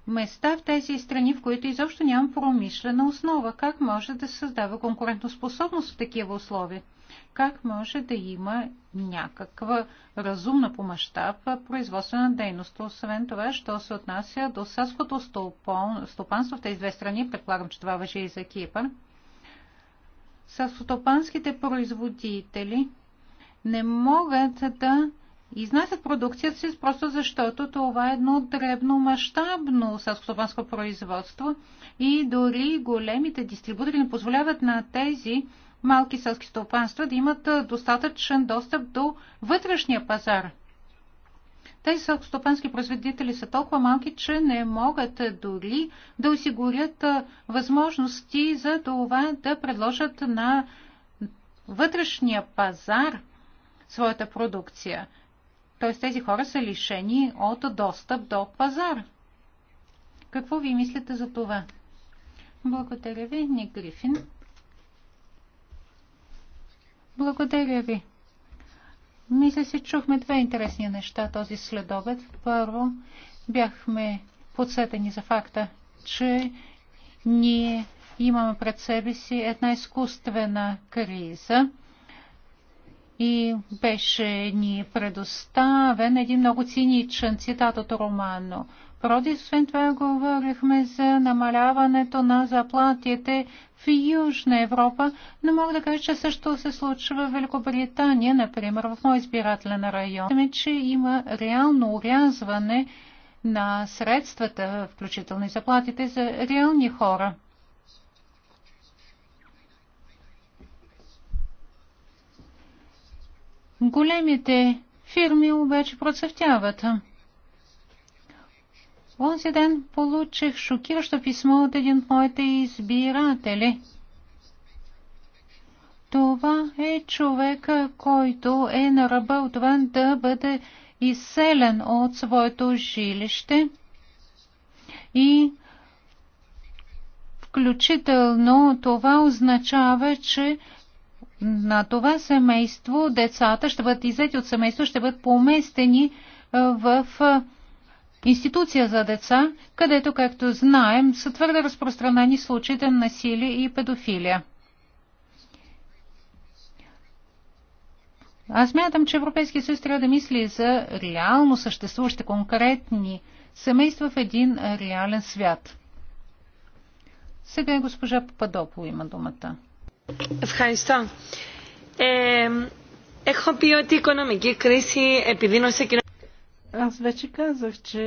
Speaker 2: места в тези страни, в които изобщо няма промишлена основа. Как може да се създава конкурентоспособност в такива условия? Как може да има някаква разумна по мащаб производствена дейност? Освен това, що се отнася до селското стопанство в тези две страни, предполагам, че това въжи и за Кипър, селскостопанските производители – не могат да изнасят продукцията си, просто защото това е едно дребно мащабно селскостопанско производство и дори големите дистрибутори не позволяват на тези малки селски стопанства да имат достатъчен достъп до вътрешния пазар. Тези селскостопански производители са толкова малки, че не могат дори да осигурят възможности за това да предложат на вътрешния пазар – своята продукция. Т.е. тези хора са лишени от достъп до пазар. Какво ви мислите за това? Благодаря ви, Ник Грифин. Благодаря ви. Мисля си, чухме две интересни неща този следобед. Първо, бяхме подсетени за факта, че ние имаме пред себе си една изкуствена криза, и беше ни предоставен един много циничен цитат от Романо. Проди, освен това, говорихме за намаляването на заплатите в Южна Европа, но мога да кажа, че също се случва в Великобритания, например, в мой избирателен район, че има реално урязване на средствата, включително и заплатите за реални хора. Големите фирми обаче процъфтяват. Онзи ден получих шокиращо писмо от един от моите избиратели. Това е човек, който е на ръба от това да бъде изселен от своето жилище и включително това означава, че на това семейство децата ще бъдат иззети от семейство, ще бъдат поместени е, в е, институция за деца, където, както знаем, са твърде разпространени случаите на насилие и педофилия. Аз мятам, че Европейския съюз трябва да мисли за реално съществуващи конкретни семейства в един реален свят. Сега госпожа Пападопо има думата.
Speaker 4: Ευχαριστώ. Ε, έχω πει ότι η οικονομική κρίση επιδίνωσε аз вече казах, че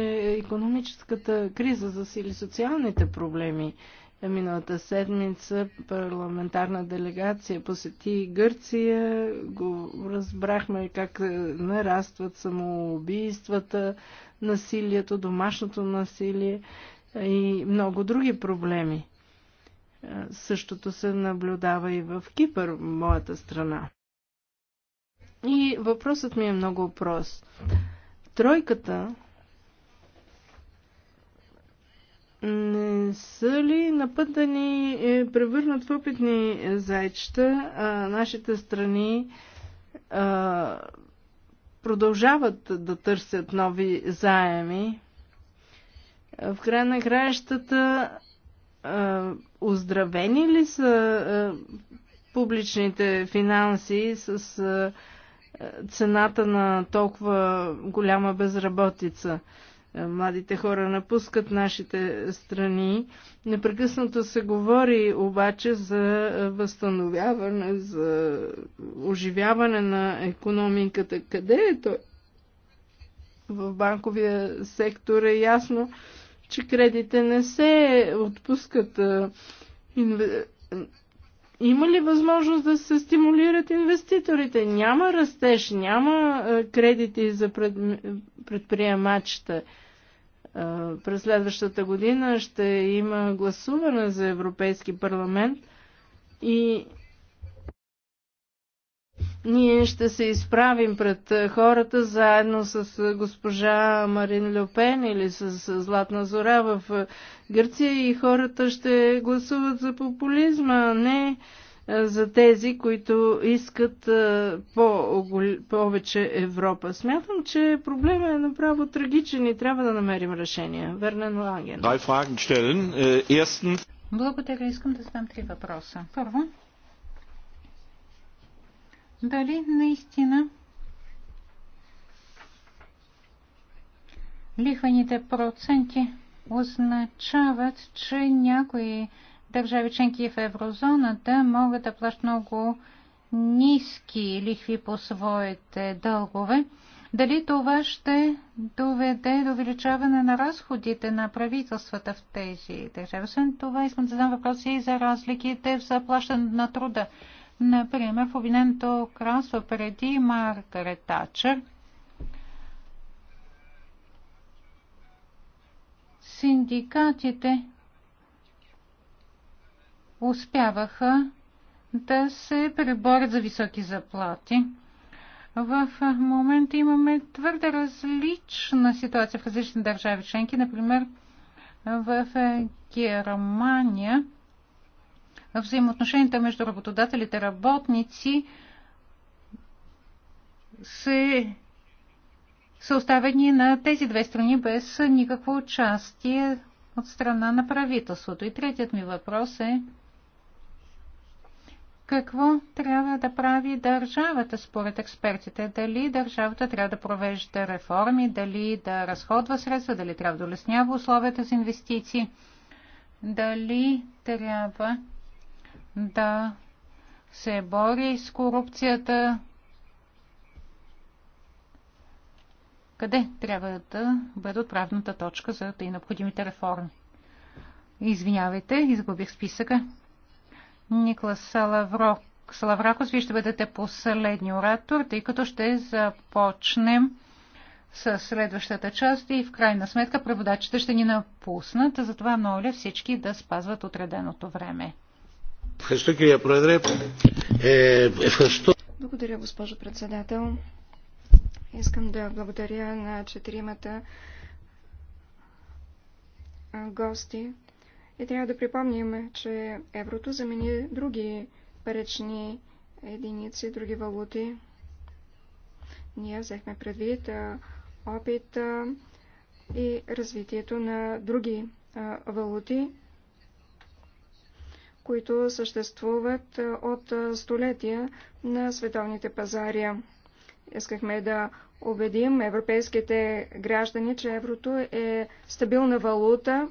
Speaker 4: економическата криза засили социалните проблеми. Миналата седмица парламентарна делегация посети Гърция. Го разбрахме как нарастват самоубийствата, насилието, домашното насилие и много други проблеми. Е, същото се наблюдава и в Кипър, моята страна. И въпросът ми е много прост. Тройката не са ли на път да ни е, превърнат в опитни зайчета, а нашите страни а, продължават да търсят нови заеми. В края на краищата оздравени ли са публичните финанси с цената на толкова голяма безработица? младите хора напускат нашите страни. Непрекъснато се говори обаче за възстановяване, за оживяване на економиката. Къде е то? В банковия сектор е ясно, че кредите не се отпускат. Има ли възможност да се стимулират инвеститорите? Няма растеж, няма кредити за предприемачите. През следващата година ще има гласуване за Европейски парламент и ние ще се изправим пред е, хората заедно с е, госпожа Марин Люпен или е, с Златна Зора в Гърция и хората ще гласуват за популизма, а не за тези, които искат по повече Европа. Смятам, че проблема е направо трагичен и трябва да намерим решение. Вернен Лаген.
Speaker 1: Äh,
Speaker 4: Благодаря. Искам да задам три въпроса. Първо,
Speaker 2: дали наистина лихвените проценти означават, че някои държави членки в еврозоната могат да плащат много ниски лихви по своите дългове. Дали това ще доведе до увеличаване на разходите на правителствата в тези държави? Освен това, искам да задам въпроси и за разликите в заплащане на труда. Например, в Обединеното кралство преди Маргарет Тачер синдикатите успяваха да се преборят за високи заплати. В момента имаме твърде различна ситуация в различни държави членки. Например, в Германия взаимоотношенията между работодателите и работници се, са оставени на тези две страни без никакво участие от страна на правителството. И третият ми въпрос е какво трябва да прави държавата според експертите? Дали държавата трябва да провежда реформи, дали да разходва средства, дали трябва да улеснява условията за инвестиции, дали трябва да се бори с корупцията, къде трябва да бъде отправната точка за тъй необходимите реформи. Извинявайте, изгубих списъка. Никлас Салаврок, Салавракос, вие ще бъдете последни оратор, тъй като ще започнем с следващата част и в крайна сметка преводачите ще ни напуснат, затова моля всички да спазват отреденото време.
Speaker 6: Благодаря, госпожо председател. Искам да благодаря на четиримата гости. И трябва да припомним, че еврото замени други парични единици, други валути. Ние взехме предвид опит и развитието на други валути, които съществуват е, от е, столетия на световните пазари. Искахме да убедим европейските граждани, че еврото е стабилна валута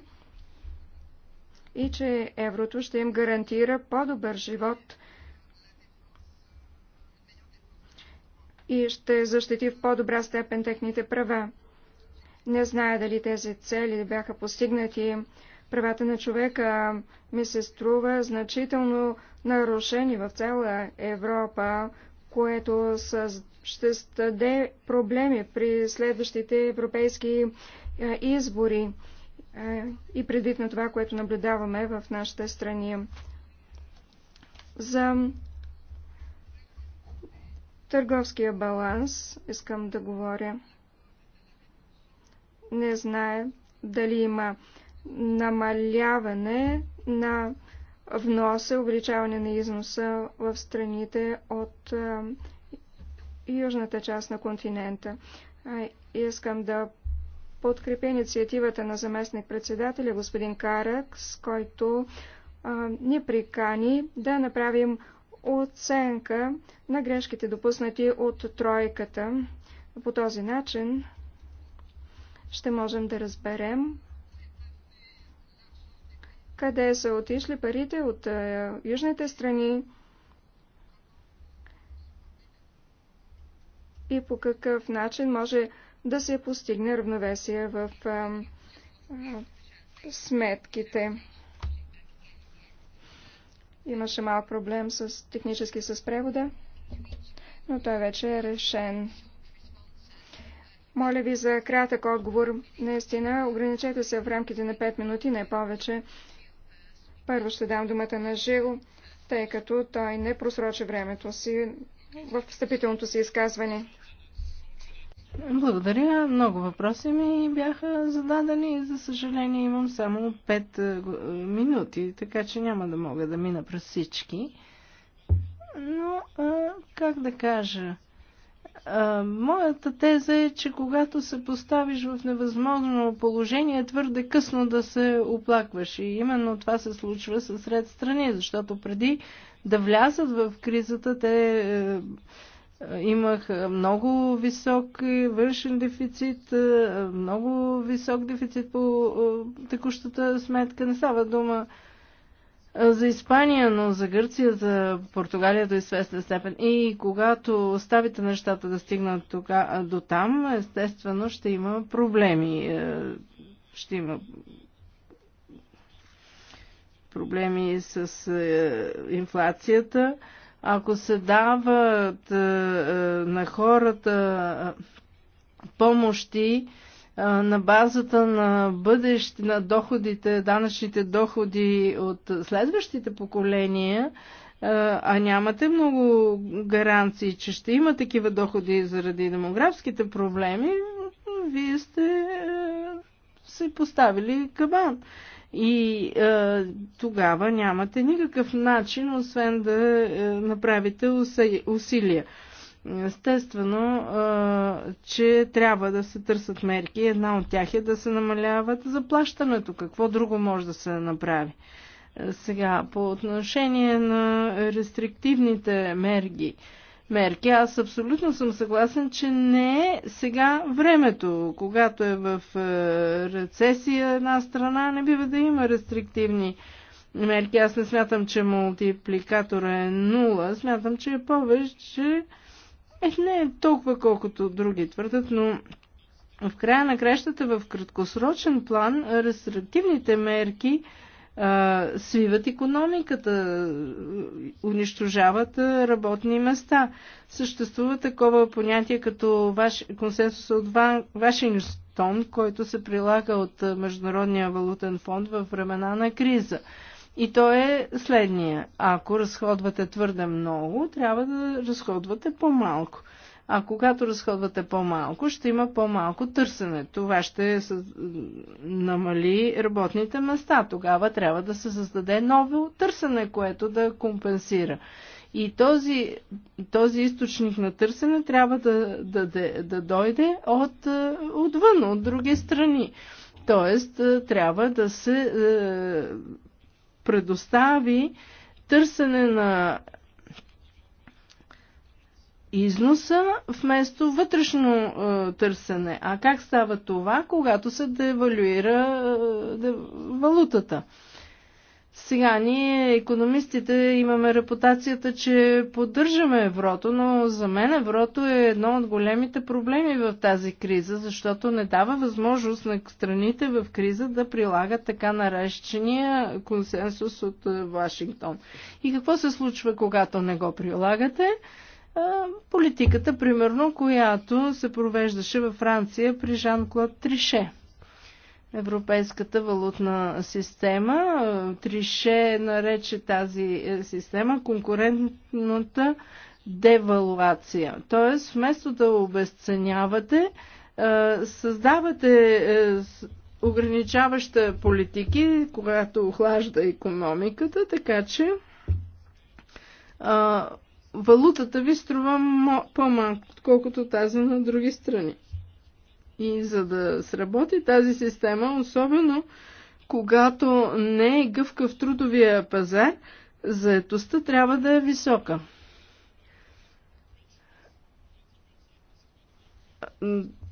Speaker 6: и че еврото ще им гарантира по-добър живот и ще защити в по-добра степен техните права. Не зная дали тези цели бяха постигнати, правата на човека ми се струва значително нарушени в цяла Европа, което ще стаде проблеми при следващите европейски избори и предвид на това, което наблюдаваме в нашите страни. За търговския баланс искам да говоря. Не знае дали има намаляване на вноса, увеличаване на износа в страните от южната част на континента. Искам да подкрепя инициативата на заместник-председателя господин Каракс, който ни прикани да направим оценка на грешките допуснати от тройката. По този начин ще можем да разберем къде са отишли парите от е, южните страни и по какъв начин може да се постигне равновесие в е, е, сметките. Имаше малък проблем с технически с превода, но той вече е решен. Моля ви за кратък отговор. Наистина, ограничете се в рамките на 5 минути, не повече. Първо ще дам думата на Жил, тъй като той не просрочи времето си в встъпителното си изказване.
Speaker 4: Благодаря. Много въпроси ми бяха зададени. За съжаление имам само 5 е, е, минути, така че няма да мога да мина през всички. Но, а, е, как да кажа, моята теза е, че когато се поставиш в невъзможно положение, твърде късно да се оплакваш. И именно това се случва със сред страни, защото преди да влязат в кризата, те е, е, имаха много висок външен дефицит, е, много висок дефицит по е, текущата сметка. Не става дума за Испания, но за Гърция, за Португалия до известна степен. И когато оставите нещата да стигнат тога, до там, естествено ще има проблеми. Ще има проблеми с инфлацията. Ако се дават на хората помощи, на базата на бъдещи, на доходите, данъчните доходи от следващите поколения, а нямате много гаранции, че ще има такива доходи заради демографските проблеми, вие сте се поставили кабан. И е, тогава нямате никакъв начин, освен да е, направите усилия. Естествено, че трябва да се търсят мерки. Една от тях е да се намаляват заплащането. Какво друго може да се направи? Сега, по отношение на рестриктивните мерки, мерки, аз абсолютно съм съгласен, че не е сега времето. Когато е в рецесия една страна, не бива да има рестриктивни мерки. Аз не смятам, че мултипликатора е нула. Смятам, че е повече, е, не е толкова колкото други твърдат, но в края на кращата в краткосрочен план рестриктивните мерки а, свиват економиката, унищожават работни места. Съществува такова понятие като ваш, консенсус от Вашингтон, който се прилага от Международния валутен фонд във времена на криза. И то е следния. Ако разходвате твърде много, трябва да разходвате по-малко. А когато разходвате по-малко, ще има по-малко търсене. Това ще намали работните места. Тогава трябва да се създаде ново търсене, което да компенсира. И този, този източник на търсене трябва да, да, да, да дойде от, е, отвън, от други страни. Тоест, е, трябва да се е, предостави търсене на износа вместо вътрешно е, търсене. А как става това, когато се девалюира е, де, валутата? Сега ние, економистите, имаме репутацията, че поддържаме еврото, но за мен еврото е едно от големите проблеми в тази криза, защото не дава възможност на страните в криза да прилагат така наречения консенсус от е, Вашингтон. И какво се случва, когато не го прилагате? Политиката, примерно, която се провеждаше във Франция при Жан-Клод Трише – Европейската валутна система. Трише нарече тази е, система конкурентната девалуация. Тоест, вместо да обесценявате, е, създавате е, ограничаваща политики, когато охлажда економиката, така че валутата ви струва по-малко, отколкото тази на други страни. И за да сработи тази система, особено когато не е гъвкав трудовия пазар, заетостта трябва да е висока.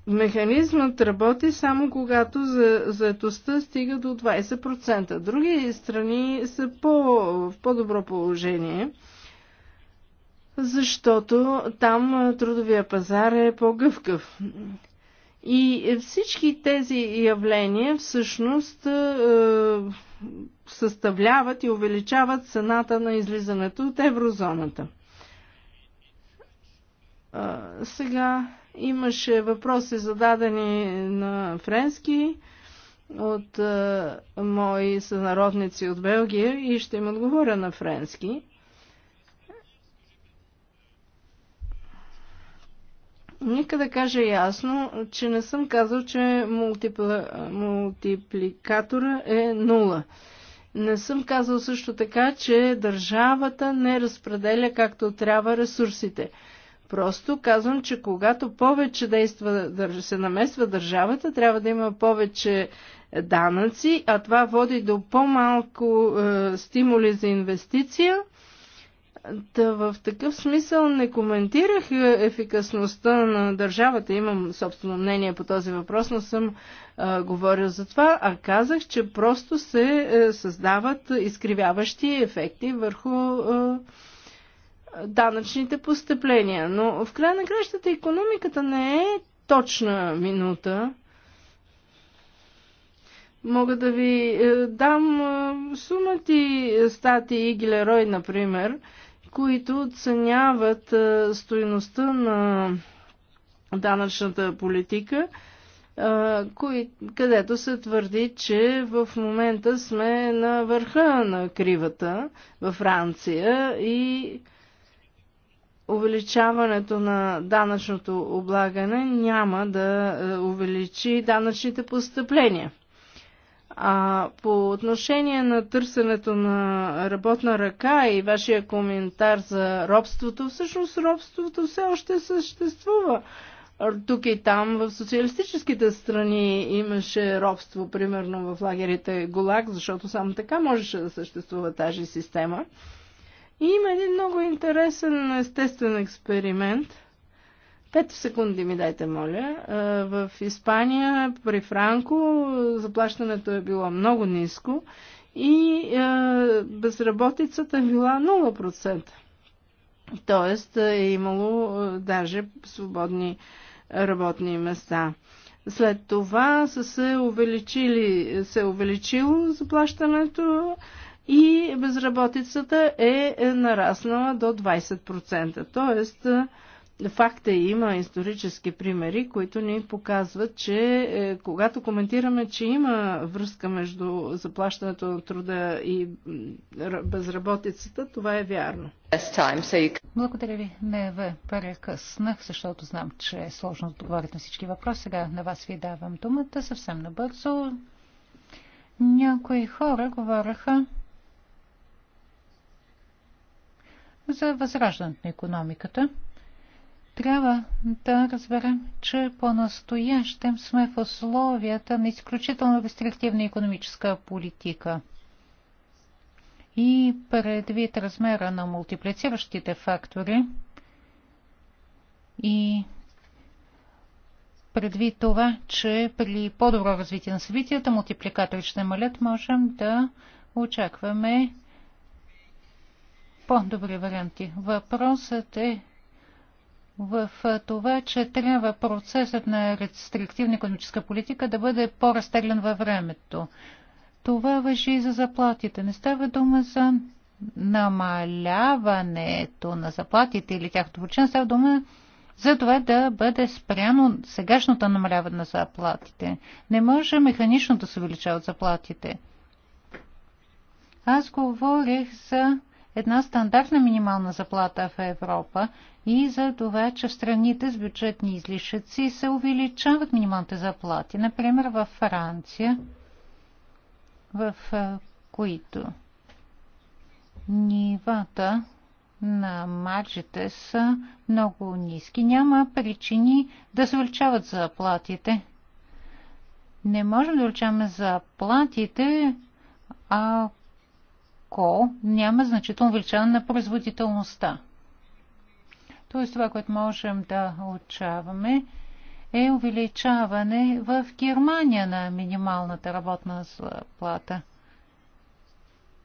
Speaker 4: Механизмът работи само когато за, заетостта стига до 20%. Други страни са по, в по-добро положение, защото там трудовия пазар е по-гъвкав. И всички тези явления всъщност е, съставляват и увеличават цената на излизането от еврозоната. Сега имаше въпроси зададени на френски от е, мои сънародници от Белгия и ще им отговоря на френски. Нека да кажа ясно, че не съм казал, че мултипла... мултипликатора е нула. Не съм казал също така, че държавата не разпределя както трябва ресурсите. Просто казвам, че когато повече действа, се намесва държавата, трябва да има повече данъци, а това води до по-малко е, стимули за инвестиция – Та в такъв смисъл не коментирах е, ефикасността на държавата. Имам собствено мнение по този въпрос, но съм а, говорил за това, а казах, че просто се а, е, създават изкривяващи ефекти върху а, данъчните постъпления. Но в края на кращата економиката не е точна минута. Мога да ви е, дам сумати статии Гилерой, например, които оценяват е, стоиността на данъчната политика, е, кои, където се твърди, че в момента сме на върха на кривата във Франция и увеличаването на данъчното облагане няма да е, увеличи данъчните постъпления. А по отношение на търсенето на работна ръка и вашия коментар за робството, всъщност робството все още съществува. Тук и там в социалистическите страни имаше робство, примерно в лагерите ГУЛАГ, защото само така можеше да съществува тази система. И има един много интересен естествен експеримент – Пет секунди ми дайте, моля. В Испания при Франко заплащането е било много ниско и безработицата е била 0%. Тоест е имало даже свободни работни места. След това са се, увеличили, се е увеличило заплащането и безработицата е, е нараснала до 20%. Тоест Факта и е, има исторически примери, които ни показват, че е, когато коментираме, че има връзка между заплащането на труда и безработицата, това е вярно.
Speaker 2: Благодаря ви. Не ве прекъснах, защото знам, че е сложно да отговорят на всички въпроси. Сега на вас ви давам думата съвсем набързо. Някои хора говореха за възраждането на економиката. Трябва да разберем, че по-настоящем сме в условията на изключително рестриктивна економическа политика. И предвид размера на мултиплициращите фактори и предвид това, че при по-добро развитие на събитията мултипликатори ще намалят, можем да очакваме по-добри варианти. Въпросът е в това, че трябва процесът на рестриктивна економическа политика да бъде по-разтеглен във времето. Това въжи и за заплатите. Не става дума за намаляването на заплатите или тяхното причина, става дума за това да бъде спряно сегашното намаляване на заплатите. Не може механично да се увеличават заплатите. Аз говорих за една стандартна минимална заплата в Европа и за това, че в страните с бюджетни излишъци се увеличават минималните заплати. Например, във Франция, в които нивата на маржите са много ниски. Няма причини да се увеличават заплатите. Не можем да увеличаваме заплатите, ако ако няма значително увеличаване на производителността. Тоест това, което можем да отчаваме, е увеличаване в Германия на минималната работна заплата.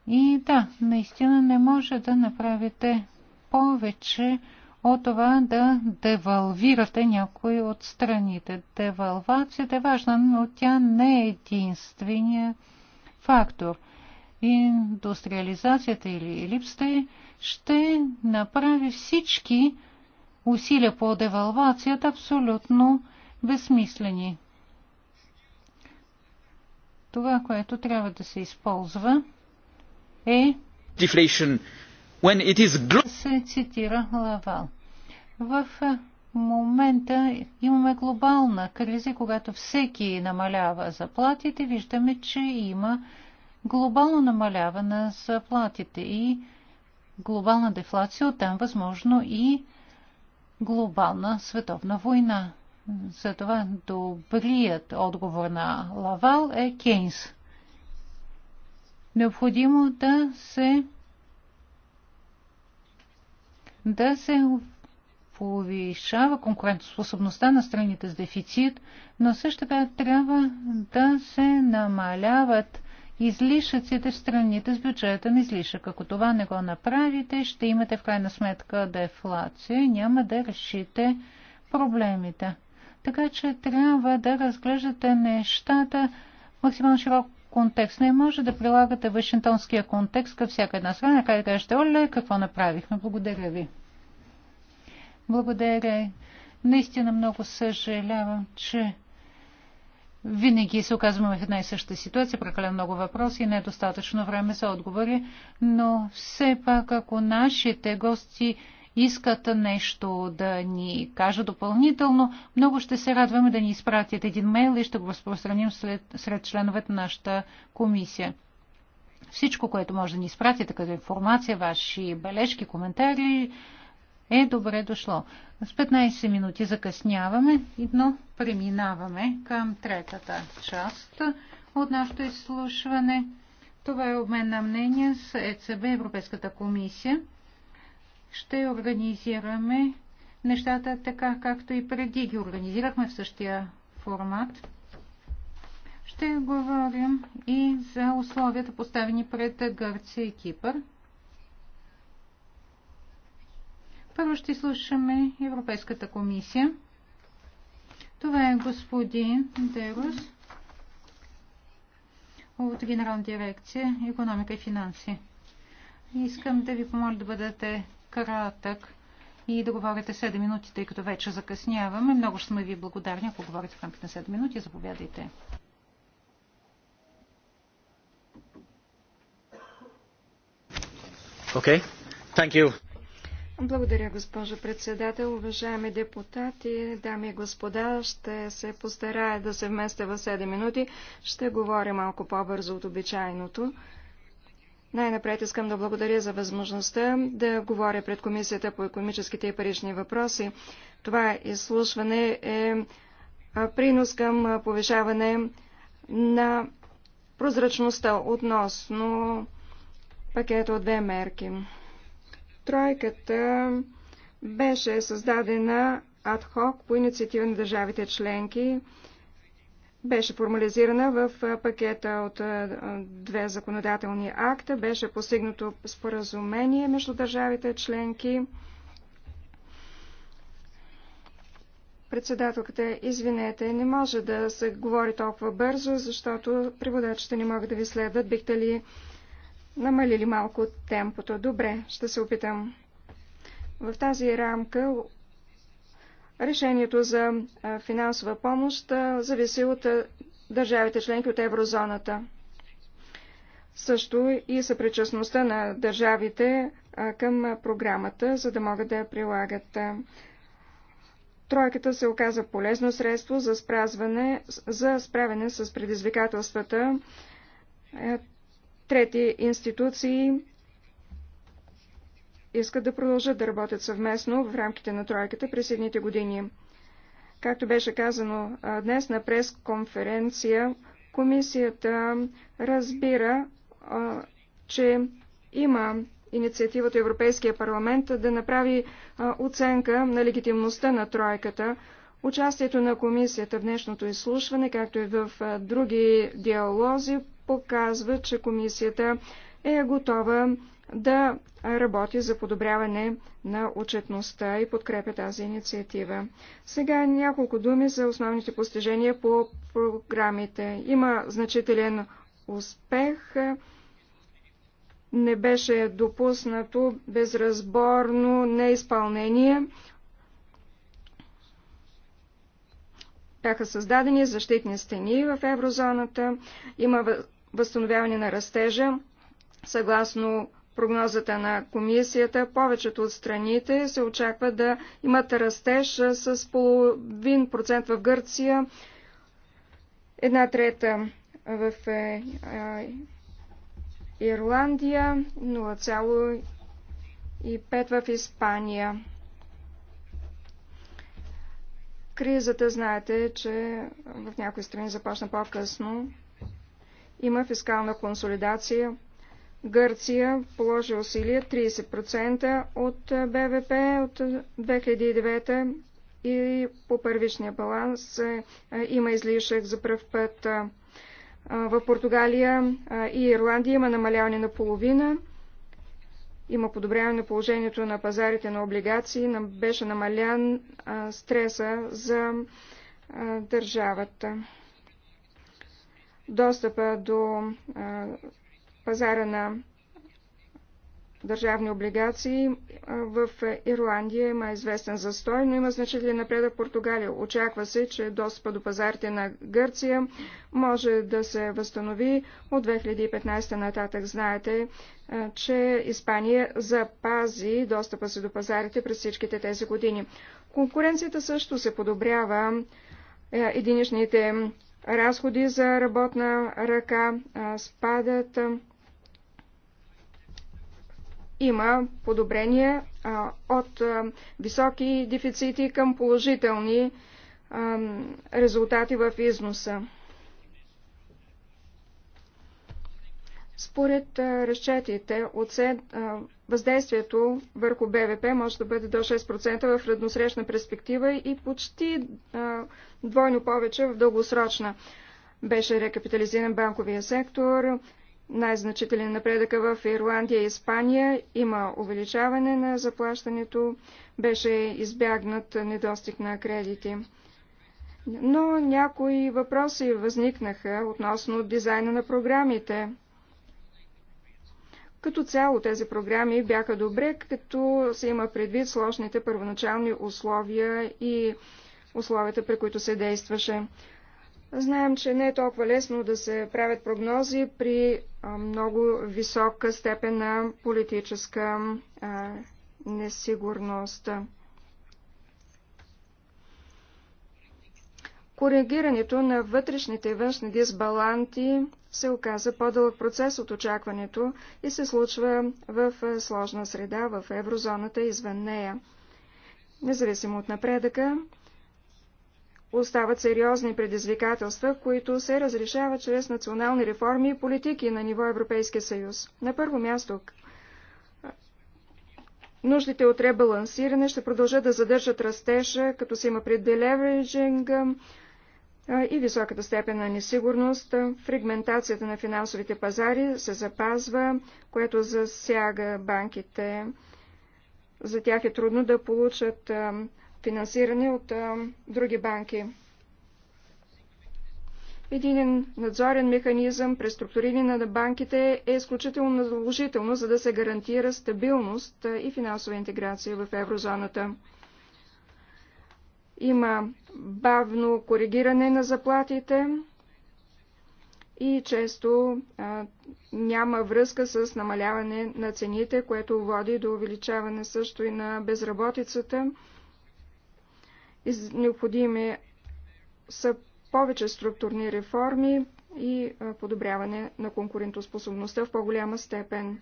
Speaker 2: И да, наистина не може да направите повече от това да девалвирате някой от страните. Девалвацията е важна, но тя не е единствения фактор – индустриализацията или липсата е, ще направи всички усилия по девалвацията абсолютно безсмислени. Това, което трябва да се използва е
Speaker 3: deflation when it is
Speaker 2: се цитира Лавал. В момента имаме глобална криза, когато всеки намалява заплатите, виждаме, че има глобално намаляване на заплатите и глобална дефлация, оттам възможно и глобална световна война. Затова добрият отговор на Лавал е Кейнс. Необходимо да се да се повишава конкурентоспособността на страните с дефицит, но също така трябва да се намаляват излишъците в страните с бюджета на излишък. Ако това не го направите, ще имате в крайна сметка дефлация и няма да решите проблемите. Така че трябва да разглеждате нещата в максимално широк контекст. Не може да прилагате вашингтонския контекст към всяка една страна. Накрая да кажете, оле, какво направихме. Благодаря ви. Благодаря. Наистина много съжалявам, че винаги се оказваме в една и съща ситуация, прекалено много въпроси и недостатъчно време за отговори, но все пак ако нашите гости искат нещо да ни кажат допълнително, много ще се радваме да ни изпратят един мейл и ще го разпространим след, сред членовете на нашата комисия. Всичко, което може да ни изпратите като информация, ваши бележки, коментари, е добре дошло. С 15 минути закъсняваме, но преминаваме към третата част от нашето изслушване. Това е обмен на мнение с ЕЦБ, Европейската комисия. Ще организираме нещата така, както и преди ги организирахме в същия формат. Ще говорим и за условията, поставени пред Гърция и Кипър. Първо ще слушаме Европейската комисия. Това е господин Дерус от Генерална дирекция економика и финанси. Искам да ви помоля да бъдете кратък и да говорите 7 минути, тъй като вече закъсняваме. Много ще сме ви благодарни, ако говорите в рамките на 7 минути. Заповядайте.
Speaker 3: Okay. Thank you.
Speaker 6: Благодаря, госпожо председател. Уважаеми депутати, дами и господа, ще се постарая да се вместя в 7 минути. Ще говоря малко по-бързо от обичайното. Най-напред искам да благодаря за възможността да говоря пред Комисията по економическите и парични въпроси. Това изслушване е принос към повишаване на прозрачността относно пакета от две мерки. Тройката беше създадена адхок по инициатива на държавите членки. Беше формализирана в пакета от две законодателни акта. Беше постигнато споразумение между държавите членки. Председателката, извинете, не може да се говори толкова бързо, защото преводачите не могат да ви следват. Бихте ли намалили малко темпото. Добре, ще се опитам. В тази рамка решението за финансова помощ зависи от държавите членки от еврозоната. Също и съпричастността на държавите към програмата, за да могат да я прилагат. Тройката се оказа полезно средство за, спразване, за справяне с предизвикателствата трети институции искат да продължат да работят съвместно в рамките на тройката през едните години. Както беше казано днес на пресконференция, комисията разбира, че има инициативата Европейския парламент да направи оценка на легитимността на тройката. Участието на комисията в днешното изслушване, както и в други диалози, показва, че комисията е готова да работи за подобряване на отчетността и подкрепя тази инициатива. Сега няколко думи за основните постижения по програмите. Има значителен успех. Не беше допуснато безразборно неизпълнение. Бяха създадени защитни стени в еврозоната. Има възстановяване на растежа. Съгласно прогнозата на комисията, повечето от страните се очаква да имат растеж с половин процент в Гърция, една трета в е, Ирландия, 0,5 в Испания. Кризата, знаете, че в някои страни започна по-късно има фискална консолидация. Гърция положи усилия 30% от БВП от 2009 и по първичния баланс има излишък за пръв път. В Португалия и Ирландия има намаляване на половина. Има подобряване на положението на пазарите на облигации. Беше намалян стреса за държавата достъпа до пазара на държавни облигации. В Ирландия има известен застой, но има значителен напредък в Португалия. Очаква се, че достъпа до пазарите на Гърция може да се възстанови от 2015 нататък. Знаете, че Испания запази достъпа си до пазарите през всичките тези години. Конкуренцията също се подобрява. Е, единичните разходи за работна ръка спадат. Има подобрения от високи дефицити към положителни резултати в износа. Според разчетите, оцен... въздействието върху БВП може да бъде до 6% в редносрещна перспектива и почти двойно повече в дългосрочна. Беше рекапитализиран банковия сектор, най-значителен напредъка в Ирландия и Испания, има увеличаване на заплащането, беше избягнат недостиг на кредити. Но някои въпроси възникнаха относно дизайна на програмите. Като цяло тези програми бяха добре, като се има предвид сложните първоначални условия и условията, при които се действаше. Знаем, че не е толкова лесно да се правят прогнози при много висока степен на политическа несигурност. Коригирането на вътрешните и външни дисбаланти се оказа по-дълъг процес от очакването и се случва в сложна среда в еврозоната извън нея. Независимо от напредъка, Остават сериозни предизвикателства, които се разрешават чрез национални реформи и политики на ниво Европейския съюз. На първо място, нуждите от ребалансиране ще продължат да задържат растежа, като се има пред делевериджинга и високата степен на несигурност. Фрагментацията на финансовите пазари се запазва, което засяга банките. За тях е трудно да получат финансиране от а, други банки. Един надзорен механизъм, преструктуриране на банките е изключително наложително, за да се гарантира стабилност и финансова интеграция в еврозоната. Има бавно коригиране на заплатите и често а, няма връзка с намаляване на цените, което води до увеличаване също и на безработицата Необходими са повече структурни реформи и подобряване на конкурентоспособността в по-голяма степен.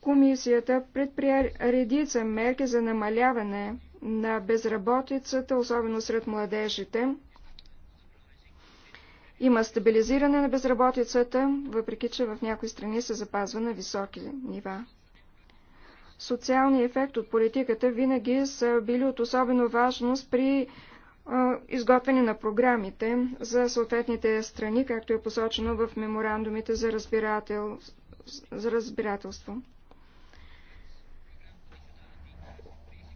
Speaker 6: Комисията предприе редица мерки за намаляване на безработицата, особено сред младежите. Има стабилизиране на безработицата, въпреки че в някои страни се запазва на високи нива социалния ефект от политиката винаги са били от особено важност при изготвяне на програмите за съответните страни, както е посочено в меморандумите за, разбирател... за разбирателство.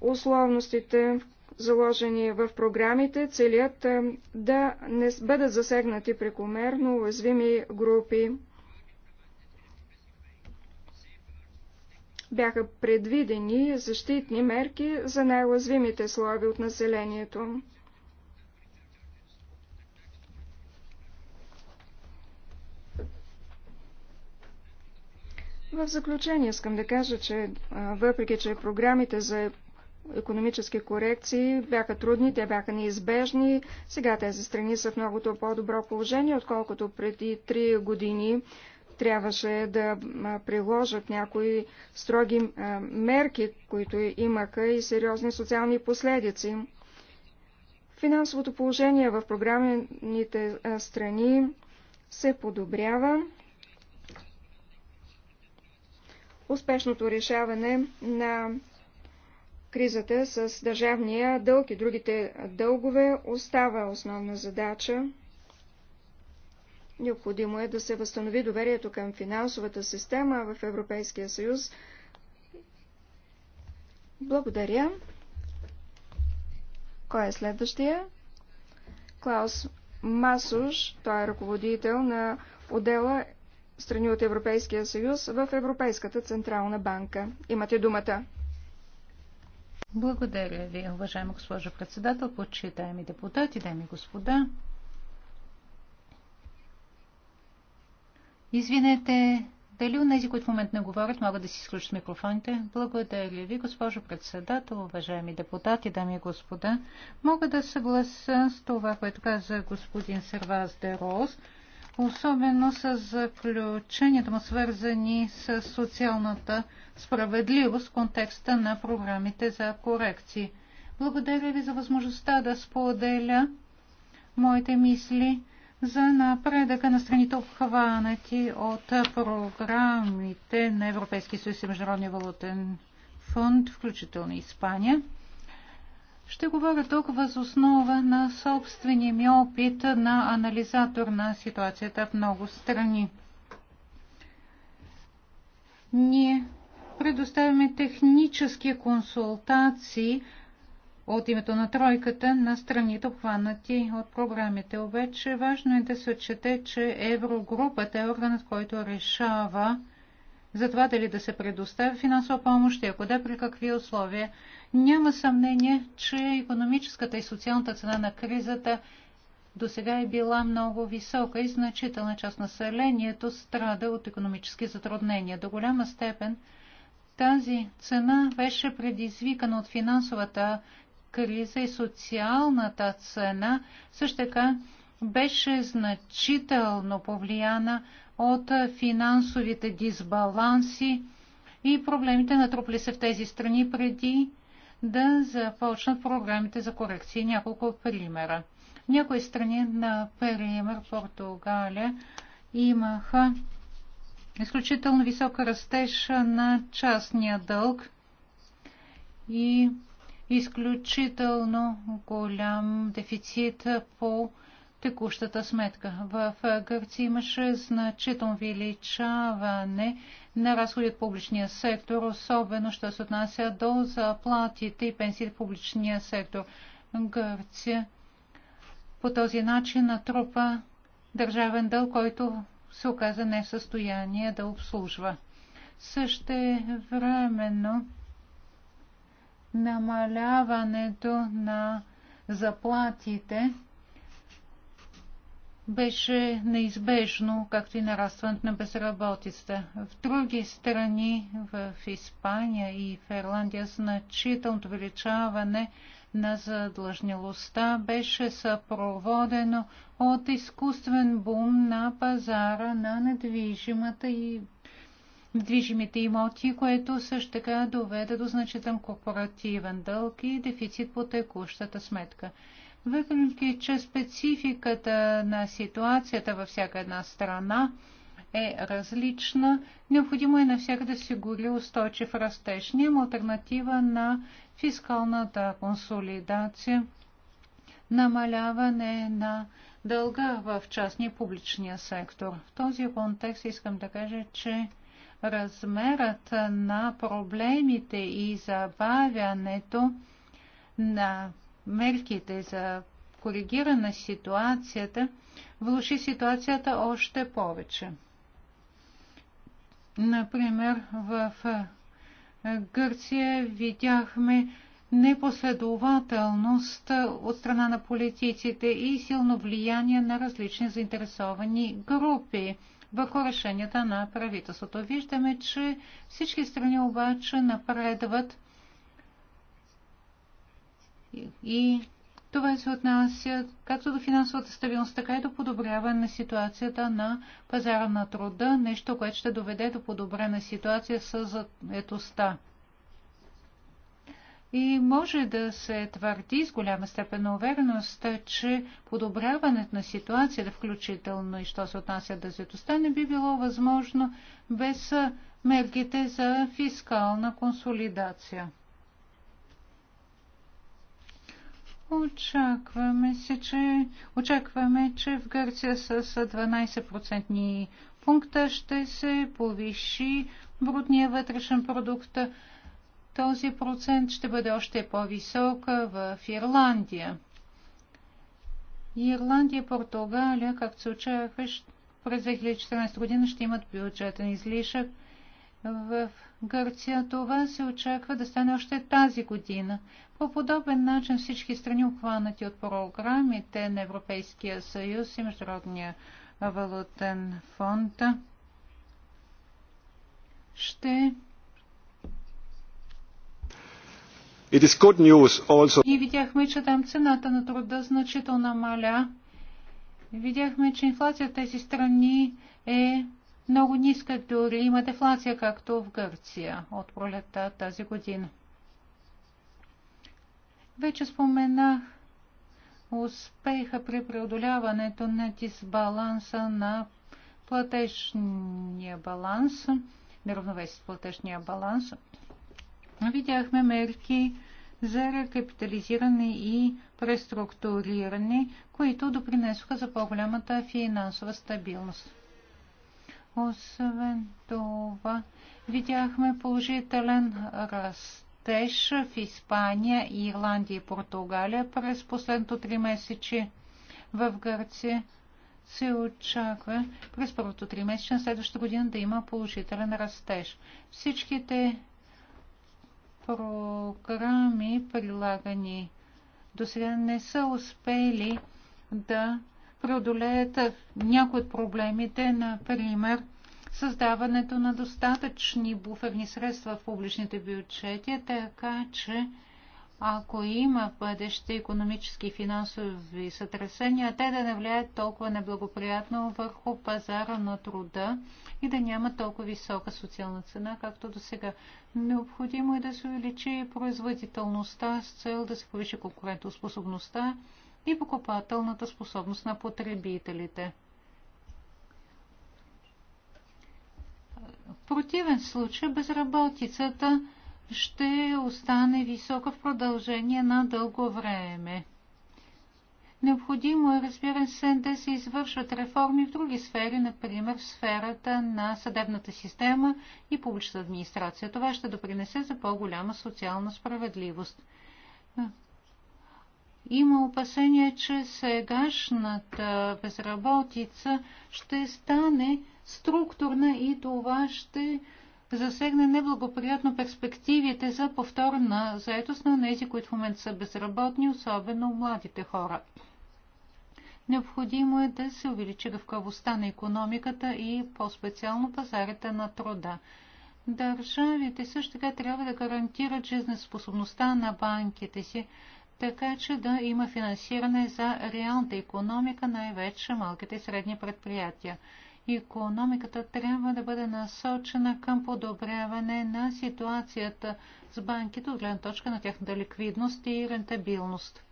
Speaker 6: Условностите, заложени в програмите, целят да не бъдат засегнати прекомерно уязвими групи. бяха предвидени защитни мерки за най-лазвимите слови от населението. В заключение искам да кажа, че въпреки, че програмите за економически корекции бяха трудни, те бяха неизбежни. Сега тези страни са в многото по-добро положение, отколкото преди 3 години трябваше да приложат някои строги мерки, които имаха и сериозни социални последици. Финансовото положение в програмните страни се подобрява. Успешното решаване на кризата с държавния дълг и другите дългове остава основна задача. Необходимо е да се възстанови доверието към финансовата система в Европейския съюз. Благодаря. Кой е следващия? Клаус Масуш, той е ръководител на отдела страни от Европейския съюз в Европейската централна банка. Имате думата.
Speaker 2: Благодаря ви, уважаема госпожо председател, почитаеми депутати, дами и господа. Извинете, дали у нези, които в момент не говорят, могат да си изключат микрофоните? Благодаря ви, госпожо председател, уважаеми депутати, дами и господа. Мога да съглася с това, което каза господин Серваз де Роз, особено с заключенията му, свързани с социалната справедливост в контекста на програмите за корекции. Благодаря ви за възможността да споделя моите мисли за напредъка на страните обхванати от програмите на Европейския съюз и Международния валутен фонд, включително Испания. Ще говоря тук възоснова на собствения ми опит на анализатор на ситуацията в много страни. Ние предоставяме технически консултации – от името на тройката на страните обхванати от програмите. Обаче важно е да се отчете, че Еврогрупата е органът, който решава за това дали да се предоставя финансова помощ и ако да, при какви условия. Няма съмнение, че економическата и социалната цена на кризата до сега е била много висока и значителна част населението страда от економически затруднения. До голяма степен тази цена беше предизвикана от финансовата криза и социалната цена също така беше значително повлияна от финансовите дисбаланси и проблемите натрупли се в тези страни преди да започнат програмите за корекции. Няколко примера. В някои страни, например Португалия, имаха изключително висок растеж на частния дълг и изключително голям дефицит по текущата сметка. В Гърция имаше значително увеличаване на разходи от публичния сектор, особено що се отнася до заплатите и пенсиите в публичния сектор. Гърция по този начин натрупа държавен дълг, който се оказа не в състояние да обслужва. Също времено намаляването на заплатите беше неизбежно, както и нарастването на безработицата. В други страни, в Испания и в Ирландия, значителното увеличаване на задлъжнилостта беше съпроводено от изкуствен бум на пазара на недвижимата и движимите имоти, което също така доведе до значителен корпоративен дълг и дефицит по текущата сметка. Въпреки, че спецификата на ситуацията във всяка една страна е различна, необходимо е навсякъде да се гори устойчив растеж. Няма альтернатива на фискалната консолидация, намаляване на дълга в частния публичния сектор. В този контекст искам да кажа, че размерът на проблемите и забавянето на мерките за коригиране на ситуацията влуши ситуацията още повече. Например, в Гърция видяхме непоследователност от страна на политиците и силно влияние на различни заинтересовани групи върху решенията на правителството. Виждаме, че всички страни обаче напредват и това се отнася както до финансовата стабилност, така и до подобряване на ситуацията на пазара на труда, нещо, което ще доведе до подобрена ситуация с етостта. И може да се твърди с голяма степен на увереност, че подобряването на ситуацията, включително и що се отнася до заедостта, не би било възможно без мерките за фискална консолидация. Очакваме, се, че, очакваме, че в Гърция с 12% пункта ще се повиши брутния вътрешен продукт този процент ще бъде още по-висок в Ирландия. Ирландия и Португалия, както се очаква, през 2014 година ще имат бюджетен излишък. В Гърция това се очаква да стане още тази година. По подобен начин всички страни, обхванати от програмите на Европейския съюз и Международния валутен фонд, ще also... И видяхме, че там цената на труда значително намаля. Видяхме, че инфлация в тези страни е много ниска, дори има дефлация, както в Гърция от пролета тази година. Вече споменах успеха при преодоляването на дисбаланса на платежния баланс, неравновесие с платежния баланс. Видяхме мерки за рекапитализиране и преструктуриране, които допринесоха за по-голямата финансова стабилност. Освен това, видяхме положителен растеж в Испания, Ирландия и Португалия през последното три месечи В Гърция се очаква през първото три месече на следващата година да има положителен растеж. Всичките програми, прилагани до сега, не са успели да преодолеят някои от проблемите, например създаването на достатъчни буферни средства в публичните бюджети, така че ако има в бъдеще економически и финансови сътресения, те да не влияят толкова неблагоприятно върху пазара на труда и да няма толкова висока социална цена, както до сега. Необходимо е да се увеличи производителността с цел да се повиши конкурентоспособността и покупателната способност на потребителите. В противен случай безработицата ще остане висока в продължение на дълго време. Необходимо е, разбира се, да се извършват реформи в други сфери, например в сферата на съдебната система и публична администрация. Това ще допринесе за по-голяма социална справедливост. Има опасение, че сегашната безработица ще стане структурна и това ще засегне неблагоприятно перспективите за повторна заетост на тези, които в момента са безработни, особено младите хора. Необходимо е да се увеличи гъвкавостта на економиката и по-специално пазарите на труда. Държавите също така трябва да гарантират жизнеспособността на банките си, така че да има финансиране за реалната економика, най-вече малките и средни предприятия економиката трябва да бъде насочена към подобряване на ситуацията с банките от гледна точка на тяхната ликвидност и рентабилност.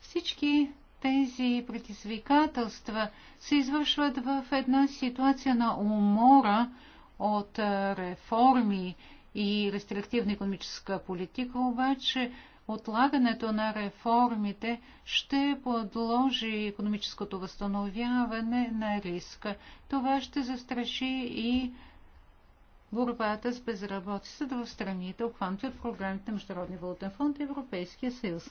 Speaker 2: Всички тези предизвикателства се извършват в една ситуация на умора от реформи и рестриктивна економическа политика, обаче отлагането на реформите ще подложи економическото възстановяване на риска. Това ще застраши и борбата с безработицата в страните, обхванати от програмите на Международния валутен фонд и Европейския съюз.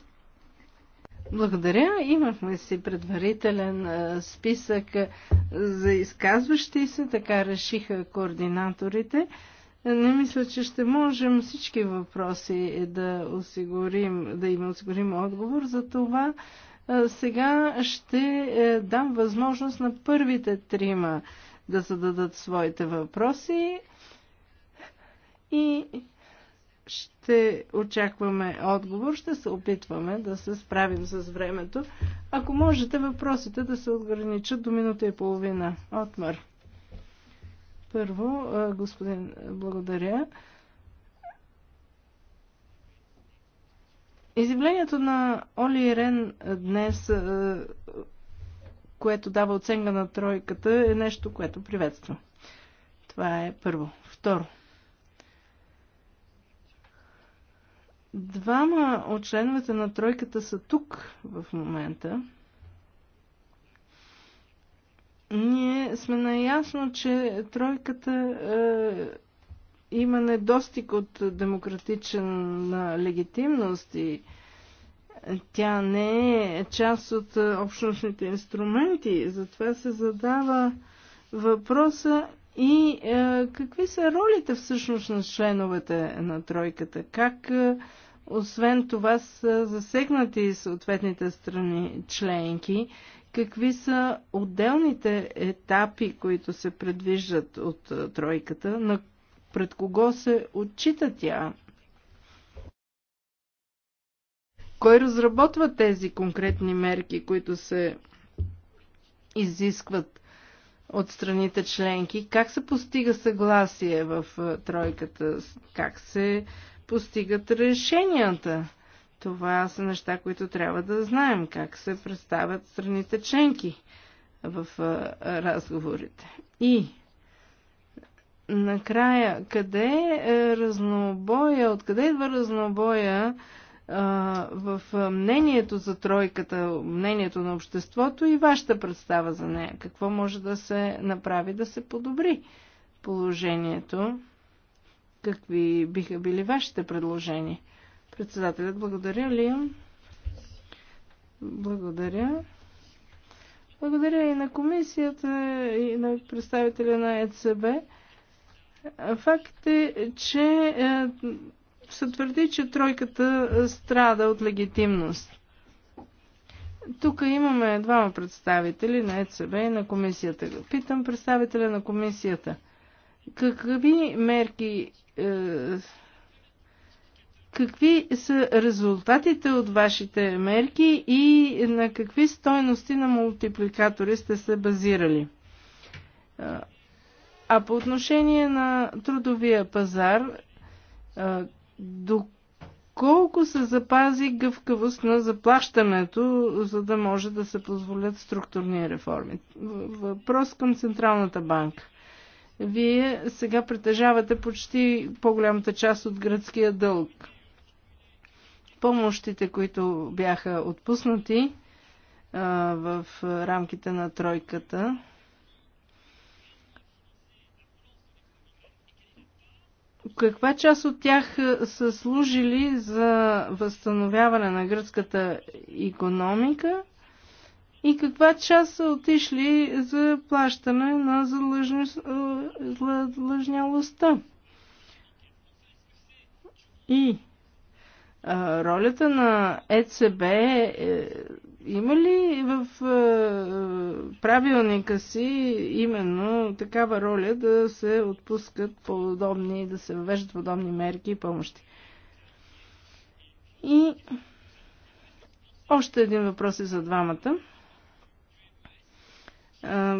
Speaker 4: Благодаря. Имахме си предварителен списък за изказващи се, така решиха координаторите не мисля, че ще можем всички въпроси да, осигурим, да им осигурим отговор. За това сега ще е, дам възможност на първите трима да зададат своите въпроси и ще очакваме отговор, ще се опитваме да се справим с времето. Ако можете въпросите да се ограничат до минута и половина. Отмър. Първо, господин, благодаря. Изявлението на Оли Ирен днес, което дава оценка на тройката, е нещо, което приветства. Това е първо. Второ. Двама от членовете на тройката са тук в момента. Ние сме наясно, че тройката е, има недостиг от демократична легитимност и тя не е част от общностните инструменти. Затова се задава въпроса и е, какви са ролите всъщност на членовете на тройката? Как е, освен това са засегнати съответните страни членки какви са отделните етапи, които се предвиждат от е, тройката, на пред кого се отчита тя, кой разработва тези конкретни мерки, които се изискват от страните членки, как се постига съгласие в е, тройката, как се постигат решенията. Това са неща, които трябва да знаем, как се представят страните членки в разговорите. И накрая, къде е разнобоя, откъде идва разнобоя а, в мнението за тройката, мнението на обществото и вашата представа за нея? Какво може да се направи да се подобри положението? Какви биха били вашите предложения? Председателят, благодаря ли? Благодаря. Благодаря и на комисията, и на представителя на ЕЦБ. Факт е, че е, се твърди, че тройката страда от легитимност. Тук имаме двама представители на ЕЦБ и на комисията. Питам представителя на комисията. Какви мерки е, Какви са резултатите от вашите мерки и на какви стойности на мултипликатори сте се базирали? А по отношение на трудовия пазар, доколко се запази гъвкавост на заплащането, за да може да се позволят структурни реформи? Въпрос към Централната банка. Вие сега притежавате почти по-голямата част от гръцкия дълг помощите, които бяха отпуснати в рамките на тройката. Каква част от тях са служили за възстановяване на гръцката економика и каква част са отишли за плащане на задлъжнялостта? И ролята на ЕЦБ е, има ли в е, правилника си именно такава роля да се отпускат подобни, да се въвеждат подобни мерки и помощи? И още един въпрос е за двамата. Е,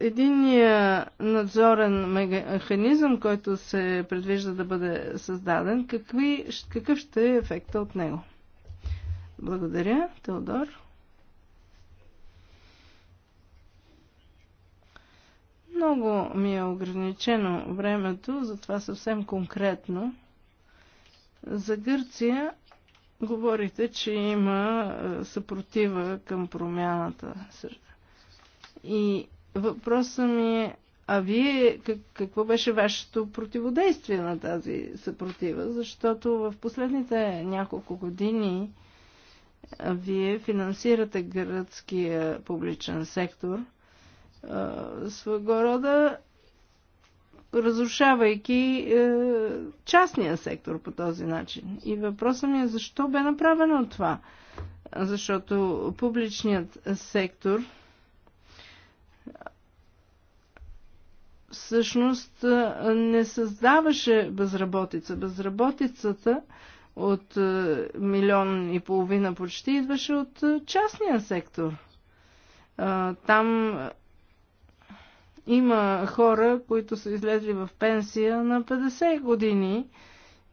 Speaker 4: единия надзорен механизъм, който се предвижда да бъде създаден, какви, какъв ще е ефекта от него? Благодаря, Теодор. Много ми е ограничено времето, затова съвсем конкретно. За Гърция говорите, че има е, съпротива към промяната и въпросът ми е, а вие как, какво беше вашето противодействие на тази съпротива? Защото в последните няколко години вие финансирате гръцкия публичен сектор своего рода разрушавайки е, частния сектор по този начин. И въпросът ми е защо бе направено това? Защото публичният сектор всъщност не създаваше безработица. Безработицата от милион и половина почти идваше от частния сектор. Там има хора, които са излезли в пенсия на 50 години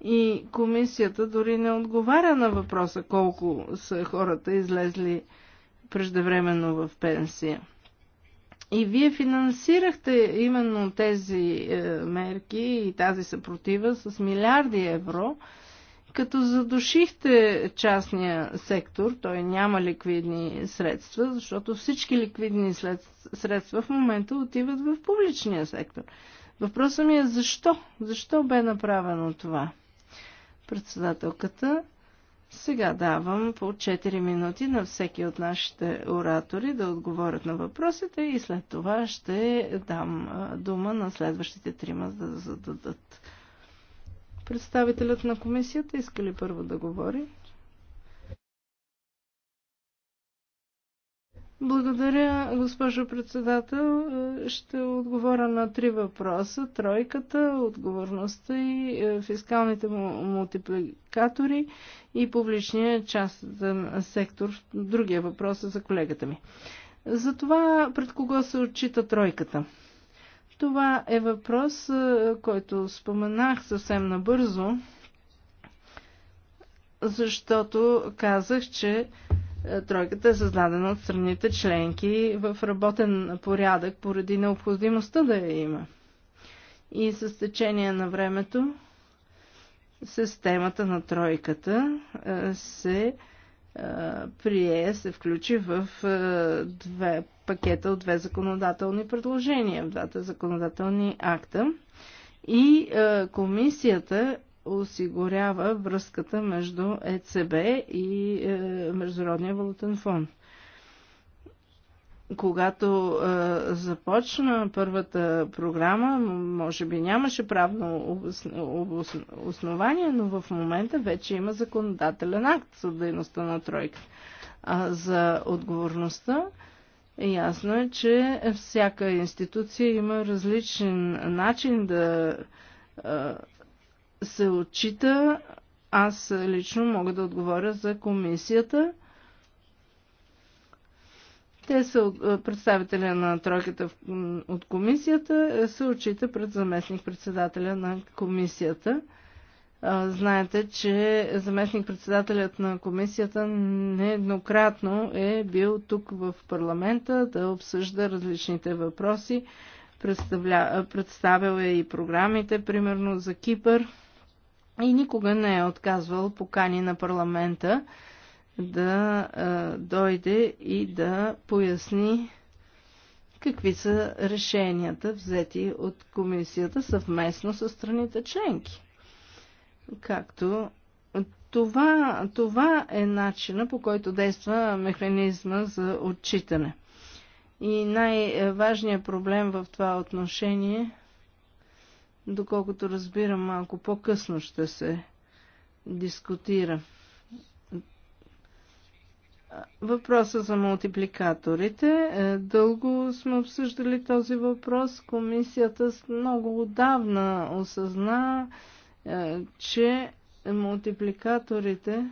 Speaker 4: и комисията дори не отговаря на въпроса колко са хората излезли преждевременно в пенсия. И вие финансирахте именно тези е, мерки и тази съпротива с милиарди евро, като задушихте частния сектор, той няма ликвидни средства, защото всички ликвидни средства в момента отиват в публичния сектор. Въпросът ми е защо? Защо бе направено това? Председателката сега давам по 4 минути на всеки от нашите оратори да отговорят на въпросите и след това ще дам дума на следващите трима за да зададат. Представителят на комисията иска ли първо да говори? Благодаря, госпожо председател. Е, ще отговоря на три въпроса. Тройката, отговорността и е, фискалните мултипликатори и публичния частен сектор. Другия въпрос е за колегата ми. За това пред кого се отчита тройката? Това е въпрос, е, който споменах съвсем набързо, защото казах, че е, тройката е създадена от страните членки в работен порядък поради необходимостта да я има. И с течение на времето системата на тройката е, се е, прие, се включи в две пакета от две законодателни предложения, в двата законодателни акта. И комисията осигурява връзката между ЕЦБ и е, Международния валутен фонд. Когато е, започна първата програма, може би нямаше правно основание, но в момента вече има законодателен акт за дейността на тройка. А за отговорността, ясно е, че всяка институция има различен начин да е, се отчита. Аз лично мога да отговоря за комисията. Те са представителя на тройката от комисията, е, се отчита пред заместник-председателя на комисията. Знаете, че заместник-председателят на комисията нееднократно е бил тук в парламента да обсъжда различните въпроси. Представя Представил е и програмите, примерно за Кипър и никога не е отказвал покани на парламента да а, дойде и да поясни какви са решенията взети от комисията съвместно с страните членки. Както това, това е начина по който действа механизма за отчитане. И най-важният проблем в това отношение – доколкото разбирам, малко по-късно ще се дискутира. Въпроса за мултипликаторите. Е, дълго сме обсъждали този въпрос. Комисията много отдавна осъзна, е, че мултипликаторите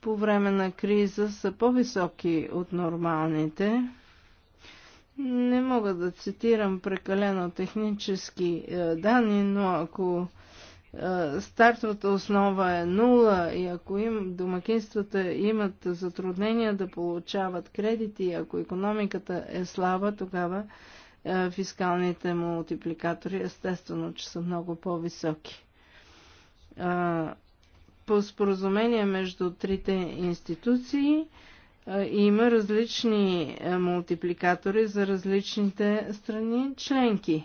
Speaker 4: по време на криза са по-високи от нормалните. Не мога да цитирам прекалено технически е, данни, но ако е, стартовата основа е нула и ако им, домакинствата имат затруднения да получават кредити, ако економиката е слаба, тогава е, фискалните мултипликатори естествено, че са много по-високи. Е, по споразумение между трите институции, е, е, има различни е, мултипликатори за различните страни членки. Е,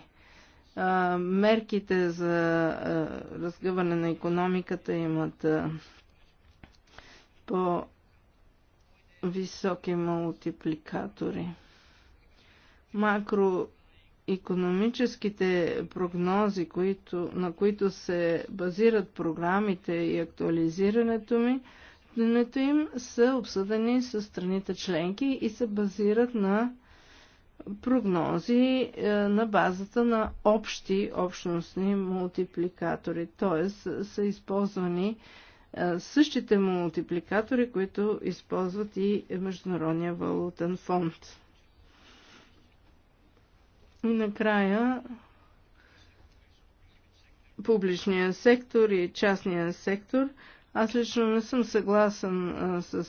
Speaker 4: мерките за разгъване на економиката имат по-високи мултипликатори. Макроекономическите прогнози, които, на които се базират програмите и актуализирането ми, изготвянето им са обсъдени с страните членки и се базират на прогнози е, на базата на общи общностни мултипликатори, т.е. са използвани е, същите мултипликатори, които използват и Международния валутен фонд. И накрая публичния сектор и частния сектор – аз лично не съм съгласен с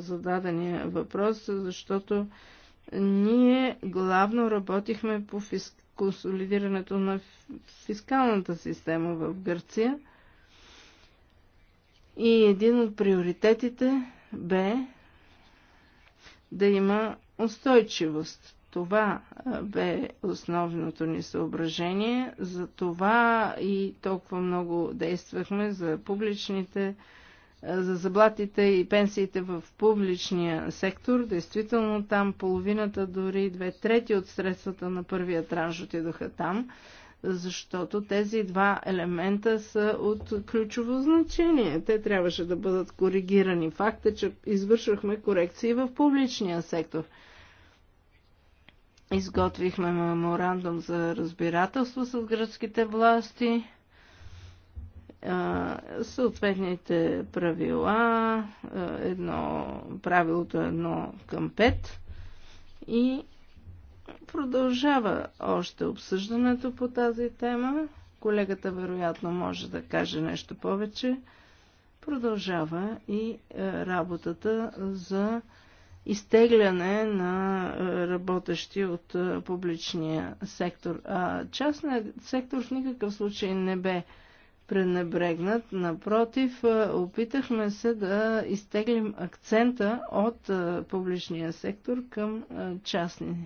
Speaker 4: зададения въпрос, защото ние главно работихме по фис... консолидирането на фискалната система в Гърция. И един от приоритетите бе да има устойчивост. Това бе основното ни съображение. За това и толкова много действахме за публичните, за заплатите и пенсиите в публичния сектор. Действително там половината, дори две трети от средствата на първия транш отидоха там, защото тези два елемента са от ключово значение. Те трябваше да бъдат коригирани. Факт е, че извършвахме корекции в публичния сектор – Изготвихме меморандум за разбирателство с гръцките власти, съответните правила, едно, правилото едно към пет и продължава още обсъждането по тази тема. Колегата вероятно може да каже нещо повече. Продължава и е, работата за изтегляне на е, работещи от е, публичния сектор. А частният сектор в никакъв случай не бе пренебрегнат. Напротив, е, опитахме се да изтеглим акцента от публичния сектор към частния.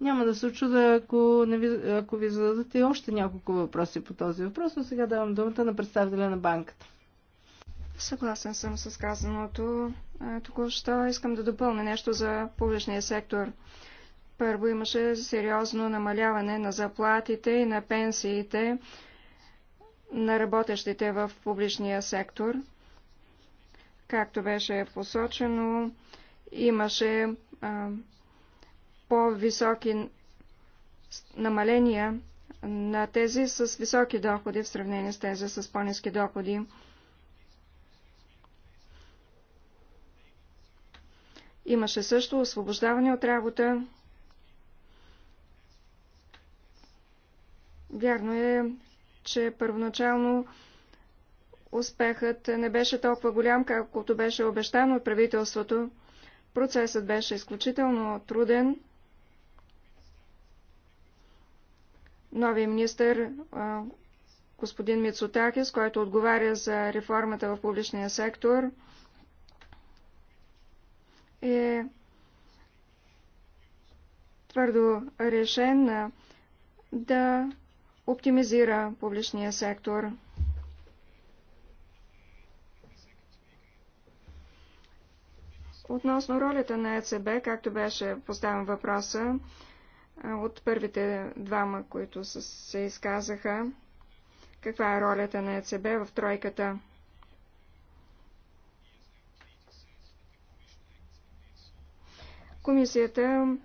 Speaker 4: Няма да се очуда, ако, не ви, ако ви зададете още няколко въпроси по този въпрос, но сега давам думата на представителя на банката.
Speaker 6: Съгласен съм с казаното. Току-що искам да допълня нещо за публичния сектор. Първо имаше сериозно намаляване на заплатите и на пенсиите на работещите в публичния сектор. Както беше посочено, имаше по-високи намаления на тези с високи доходи в сравнение с тези с по-низки доходи. Имаше също освобождаване от работа. Вярно е, че първоначално успехът не беше толкова голям, колкото беше обещано от правителството. Процесът беше изключително труден. Новия министр, господин Мицотакис, който отговаря за реформата в публичния сектор, е твърдо решен да оптимизира публичния сектор. Относно ролята на ЕЦБ, както беше поставен въпроса от първите двама, които се изказаха, каква е ролята на ЕЦБ в тройката? Комисията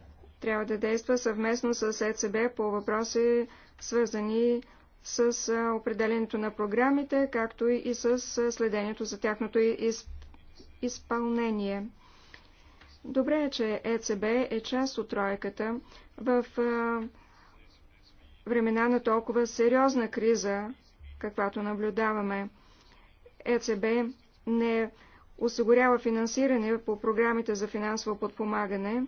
Speaker 6: трябва да действа съвместно с ЕЦБ по въпроси, свързани с определенето на програмите, както и с следението за тяхното изпълнение Добре е, че ЕЦБ е част от тройката в времена на толкова сериозна криза, каквато наблюдаваме. ЕЦБ не е осигурява финансиране по програмите за финансово подпомагане,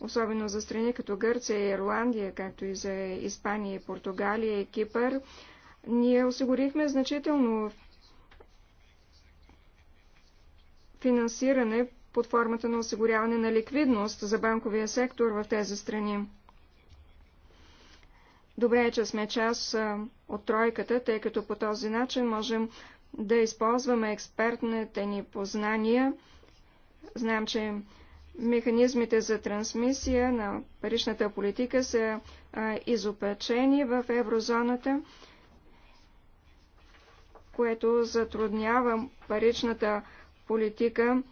Speaker 6: особено за страни като Гърция и Ирландия, както и за Испания, и Португалия и Кипър, ние осигурихме значително финансиране под формата на осигуряване на ликвидност за банковия сектор в тези страни. Добре е, че сме част от тройката, тъй като по този начин можем да използваме експертните ни познания. Знам, че механизмите за трансмисия на паричната политика са а, в еврозоната, което затруднява паричната политика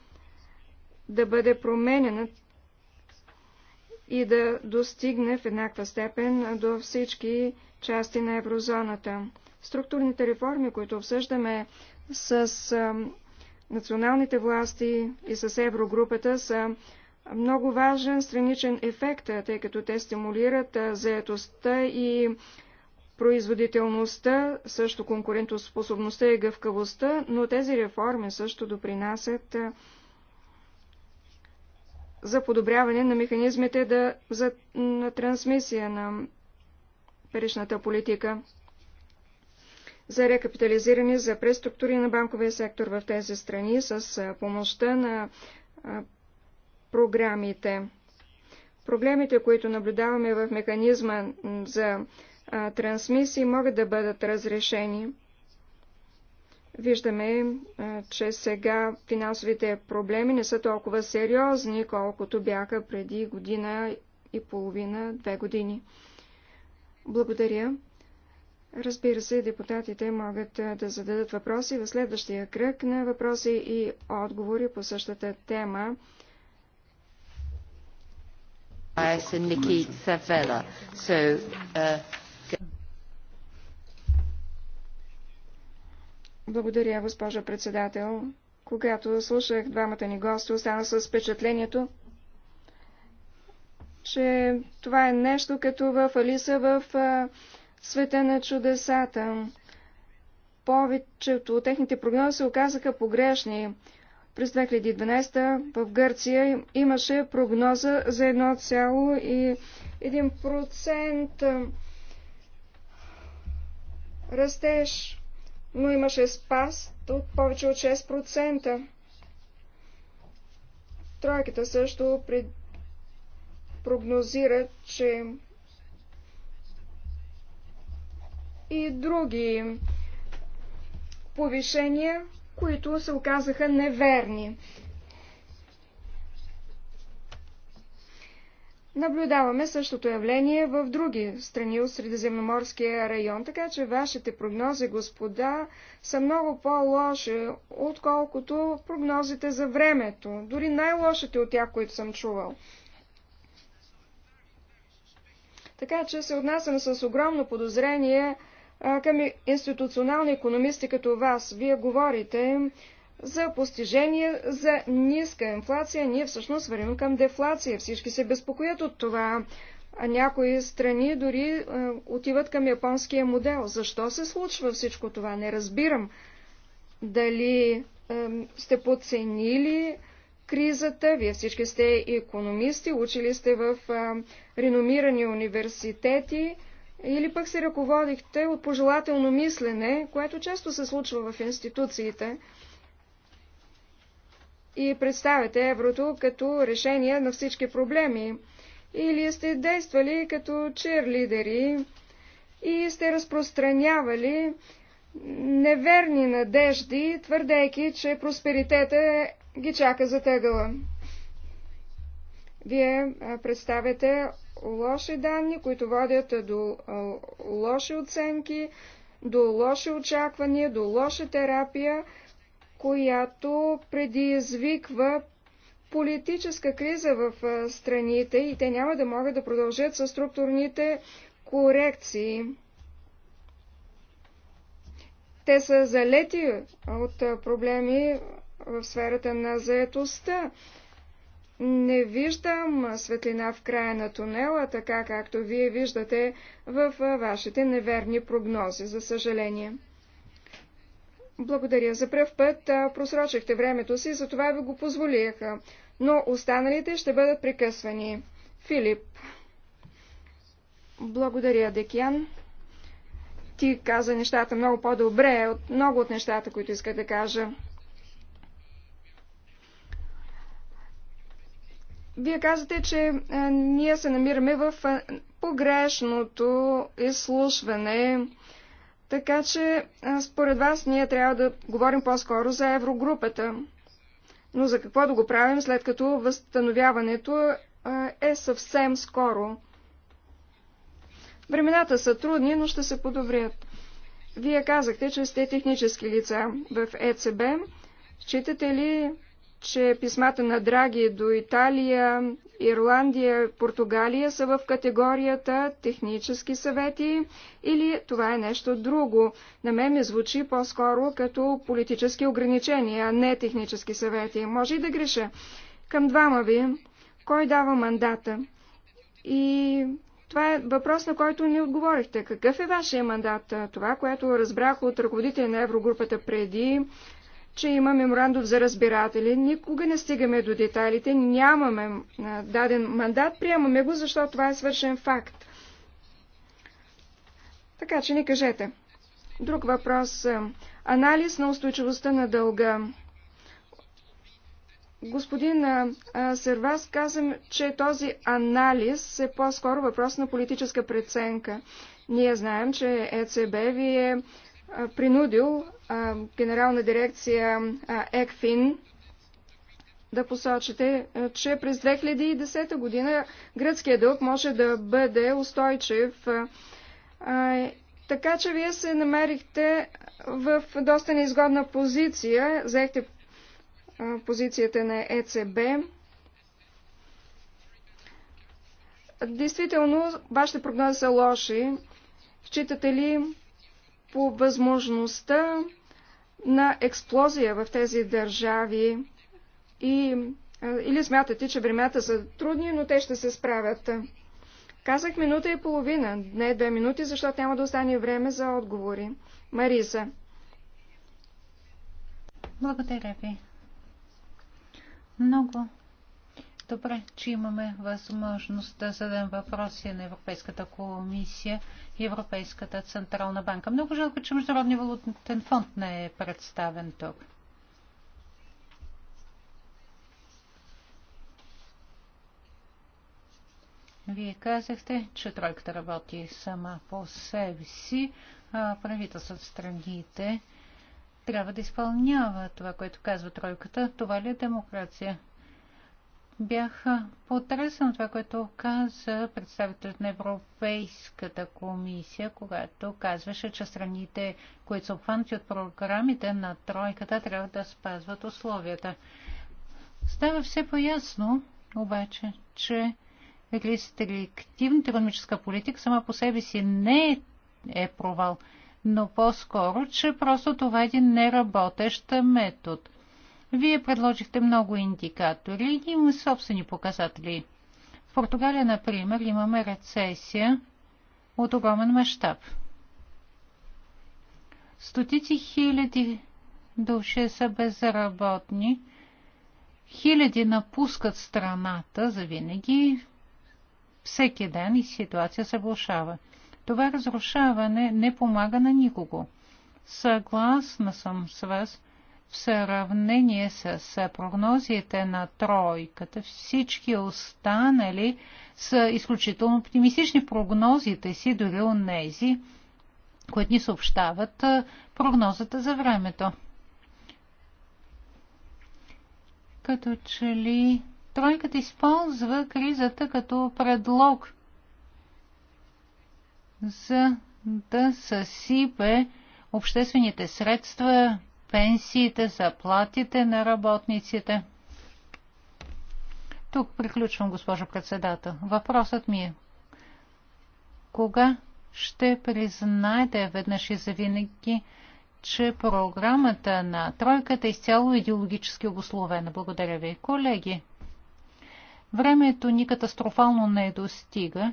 Speaker 6: да бъде променена и да достигне в еднаква степен до всички части на еврозоната. Структурните реформи, които обсъждаме с националните власти и с еврогрупата, са много важен страничен ефект, тъй като те стимулират заетостта и производителността, също конкурентоспособността и гъвкавостта, но тези реформи също допринасят за подобряване на механизмите да, за, на трансмисия на паричната политика за рекапитализиране, за преструктури на банковия сектор в тези страни с помощта на програмите. Проблемите, които наблюдаваме в механизма за трансмисии, могат да бъдат разрешени. Виждаме, че сега финансовите проблеми не са толкова сериозни, колкото бяха преди година и половина, две години. Благодаря. Разбира се, депутатите могат да зададат въпроси в следващия кръг на въпроси и отговори по същата тема.
Speaker 2: Uh,
Speaker 6: Благодаря, госпожа председател. Когато слушах двамата ни гости, остана с впечатлението, че това е нещо като в Алиса в света на чудесата. Повечето от техните прогнози се оказаха погрешни. През 2012 в Гърция имаше прогноза за 1,1% растеж, но имаше спаст от повече от 6%. Тройката също пред... прогнозира, че и други повишения, които се оказаха неверни. Наблюдаваме същото явление в други страни от Средиземноморския район, така че вашите прогнози, господа, са много по-лоши, отколкото прогнозите за времето, дори най-лошите от тях, които съм чувал. Така че се отнасям с огромно подозрение към институционални економисти като вас. Вие говорите за постижение за ниска инфлация. Ние всъщност вървим към дефлация. Всички се безпокоят от това. А някои страни дори е, отиват към японския модел. Защо се случва всичко това? Не разбирам. Дали е, сте подценили кризата? Вие всички сте економисти, учили сте в е, реномирани университети или пък се ръководихте от пожелателно мислене, което често се случва в институциите, и представяте еврото като решение на всички проблеми, или сте действали като черлидери и сте разпространявали неверни надежди, твърдейки, че просперитета ги чака за тъгъла. Вие представяте лоши данни, които водят до лоши оценки, до лоши очаквания, до лоша терапия, която предизвиква политическа криза в страните и те няма да могат да продължат с структурните корекции. Те са залети от проблеми в сферата на заетостта не виждам светлина в края на тунела, така както вие виждате в вашите неверни прогнози, за съжаление. Благодаря. За пръв път просрочихте времето си, затова ви го позволиха. Но останалите ще бъдат прекъсвани. Филип. Благодаря, Декян. Ти каза нещата много по-добре от много от нещата, които иска да кажа. Вие казвате, че е, ние се намираме в е, погрешното изслушване, така че е, според вас ние трябва да говорим по-скоро за еврогрупата. Но за какво да го правим, след като възстановяването е съвсем скоро? Времената са трудни, но ще се подобрят. Вие казахте, че сте технически лица в ЕЦБ. Считате ли, че писмата на Драги до Италия, Ирландия, Португалия са в категорията технически съвети или това е нещо друго. На мен ми звучи по-скоро като политически ограничения, а не технически съвети. Може и да греша. Към двама ви, кой дава мандата? И това е въпрос, на който не отговорихте. Какъв е вашия мандат? Това, което разбрах от ръководителя на Еврогрупата преди, че има меморандум за разбиратели. Никога не стигаме до детайлите, нямаме даден мандат, приемаме го, защото това е свършен факт. Така че ни кажете. Друг въпрос. Анализ на устойчивостта на дълга. Господин Сервас казвам, че този анализ е по-скоро въпрос на политическа преценка. Ние знаем, че ЕЦБ ви е принудил генерална дирекция ЕКФИН да посочите, че през 2010 година гръцкият дълг може да бъде устойчив. Така че вие се намерихте в доста неизгодна позиция, заехте позицията на ЕЦБ. Действително, вашите прогнози са лоши. Считате ли, по възможността на експлозия в тези държави и, или смятате, че времената са трудни, но те ще се справят. Казах минута и половина, не две минути, защото няма да остане време за отговори. Мариса.
Speaker 2: Благодаря ви. Много добре, че имаме възможност да зададем въпроси на Европейската комисия Европейската централна банка. Много жалко, че Международния валутен фонд не е представен тук. Вие казахте, че тройката работи сама по себе си, а правителството страните трябва да изпълнява това, което казва тройката. Това ли е демокрация? бях потресен от това, което каза представител на Европейската комисия, когато казваше, че страните, които са обхванати от програмите на тройката, трябва да спазват условията. Става все по-ясно, обаче, че рестриктивната економическа политика сама по себе си не е, е провал, но по-скоро, че просто това е един неработещ метод – вие предложихте много индикатори и имаме собствени показатели. В Португалия, например, имаме рецесия от огромен мащаб. Стотици хиляди души са безработни, хиляди напускат страната завинаги, всеки ден и ситуация се влушава. Това разрушаване не помага на никого. Съгласна съм с вас, в сравнение с прогнозите на тройката, всички останали са изключително оптимистични прогнозите си, дори у нези, които ни съобщават прогнозата за времето. Като че ли тройката използва кризата като предлог за да съсипе обществените средства пенсиите, заплатите на работниците. Тук приключвам, госпожо председател. Въпросът ми е, кога ще признаете веднъж и завинаги, че програмата на тройката е изцяло идеологически обословена. Благодаря ви, колеги. Времето ни катастрофално не достига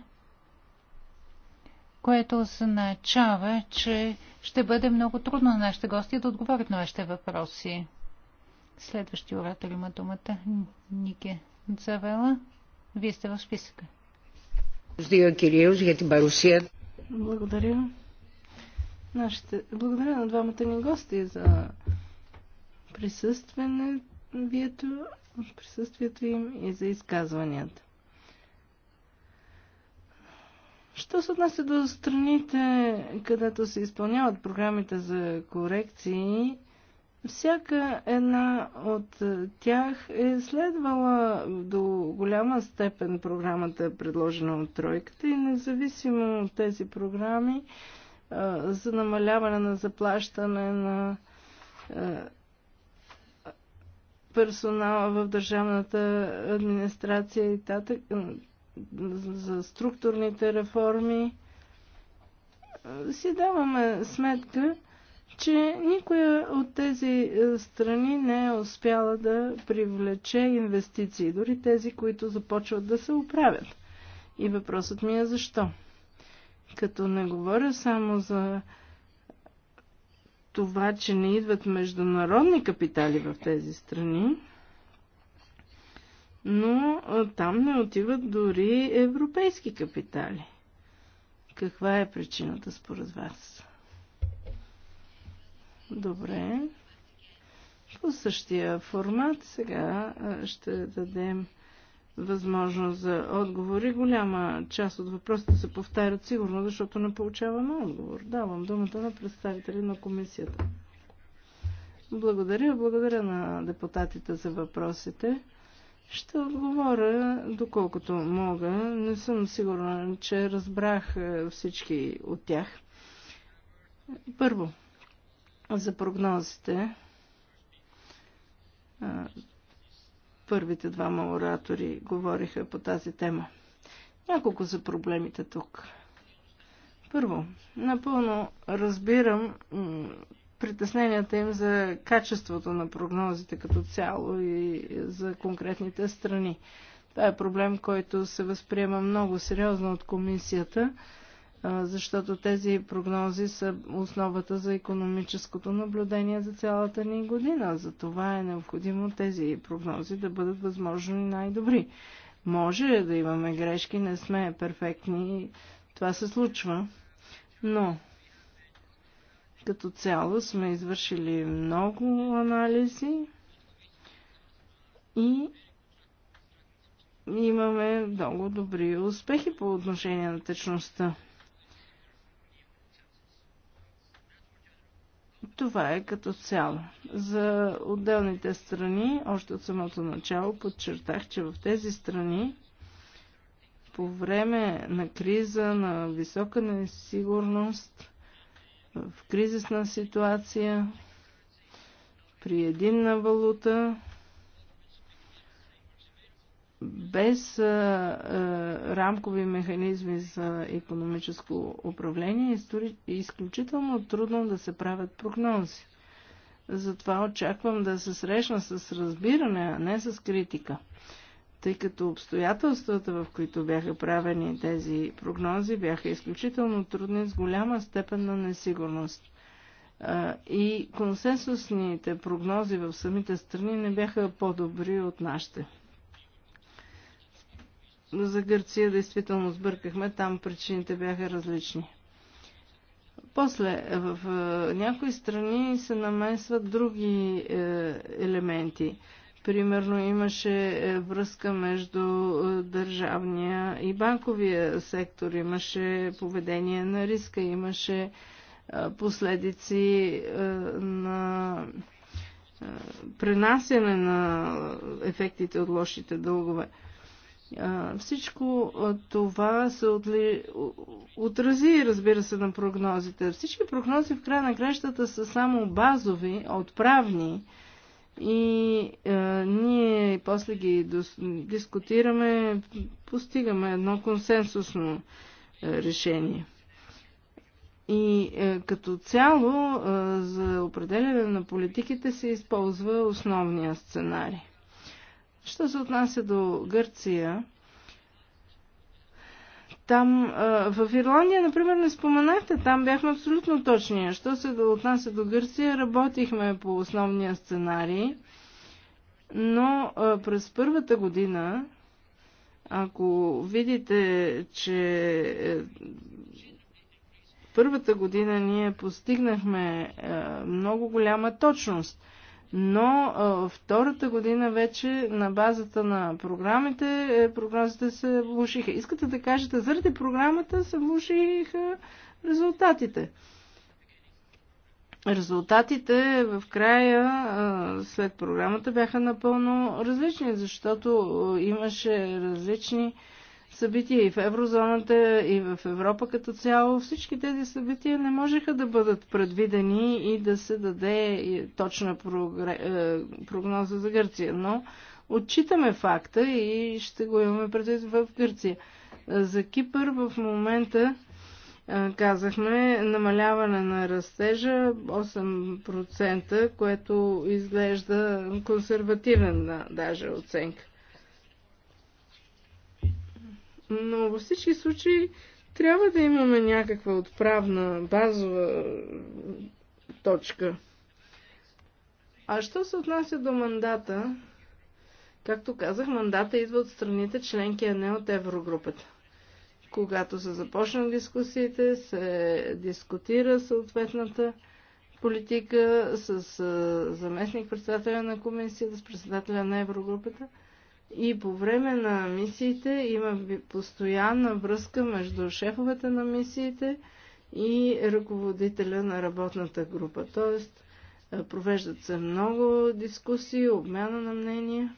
Speaker 2: което означава, че ще бъде много трудно на нашите гости да отговорят на вашите въпроси. Следващия оратор има думата Нике
Speaker 4: Завела. Вие сте в списъка. Благодаря. Нашите... Благодаря на двамата ни гости за присъствието, присъствието им и за изказванията. Що се отнася до страните, където се изпълняват програмите за корекции, всяка една от тях е следвала до голяма степен програмата, предложена от тройката и независимо от тези програми за намаляване на заплащане на персонала в държавната администрация и татък, за структурните реформи, си даваме сметка, че никоя от тези е, страни не е успяла да привлече инвестиции, дори тези, които започват да се оправят. И въпросът ми е защо. Като не говоря само за това, че не идват международни капитали в тези страни, но там не отиват дори европейски капитали. Каква е причината според вас? Добре. По същия формат сега ще дадем възможност за отговори. Голяма част от въпросите се повтарят сигурно, защото не получаваме отговор. Давам думата на представители на комисията. Благодаря, благодаря на депутатите за въпросите. Ще отговоря доколкото мога. Не съм сигурна, че разбрах е, всички от тях. Първо, за прогнозите. Е, първите двама оратори говориха по тази тема. Няколко за проблемите тук. Първо, напълно разбирам притесненията им за качеството на прогнозите като цяло и за конкретните страни. Това е проблем, който се възприема много сериозно от комисията, защото тези прогнози са основата за економическото наблюдение за цялата ни година. За това е необходимо тези прогнози да бъдат възможно най-добри. Може да имаме грешки, не сме перфектни, това се случва, но като цяло сме извършили много анализи и имаме много добри успехи по отношение на течността. Това е като цяло. За отделните страни, още от самото начало, подчертах, че в тези страни по време на криза, на висока несигурност, в кризисна ситуация, при единна валута, без а, а, рамкови механизми за економическо управление е изключително трудно да се правят прогнози. Затова очаквам да се срещна с разбиране, а не с критика тъй като обстоятелствата, в които бяха правени тези прогнози, бяха изключително трудни с голяма степен на несигурност. И консенсусните прогнози в самите страни не бяха по-добри от нашите. За Гърция действително сбъркахме, там причините бяха различни. После в някои страни се намесват други е, елементи. Примерно имаше е, връзка между е, държавния и банковия сектор, имаше поведение на риска, имаше е, последици на пренасяне на ефектите от лошите дългове. Всичко това се отли... отрази, разбира се, на прогнозите. Всички прогнози в края на кращата са само базови, отправни, и е, ние после ги дискутираме, постигаме едно консенсусно е, решение. И е, като цяло е, за определяне на политиките се използва основния сценарий. Що се отнася до Гърция, там, в Ирландия, например, не споменахте, там бяхме абсолютно точни. Що се до отнася до Гърция, работихме по основния сценарий, но през първата година, ако видите, че е, първата година ние постигнахме е, много голяма точност – но а, втората година вече на базата на програмите, е, прогнозите се влушиха. Искате да кажете, заради програмата се влушиха резултатите. Резултатите в края а, след програмата бяха напълно различни, защото имаше различни а, събития и в еврозоната, и в Европа като цяло. Всички тези събития не можеха да бъдат предвидени и да се даде точна е, прогноза за Гърция, но отчитаме факта и ще го имаме предвид в Гърция. За Кипър в момента е, казахме намаляване на растежа 8%, което изглежда консервативен, даже оценка но във всички случаи трябва да имаме някаква отправна базова точка. А що се отнася до мандата? Както казах, мандата идва от страните членки, а не от еврогрупата. Когато се започнат дискусиите, се дискутира съответната политика с заместник председателя на комисията, с председателя на еврогрупата – и по време на мисиите има постоянна връзка между шефовете на мисиите и ръководителя на работната група. Тоест, провеждат се много дискусии, обмяна на мнения.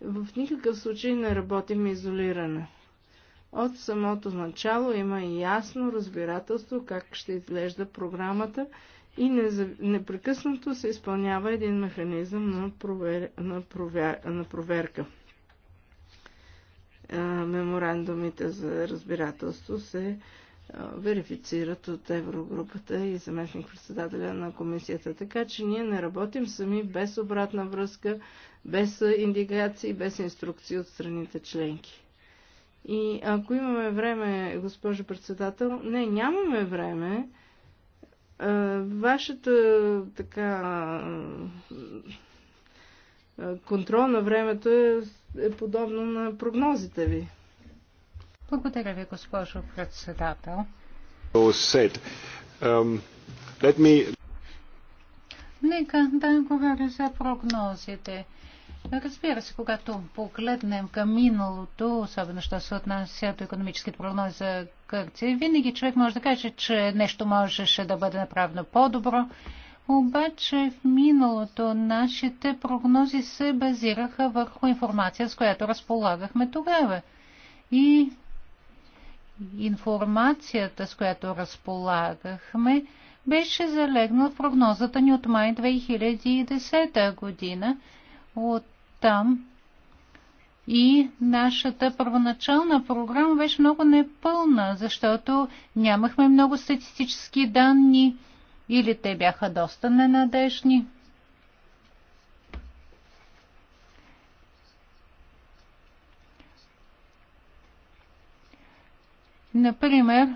Speaker 4: В никакъв случай не работим изолирано. От самото начало има ясно разбирателство как ще изглежда програмата и непрекъснато се изпълнява един механизъм на, провер... На, провер... на проверка меморандумите за разбирателство се верифицират от Еврогрупата и заместник председателя на комисията. Така че ние не работим сами без обратна връзка, без индикации, без инструкции от страните членки. И ако имаме време, госпожо председател, не, нямаме време. Вашата така контрол на времето е е подобно на прогнозите ви.
Speaker 2: Благодаря ви, госпожо председател. Um, Нека да говоря за прогнозите. Разбира се, когато погледнем към миналото, особено що се отнася до економическите прогнози за Гърция, винаги човек може да каже, че нещо можеше да бъде направено по-добро. Обаче в миналото нашите прогнози се базираха върху информация, с която разполагахме тогава. И информацията, с която разполагахме, беше залегнала в прогнозата ни от май 2010 година. От там и нашата първоначална програма беше много непълна, защото нямахме много статистически данни – или те бяха доста ненадежни. Например,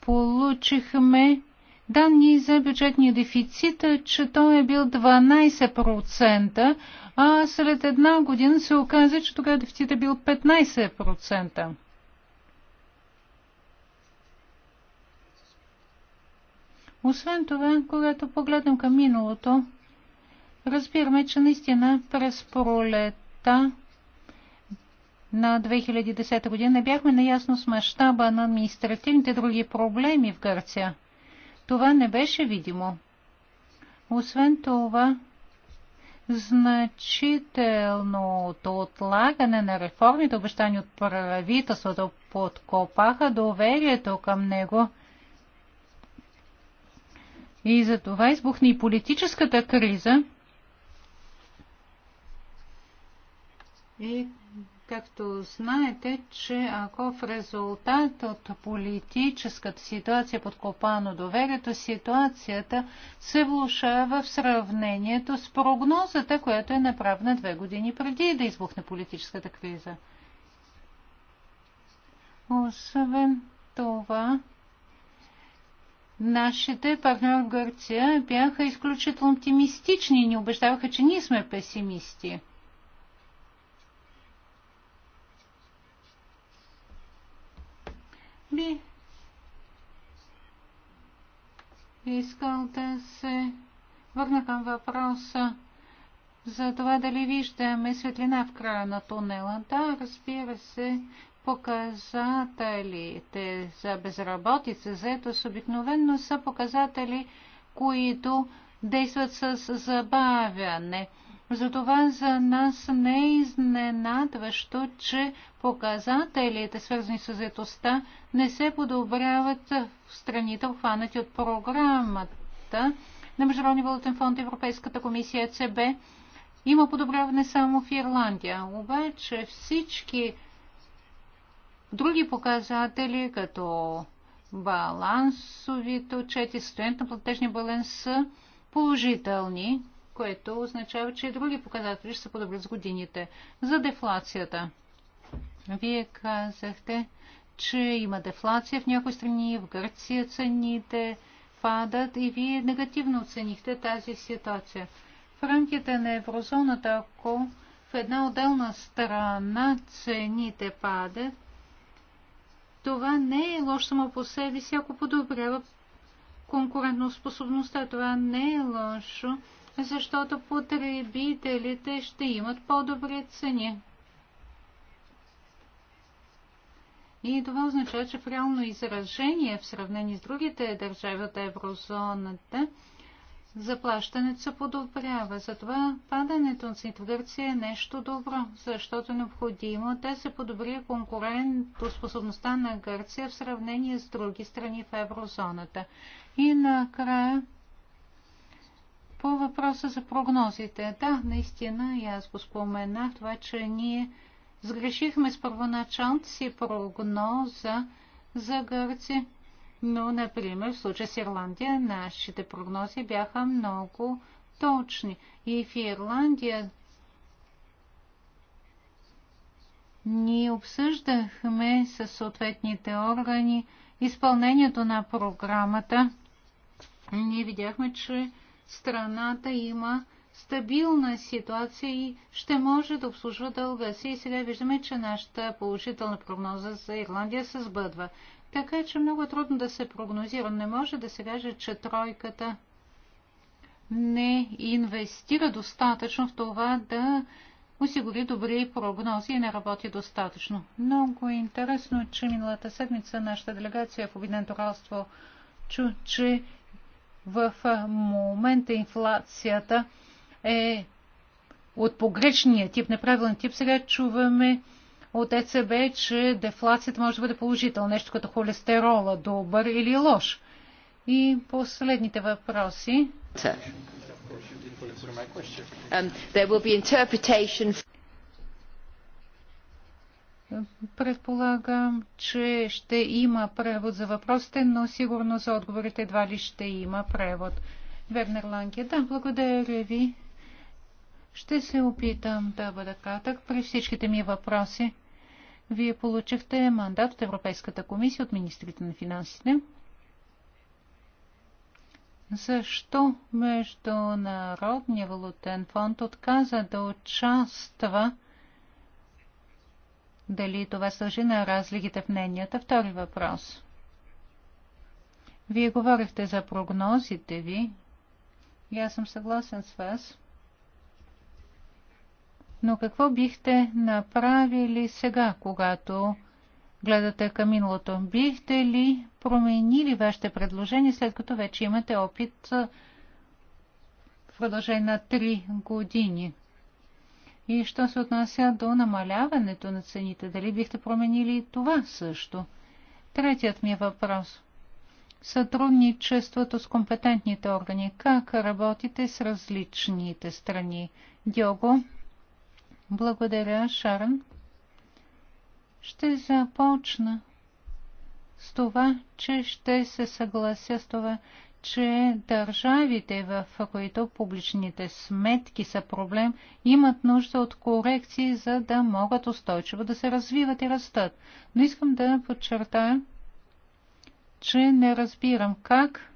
Speaker 2: получихме данни за бюджетния дефицит, че той е бил 12%, а след една година се оказа, че тогава дефицит е бил 15%. Освен това, когато погледнем към миналото, разбираме, че наистина през пролета на 2010 година бяхме наясно с мащаба на административните други проблеми в Гърция. Това не беше видимо. Освен това, значителното отлагане на реформите, обещани от правителството, подкопаха доверието към него – и за това избухна и политическата криза. И както знаете, че ако в резултат от политическата ситуация подкопано доверието, ситуацията се влушава в сравнението с прогнозата, която е направена две години преди да избухне политическата криза. Освен това, Нашите партньори в Гърция бяха изключително оптимистични и ни обещаваха, че ние сме песимисти. Би искал да се върна към въпроса за това дали виждаме светлина в края на тунела. Да, разбира се, показателите за безработица, заетост обикновено са показатели, които действат с забавяне. Затова за нас не е изненадващо, че показателите, свързани с заетостта, не се подобряват в страните, обхванати от програмата на Международния валутен фонд, Европейската комисия, е ЦБ. Има подобряване само в Ирландия. Обаче всички Други показатели, като балансовите отчети, състоянието на платежния баланс са положителни, което означава, че и други показатели ще се подобрят с годините. За дефлацията. Вие казахте, че има дефлация в някои страни, в Гърция цените падат и вие негативно оценихте тази ситуация. В рамките на еврозоната, ако в една отделна страна цените падат, това не е лошо само по себе си, ако подобрява конкурентоспособността. Това не е лошо, защото потребителите ще имат по-добри цени. И това означава, че в реално изражение в сравнение с другите държави от еврозоната – заплащането се подобрява. Затова падането на цените Гърция е нещо добро, защото е необходимо да се подобри конкурентоспособността на Гърция в сравнение с други страни в еврозоната. И накрая по въпроса за прогнозите. Да, наистина, и аз го споменах, това, че ние сгрешихме с първоначалната си прогноза за Гърция но, например, в случая с Ирландия нашите прогнози бяха много точни. И в Ирландия ни обсъждахме с съответните органи изпълнението на програмата. Ние видяхме, че страната има стабилна ситуация и ще може да обслужва дълга си. И сега виждаме, че нашата положителна прогноза за Ирландия се сбъдва. Така е, че много е трудно да се прогнозира. Не може да се каже, че тройката не инвестира достатъчно в това да осигури добри прогнози и не работи достатъчно. Много е интересно, че миналата седмица нашата делегация в Обединеното кралство чу, че в момента инфлацията е от погрешния тип, неправилен тип. Сега чуваме от ЕЦБ, че дефлацията може да бъде положителна, нещо като холестерола, добър или лош. И последните въпроси. Um, Предполагам, че ще има превод за въпросите, но сигурно за отговорите едва ли ще има превод. Вернер Ланке, да, благодаря ви. Ще се опитам да бъда кратък при всичките ми въпроси. Вие получихте мандат от Европейската комисия от министрите на финансите. Защо Международния валутен фонд отказа да участва? Дали това сложи на разликите в мненията? Втори въпрос. Вие говорихте за прогнозите ви. И аз съм съгласен с вас. Но какво бихте направили сега, когато гледате към миналото? Бихте ли променили вашите предложения, след като вече имате опит в продължение на 3 години? И що се отнася до намаляването на цените, дали бихте променили и това също? Третият ми е въпрос. Сътрудничеството с компетентните органи. Как работите с различните страни? Дього? Благодаря, Шаран, Ще започна с това, че ще се съглася с това, че държавите, в които публичните сметки са проблем, имат нужда от корекции, за да могат устойчиво да се развиват и растат. Но искам да подчертая, че не разбирам как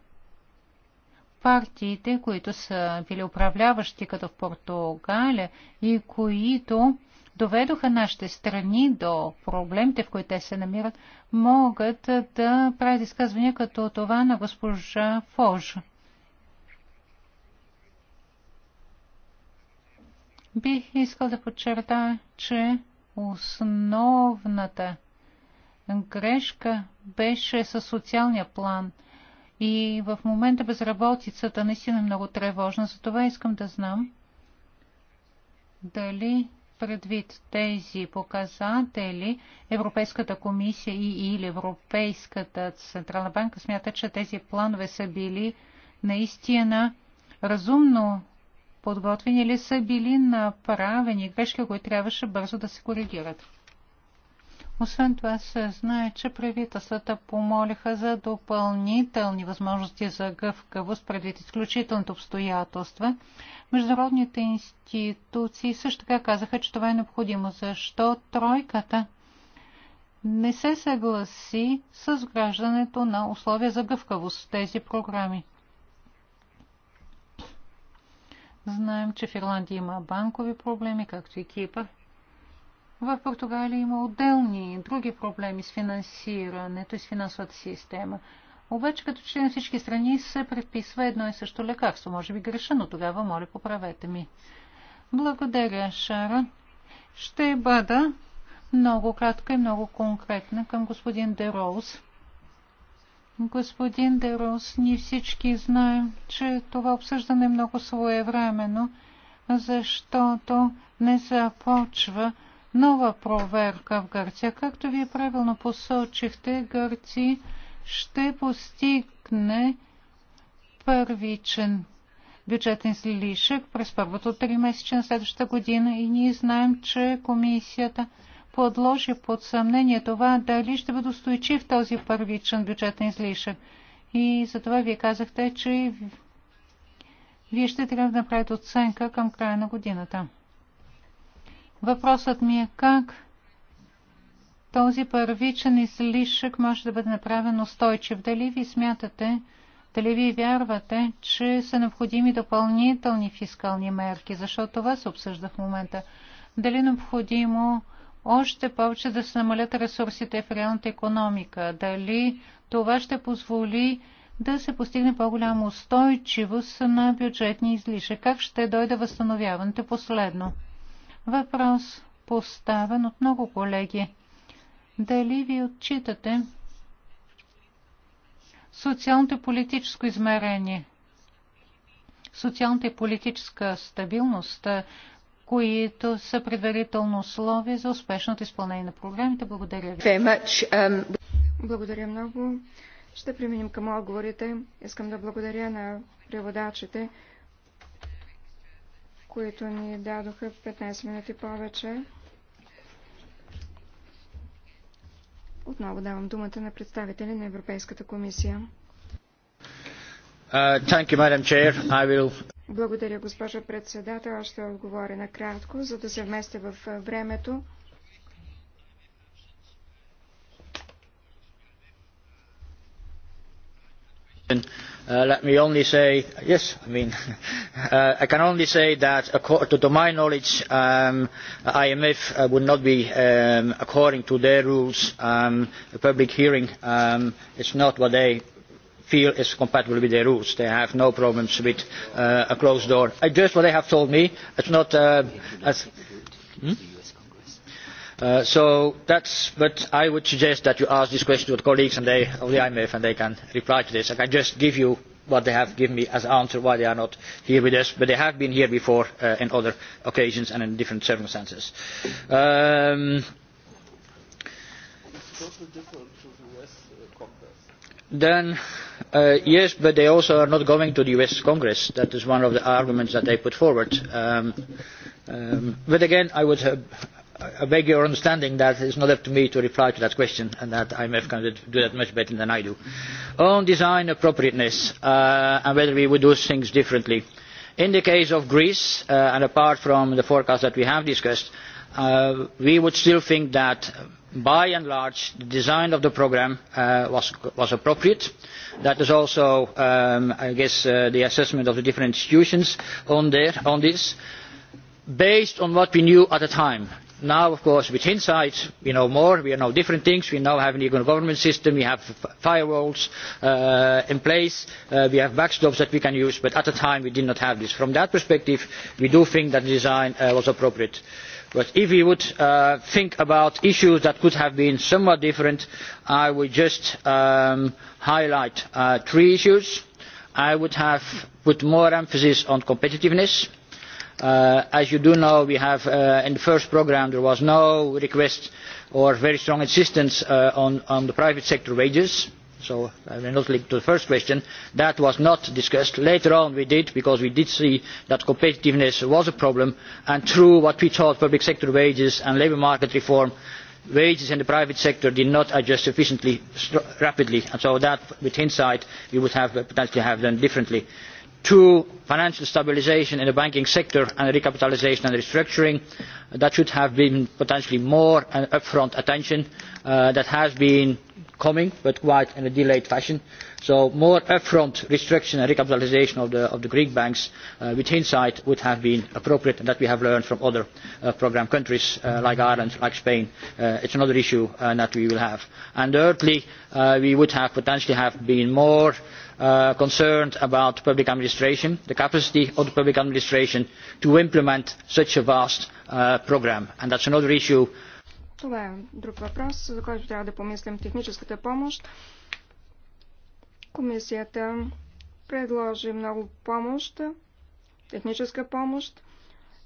Speaker 2: партиите, които са били управляващи като в Португалия и които доведоха нашите страни до проблемите, в които те се намират, могат да правят изказвания като това на госпожа Фож. Бих искал да подчерта, че основната грешка беше със социалния план – и в момента безработицата наистина е много тревожна. Затова искам да знам дали предвид тези показатели Европейската комисия и или Европейската Централна банка смята, че тези планове са били наистина разумно подготвени или са били направени грешки, които трябваше бързо да се коригират. Освен това се знае, че правителствата помолиха за допълнителни възможности за гъвкавост предвид изключителните обстоятелства. Международните институции също така казаха, че това е необходимо. Защо тройката не се съгласи с граждането на условия за гъвкавост в тези програми? Знаем, че в Ирландия има банкови проблеми, както и Кипър. В Португалия има отделни други проблеми с финансирането и с финансовата система. Обаче, като че на всички страни се предписва едно и също лекарство. Може би греша, но тогава, моля, поправете ми. Благодаря, Шара. Ще бъда много кратка и много конкретна към господин Дероуз. Господин Дерос, ние всички знаем, че това обсъждане е много своевременно, защото не започва нова проверка в Гърция. Както вие правилно посочихте, Гърция ще постигне първичен бюджетен излишък през първото три месеца на следващата година и ние знаем, че комисията подложи под съмнение това дали ще бъде устойчив този първичен бюджетен излишък. И затова вие казахте, че вие ще трябва да направите оценка към края на годината. Въпросът ми е как този първичен излишък може да бъде направен устойчив. Дали ви смятате, дали ви вярвате, че са необходими допълнителни фискални мерки, защото това се обсъжда в момента. Дали е необходимо още повече да се намалят ресурсите в реалната економика? Дали това ще позволи да се постигне по-голяма устойчивост на бюджетни излишък? Как ще дойде възстановяването последно? Въпрос поставен от много колеги. Дали ви отчитате социалното и политическо измерение, социалната и политическа стабилност, които са предварително условия за успешното изпълнение на програмите. Благодаря ви. Um,
Speaker 6: благодаря много. Ще преминем към отговорите. Искам да благодаря на преводачите които ни дадоха 15 минути повече. Отново давам думата на представители на Европейската комисия.
Speaker 3: Uh, you, will...
Speaker 6: Благодаря, госпожа председател. Аз ще отговоря накратко, за да се вместя в времето.
Speaker 3: let me only say yes i mean i can only say that to my knowledge the imf would not be according to their rules a public hearing is not what they feel is compatible with their rules. They have no problems with uh, a closed door. I just what they have told me. It's not. Uh, so that's but i would suggest that you ask this question to colleagues of the imf and they can reply to this. i can just give you what they have given me as an answer why they are not here with us but they have been here before on other occasions and in different circumstances. then yes but they also are not going to the us congress that is one of the arguments that they put forward. but again i would I beg your understanding that it is not up to me to reply to that question and that IMF can do that much better than I do. On design appropriateness and whether we would do things differently. In the case of Greece, and apart from the forecast that we have discussed, we would still think that by and large the design of the programme was appropriate. that is also i guess the assessment of the different institutions on this based on what we knew at the time now of course with hindsight we know more we know different things we now have an economic government system we have firewalls in place we have backstops that we can use but at the time we did not have this. from that perspective we do think that the design was appropriate but if we would think about issues that could have been somewhat different i would just highlight three issues. i would have put more emphasis on competitiveness as you do know we have in the first programme there was no request or very strong insistence on the private sector wages so i will not link to the first question that was not discussed. later on we did because we did see that competitiveness was a problem and through what we thought public sector wages and labour market reform wages in the private sector did not adjust sufficiently rapidly and so that with hindsight we would have potentially have done differently two financial stabilisation in the banking sector and recapitalisation and restructuring that should have been potentially more upfront attention that has been coming but quite in a delayed fashion so more upfront restructuring and recapitalisation of the greek banks with hindsight would have been appropriate and that we have learned from other programme countries like ireland like spain. it is another issue that we will have. thirdly we would have potentially been more Uh, concerned about public administration the capacity of the public administration to implement such a vast uh, programme and that is another issue
Speaker 6: това е друг въпрос, за който трябва да помислим техническата помощ. Комисията предложи много помощ, техническа помощ.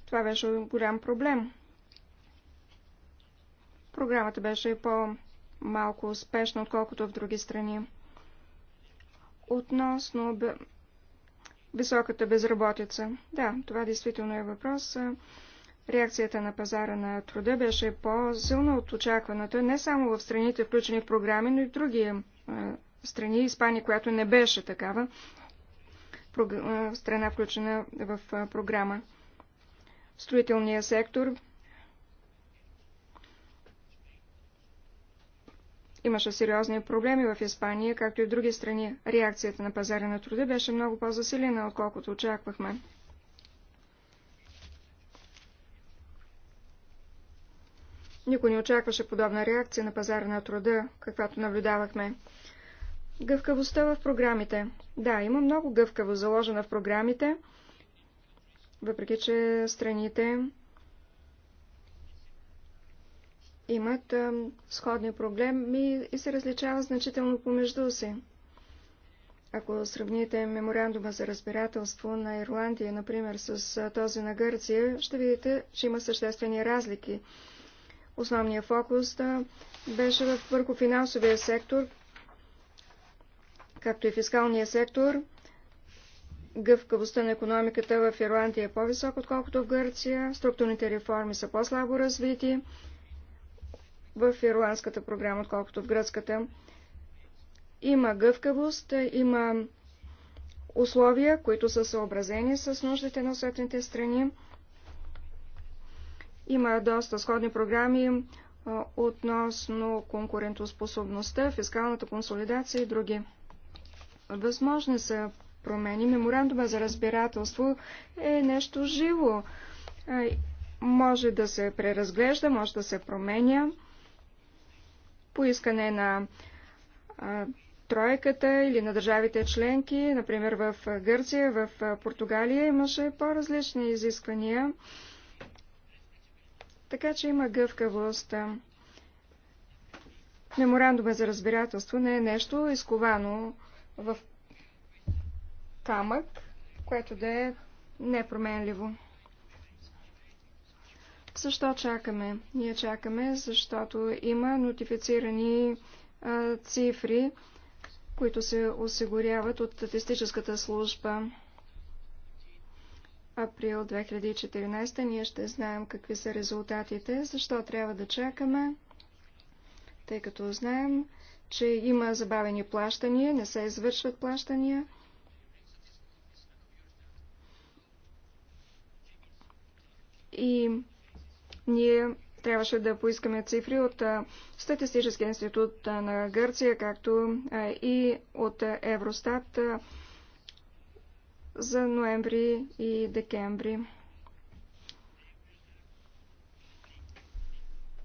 Speaker 6: Това беше голям проблем. Програмата беше по-малко успешна, отколкото в други страни. Относно високата безработица. Да, това действително е въпрос. Реакцията на пазара на труда беше по-силна от очакваната, не само в страните, включени в програми, но и в други страни. Испания, която не беше такава, страна включена в програма. Строителният сектор Имаше сериозни проблеми в Испания, както и в други страни. Реакцията на пазара на труда беше много по-засилена, отколкото очаквахме. Никой не очакваше подобна реакция на пазара на труда, каквато наблюдавахме. Гъвкавостта в програмите. Да, има много гъвкавост заложена в програмите, въпреки че страните имат сходни проблеми и се различават значително помежду си. Ако сравните меморандума за разбирателство на Ирландия, например, с този на Гърция, ще видите, че има съществени разлики. Основният фокус а, беше върху финансовия сектор, както и фискалния сектор. Гъвкавостта на економиката в Ирландия е по-висока, отколкото в Гърция. Структурните реформи са по-слабо развити в ирландската програма, отколкото в гръцката. Има гъвкавост, има условия, които са съобразени с нуждите на съответните страни. Има доста сходни програми относно конкурентоспособността, фискалната консолидация и други. Възможни са промени. Меморандума за разбирателство е нещо живо. Може да се преразглежда, може да се променя по искане на тройката или на държавите членки, например в Гърция, в Португалия имаше по-различни изисквания. Така че има гъвкавост. Меморандума за разбирателство не е нещо изковано в камък, което да е непроменливо. Защо чакаме? Ние чакаме, защото има нотифицирани а, цифри, които се осигуряват от статистическата служба. Април 2014 ние ще знаем какви са резултатите, защо трябва да чакаме, тъй като знаем, че има забавени плащания, не се извършват плащания. И ние трябваше да поискаме цифри от Статистическия институт на Гърция, както и от Евростат за ноември и декември.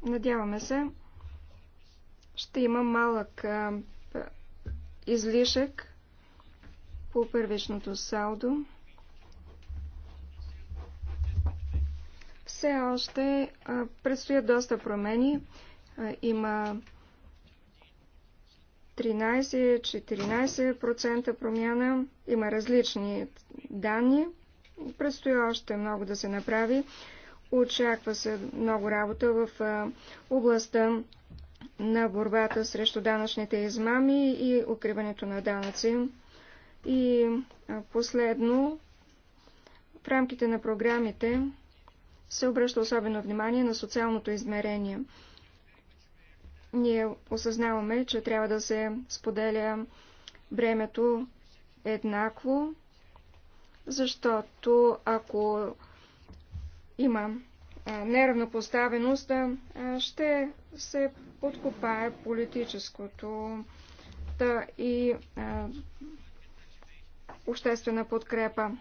Speaker 6: Надяваме се, ще има малък излишък по първичното салдо. Все още предстоят доста промени. Има 13-14% промяна. Има различни данни. Предстои още много да се направи. Очаква се много работа в областта на борбата срещу данъчните измами и укриването на данъци. И последно, в рамките на програмите се обръща особено внимание на социалното измерение. Ние осъзнаваме, че трябва да се споделя бремето еднакво, защото ако има неравнопоставеност, ще се подкопае политическото да и обществена подкрепа.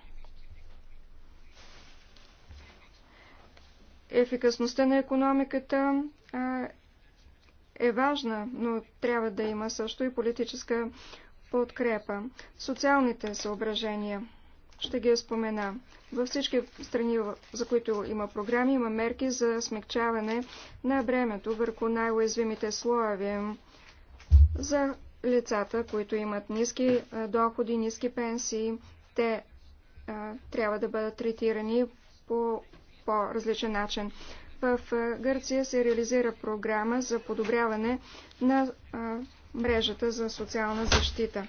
Speaker 6: ефикасността на економиката е важна, но трябва да има също и политическа подкрепа. Социалните съображения ще ги спомена. Във всички страни, за които има програми, има мерки за смягчаване на бремето върху най-уязвимите слоеви за лицата, които имат ниски доходи, ниски пенсии. Те а, трябва да бъдат третирани по по-различен начин. В Гърция се реализира програма за подобряване на мрежата за социална защита.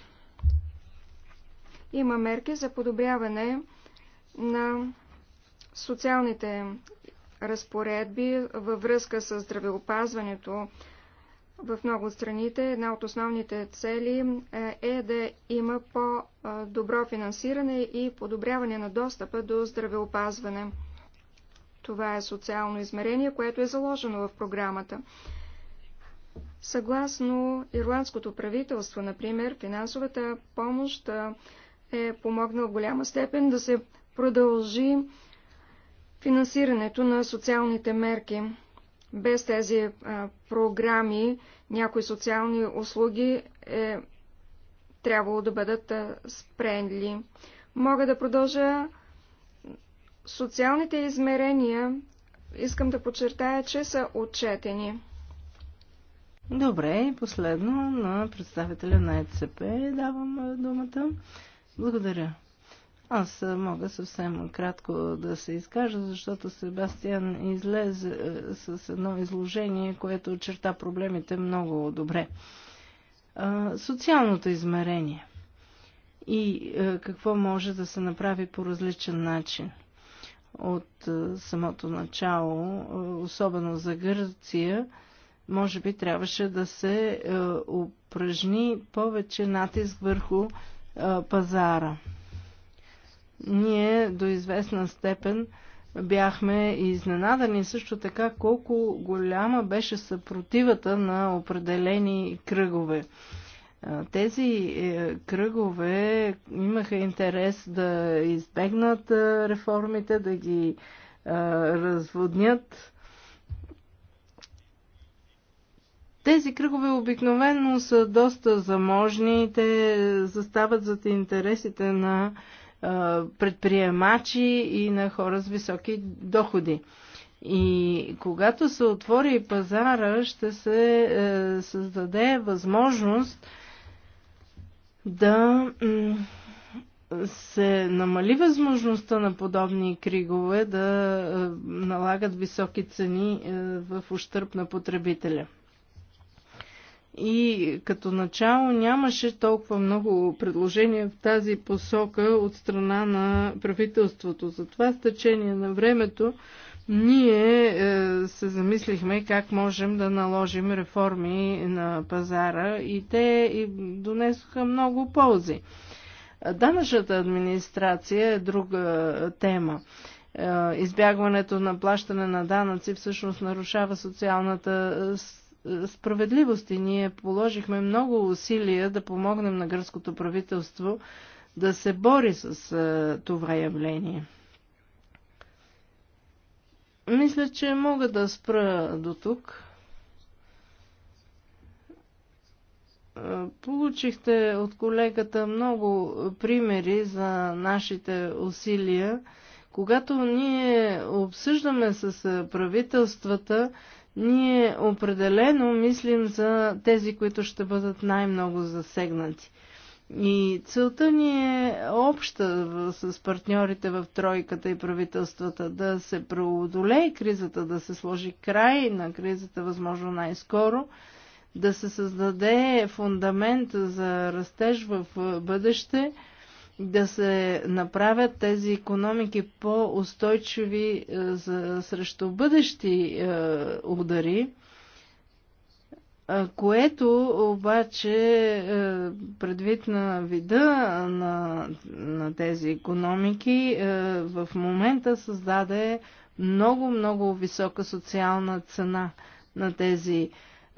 Speaker 6: Има мерки за подобряване на социалните разпоредби във връзка с здравеопазването в много от страните. Една от основните цели е, е да има по-добро финансиране и подобряване на достъпа до здравеопазване. Това е социално измерение, което е заложено в програмата. Съгласно ирландското правителство, например, финансовата помощ е помогнала в голяма степен да се продължи финансирането на социалните мерки. Без тези а, програми някои социални услуги е трябвало да бъдат спренли. Мога да продължа Социалните измерения, искам да подчертая, че са отчетени.
Speaker 4: Добре, и последно на представителя на ЕЦП давам думата. Благодаря. Аз мога съвсем кратко да се изкажа, защото Себастиан излезе с едно изложение, което очерта проблемите много добре. Социалното измерение и какво може да се направи по различен начин – от е, самото начало, е, особено за Гърция, може би трябваше да се е, упражни повече натиск върху пазара. Ние до известна степен бяхме изненадани също така колко голяма беше съпротивата на определени кръгове. Тези е, кръгове имаха интерес да избегнат е, реформите, да ги е, разводнят. Тези кръгове обикновено са доста заможни, те застават зад интересите на предприемачи и на хора с високи доходи. И когато се отвори пазара, ще се създаде възможност да се намали възможността на подобни кригове да е, налагат високи цени е, в ущърп на потребителя. И като начало нямаше толкова много предложения в тази посока от страна на правителството. Затова с течение на времето ние е, се замислихме как можем да наложим реформи на пазара и те и донесоха много ползи. Данъчната администрация е друга тема. Е, избягването на плащане на данъци всъщност нарушава социалната справедливост и ние положихме много усилия да помогнем на гръцкото правителство да се бори с е, това явление. Мисля, че мога да спра до тук. Получихте от колегата много примери за нашите усилия. Когато ние обсъждаме с правителствата, ние определено мислим за тези, които ще бъдат най-много засегнати. И целта ни е обща с партньорите в тройката и правителствата да се преодолее кризата, да се сложи край на кризата възможно най-скоро, да се създаде фундамент за растеж в бъдеще, да се направят тези економики по-устойчиви е, срещу бъдещи е, удари което обаче е, предвид на вида на, на тези економики е, в момента създаде много, много висока социална цена на тези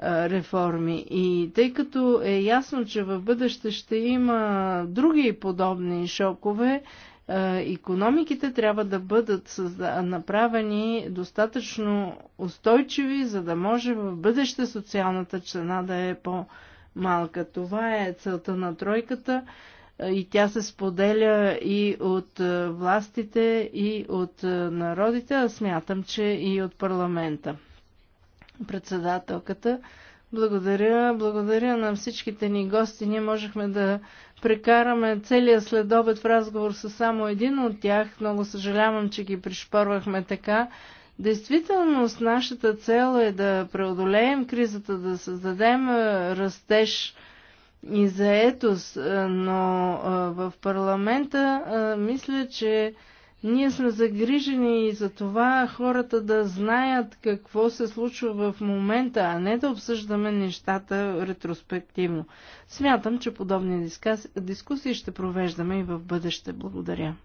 Speaker 4: е, реформи. И тъй като е ясно, че в бъдеще ще има други подобни шокове, економиките трябва да бъдат направени достатъчно устойчиви, за да може в бъдеще социалната цена да е по-малка. Това е целта на тройката е, и тя се споделя и от е, властите, и от е, народите, а смятам, че и от парламента. Председателката благодаря. Благодаря на всичките ни гости. Ние можехме да прекараме целия следобед в разговор с само един от тях. Много съжалявам, че ги пришпорвахме така. Действително, с нашата цел е да преодолеем кризата, да създадем растеж и заетост, но в парламента мисля, че ние сме загрижени и за това хората да знаят какво се случва в момента, а не да обсъждаме нещата ретроспективно. Смятам, че подобни дискусии ще провеждаме и в бъдеще. Благодаря.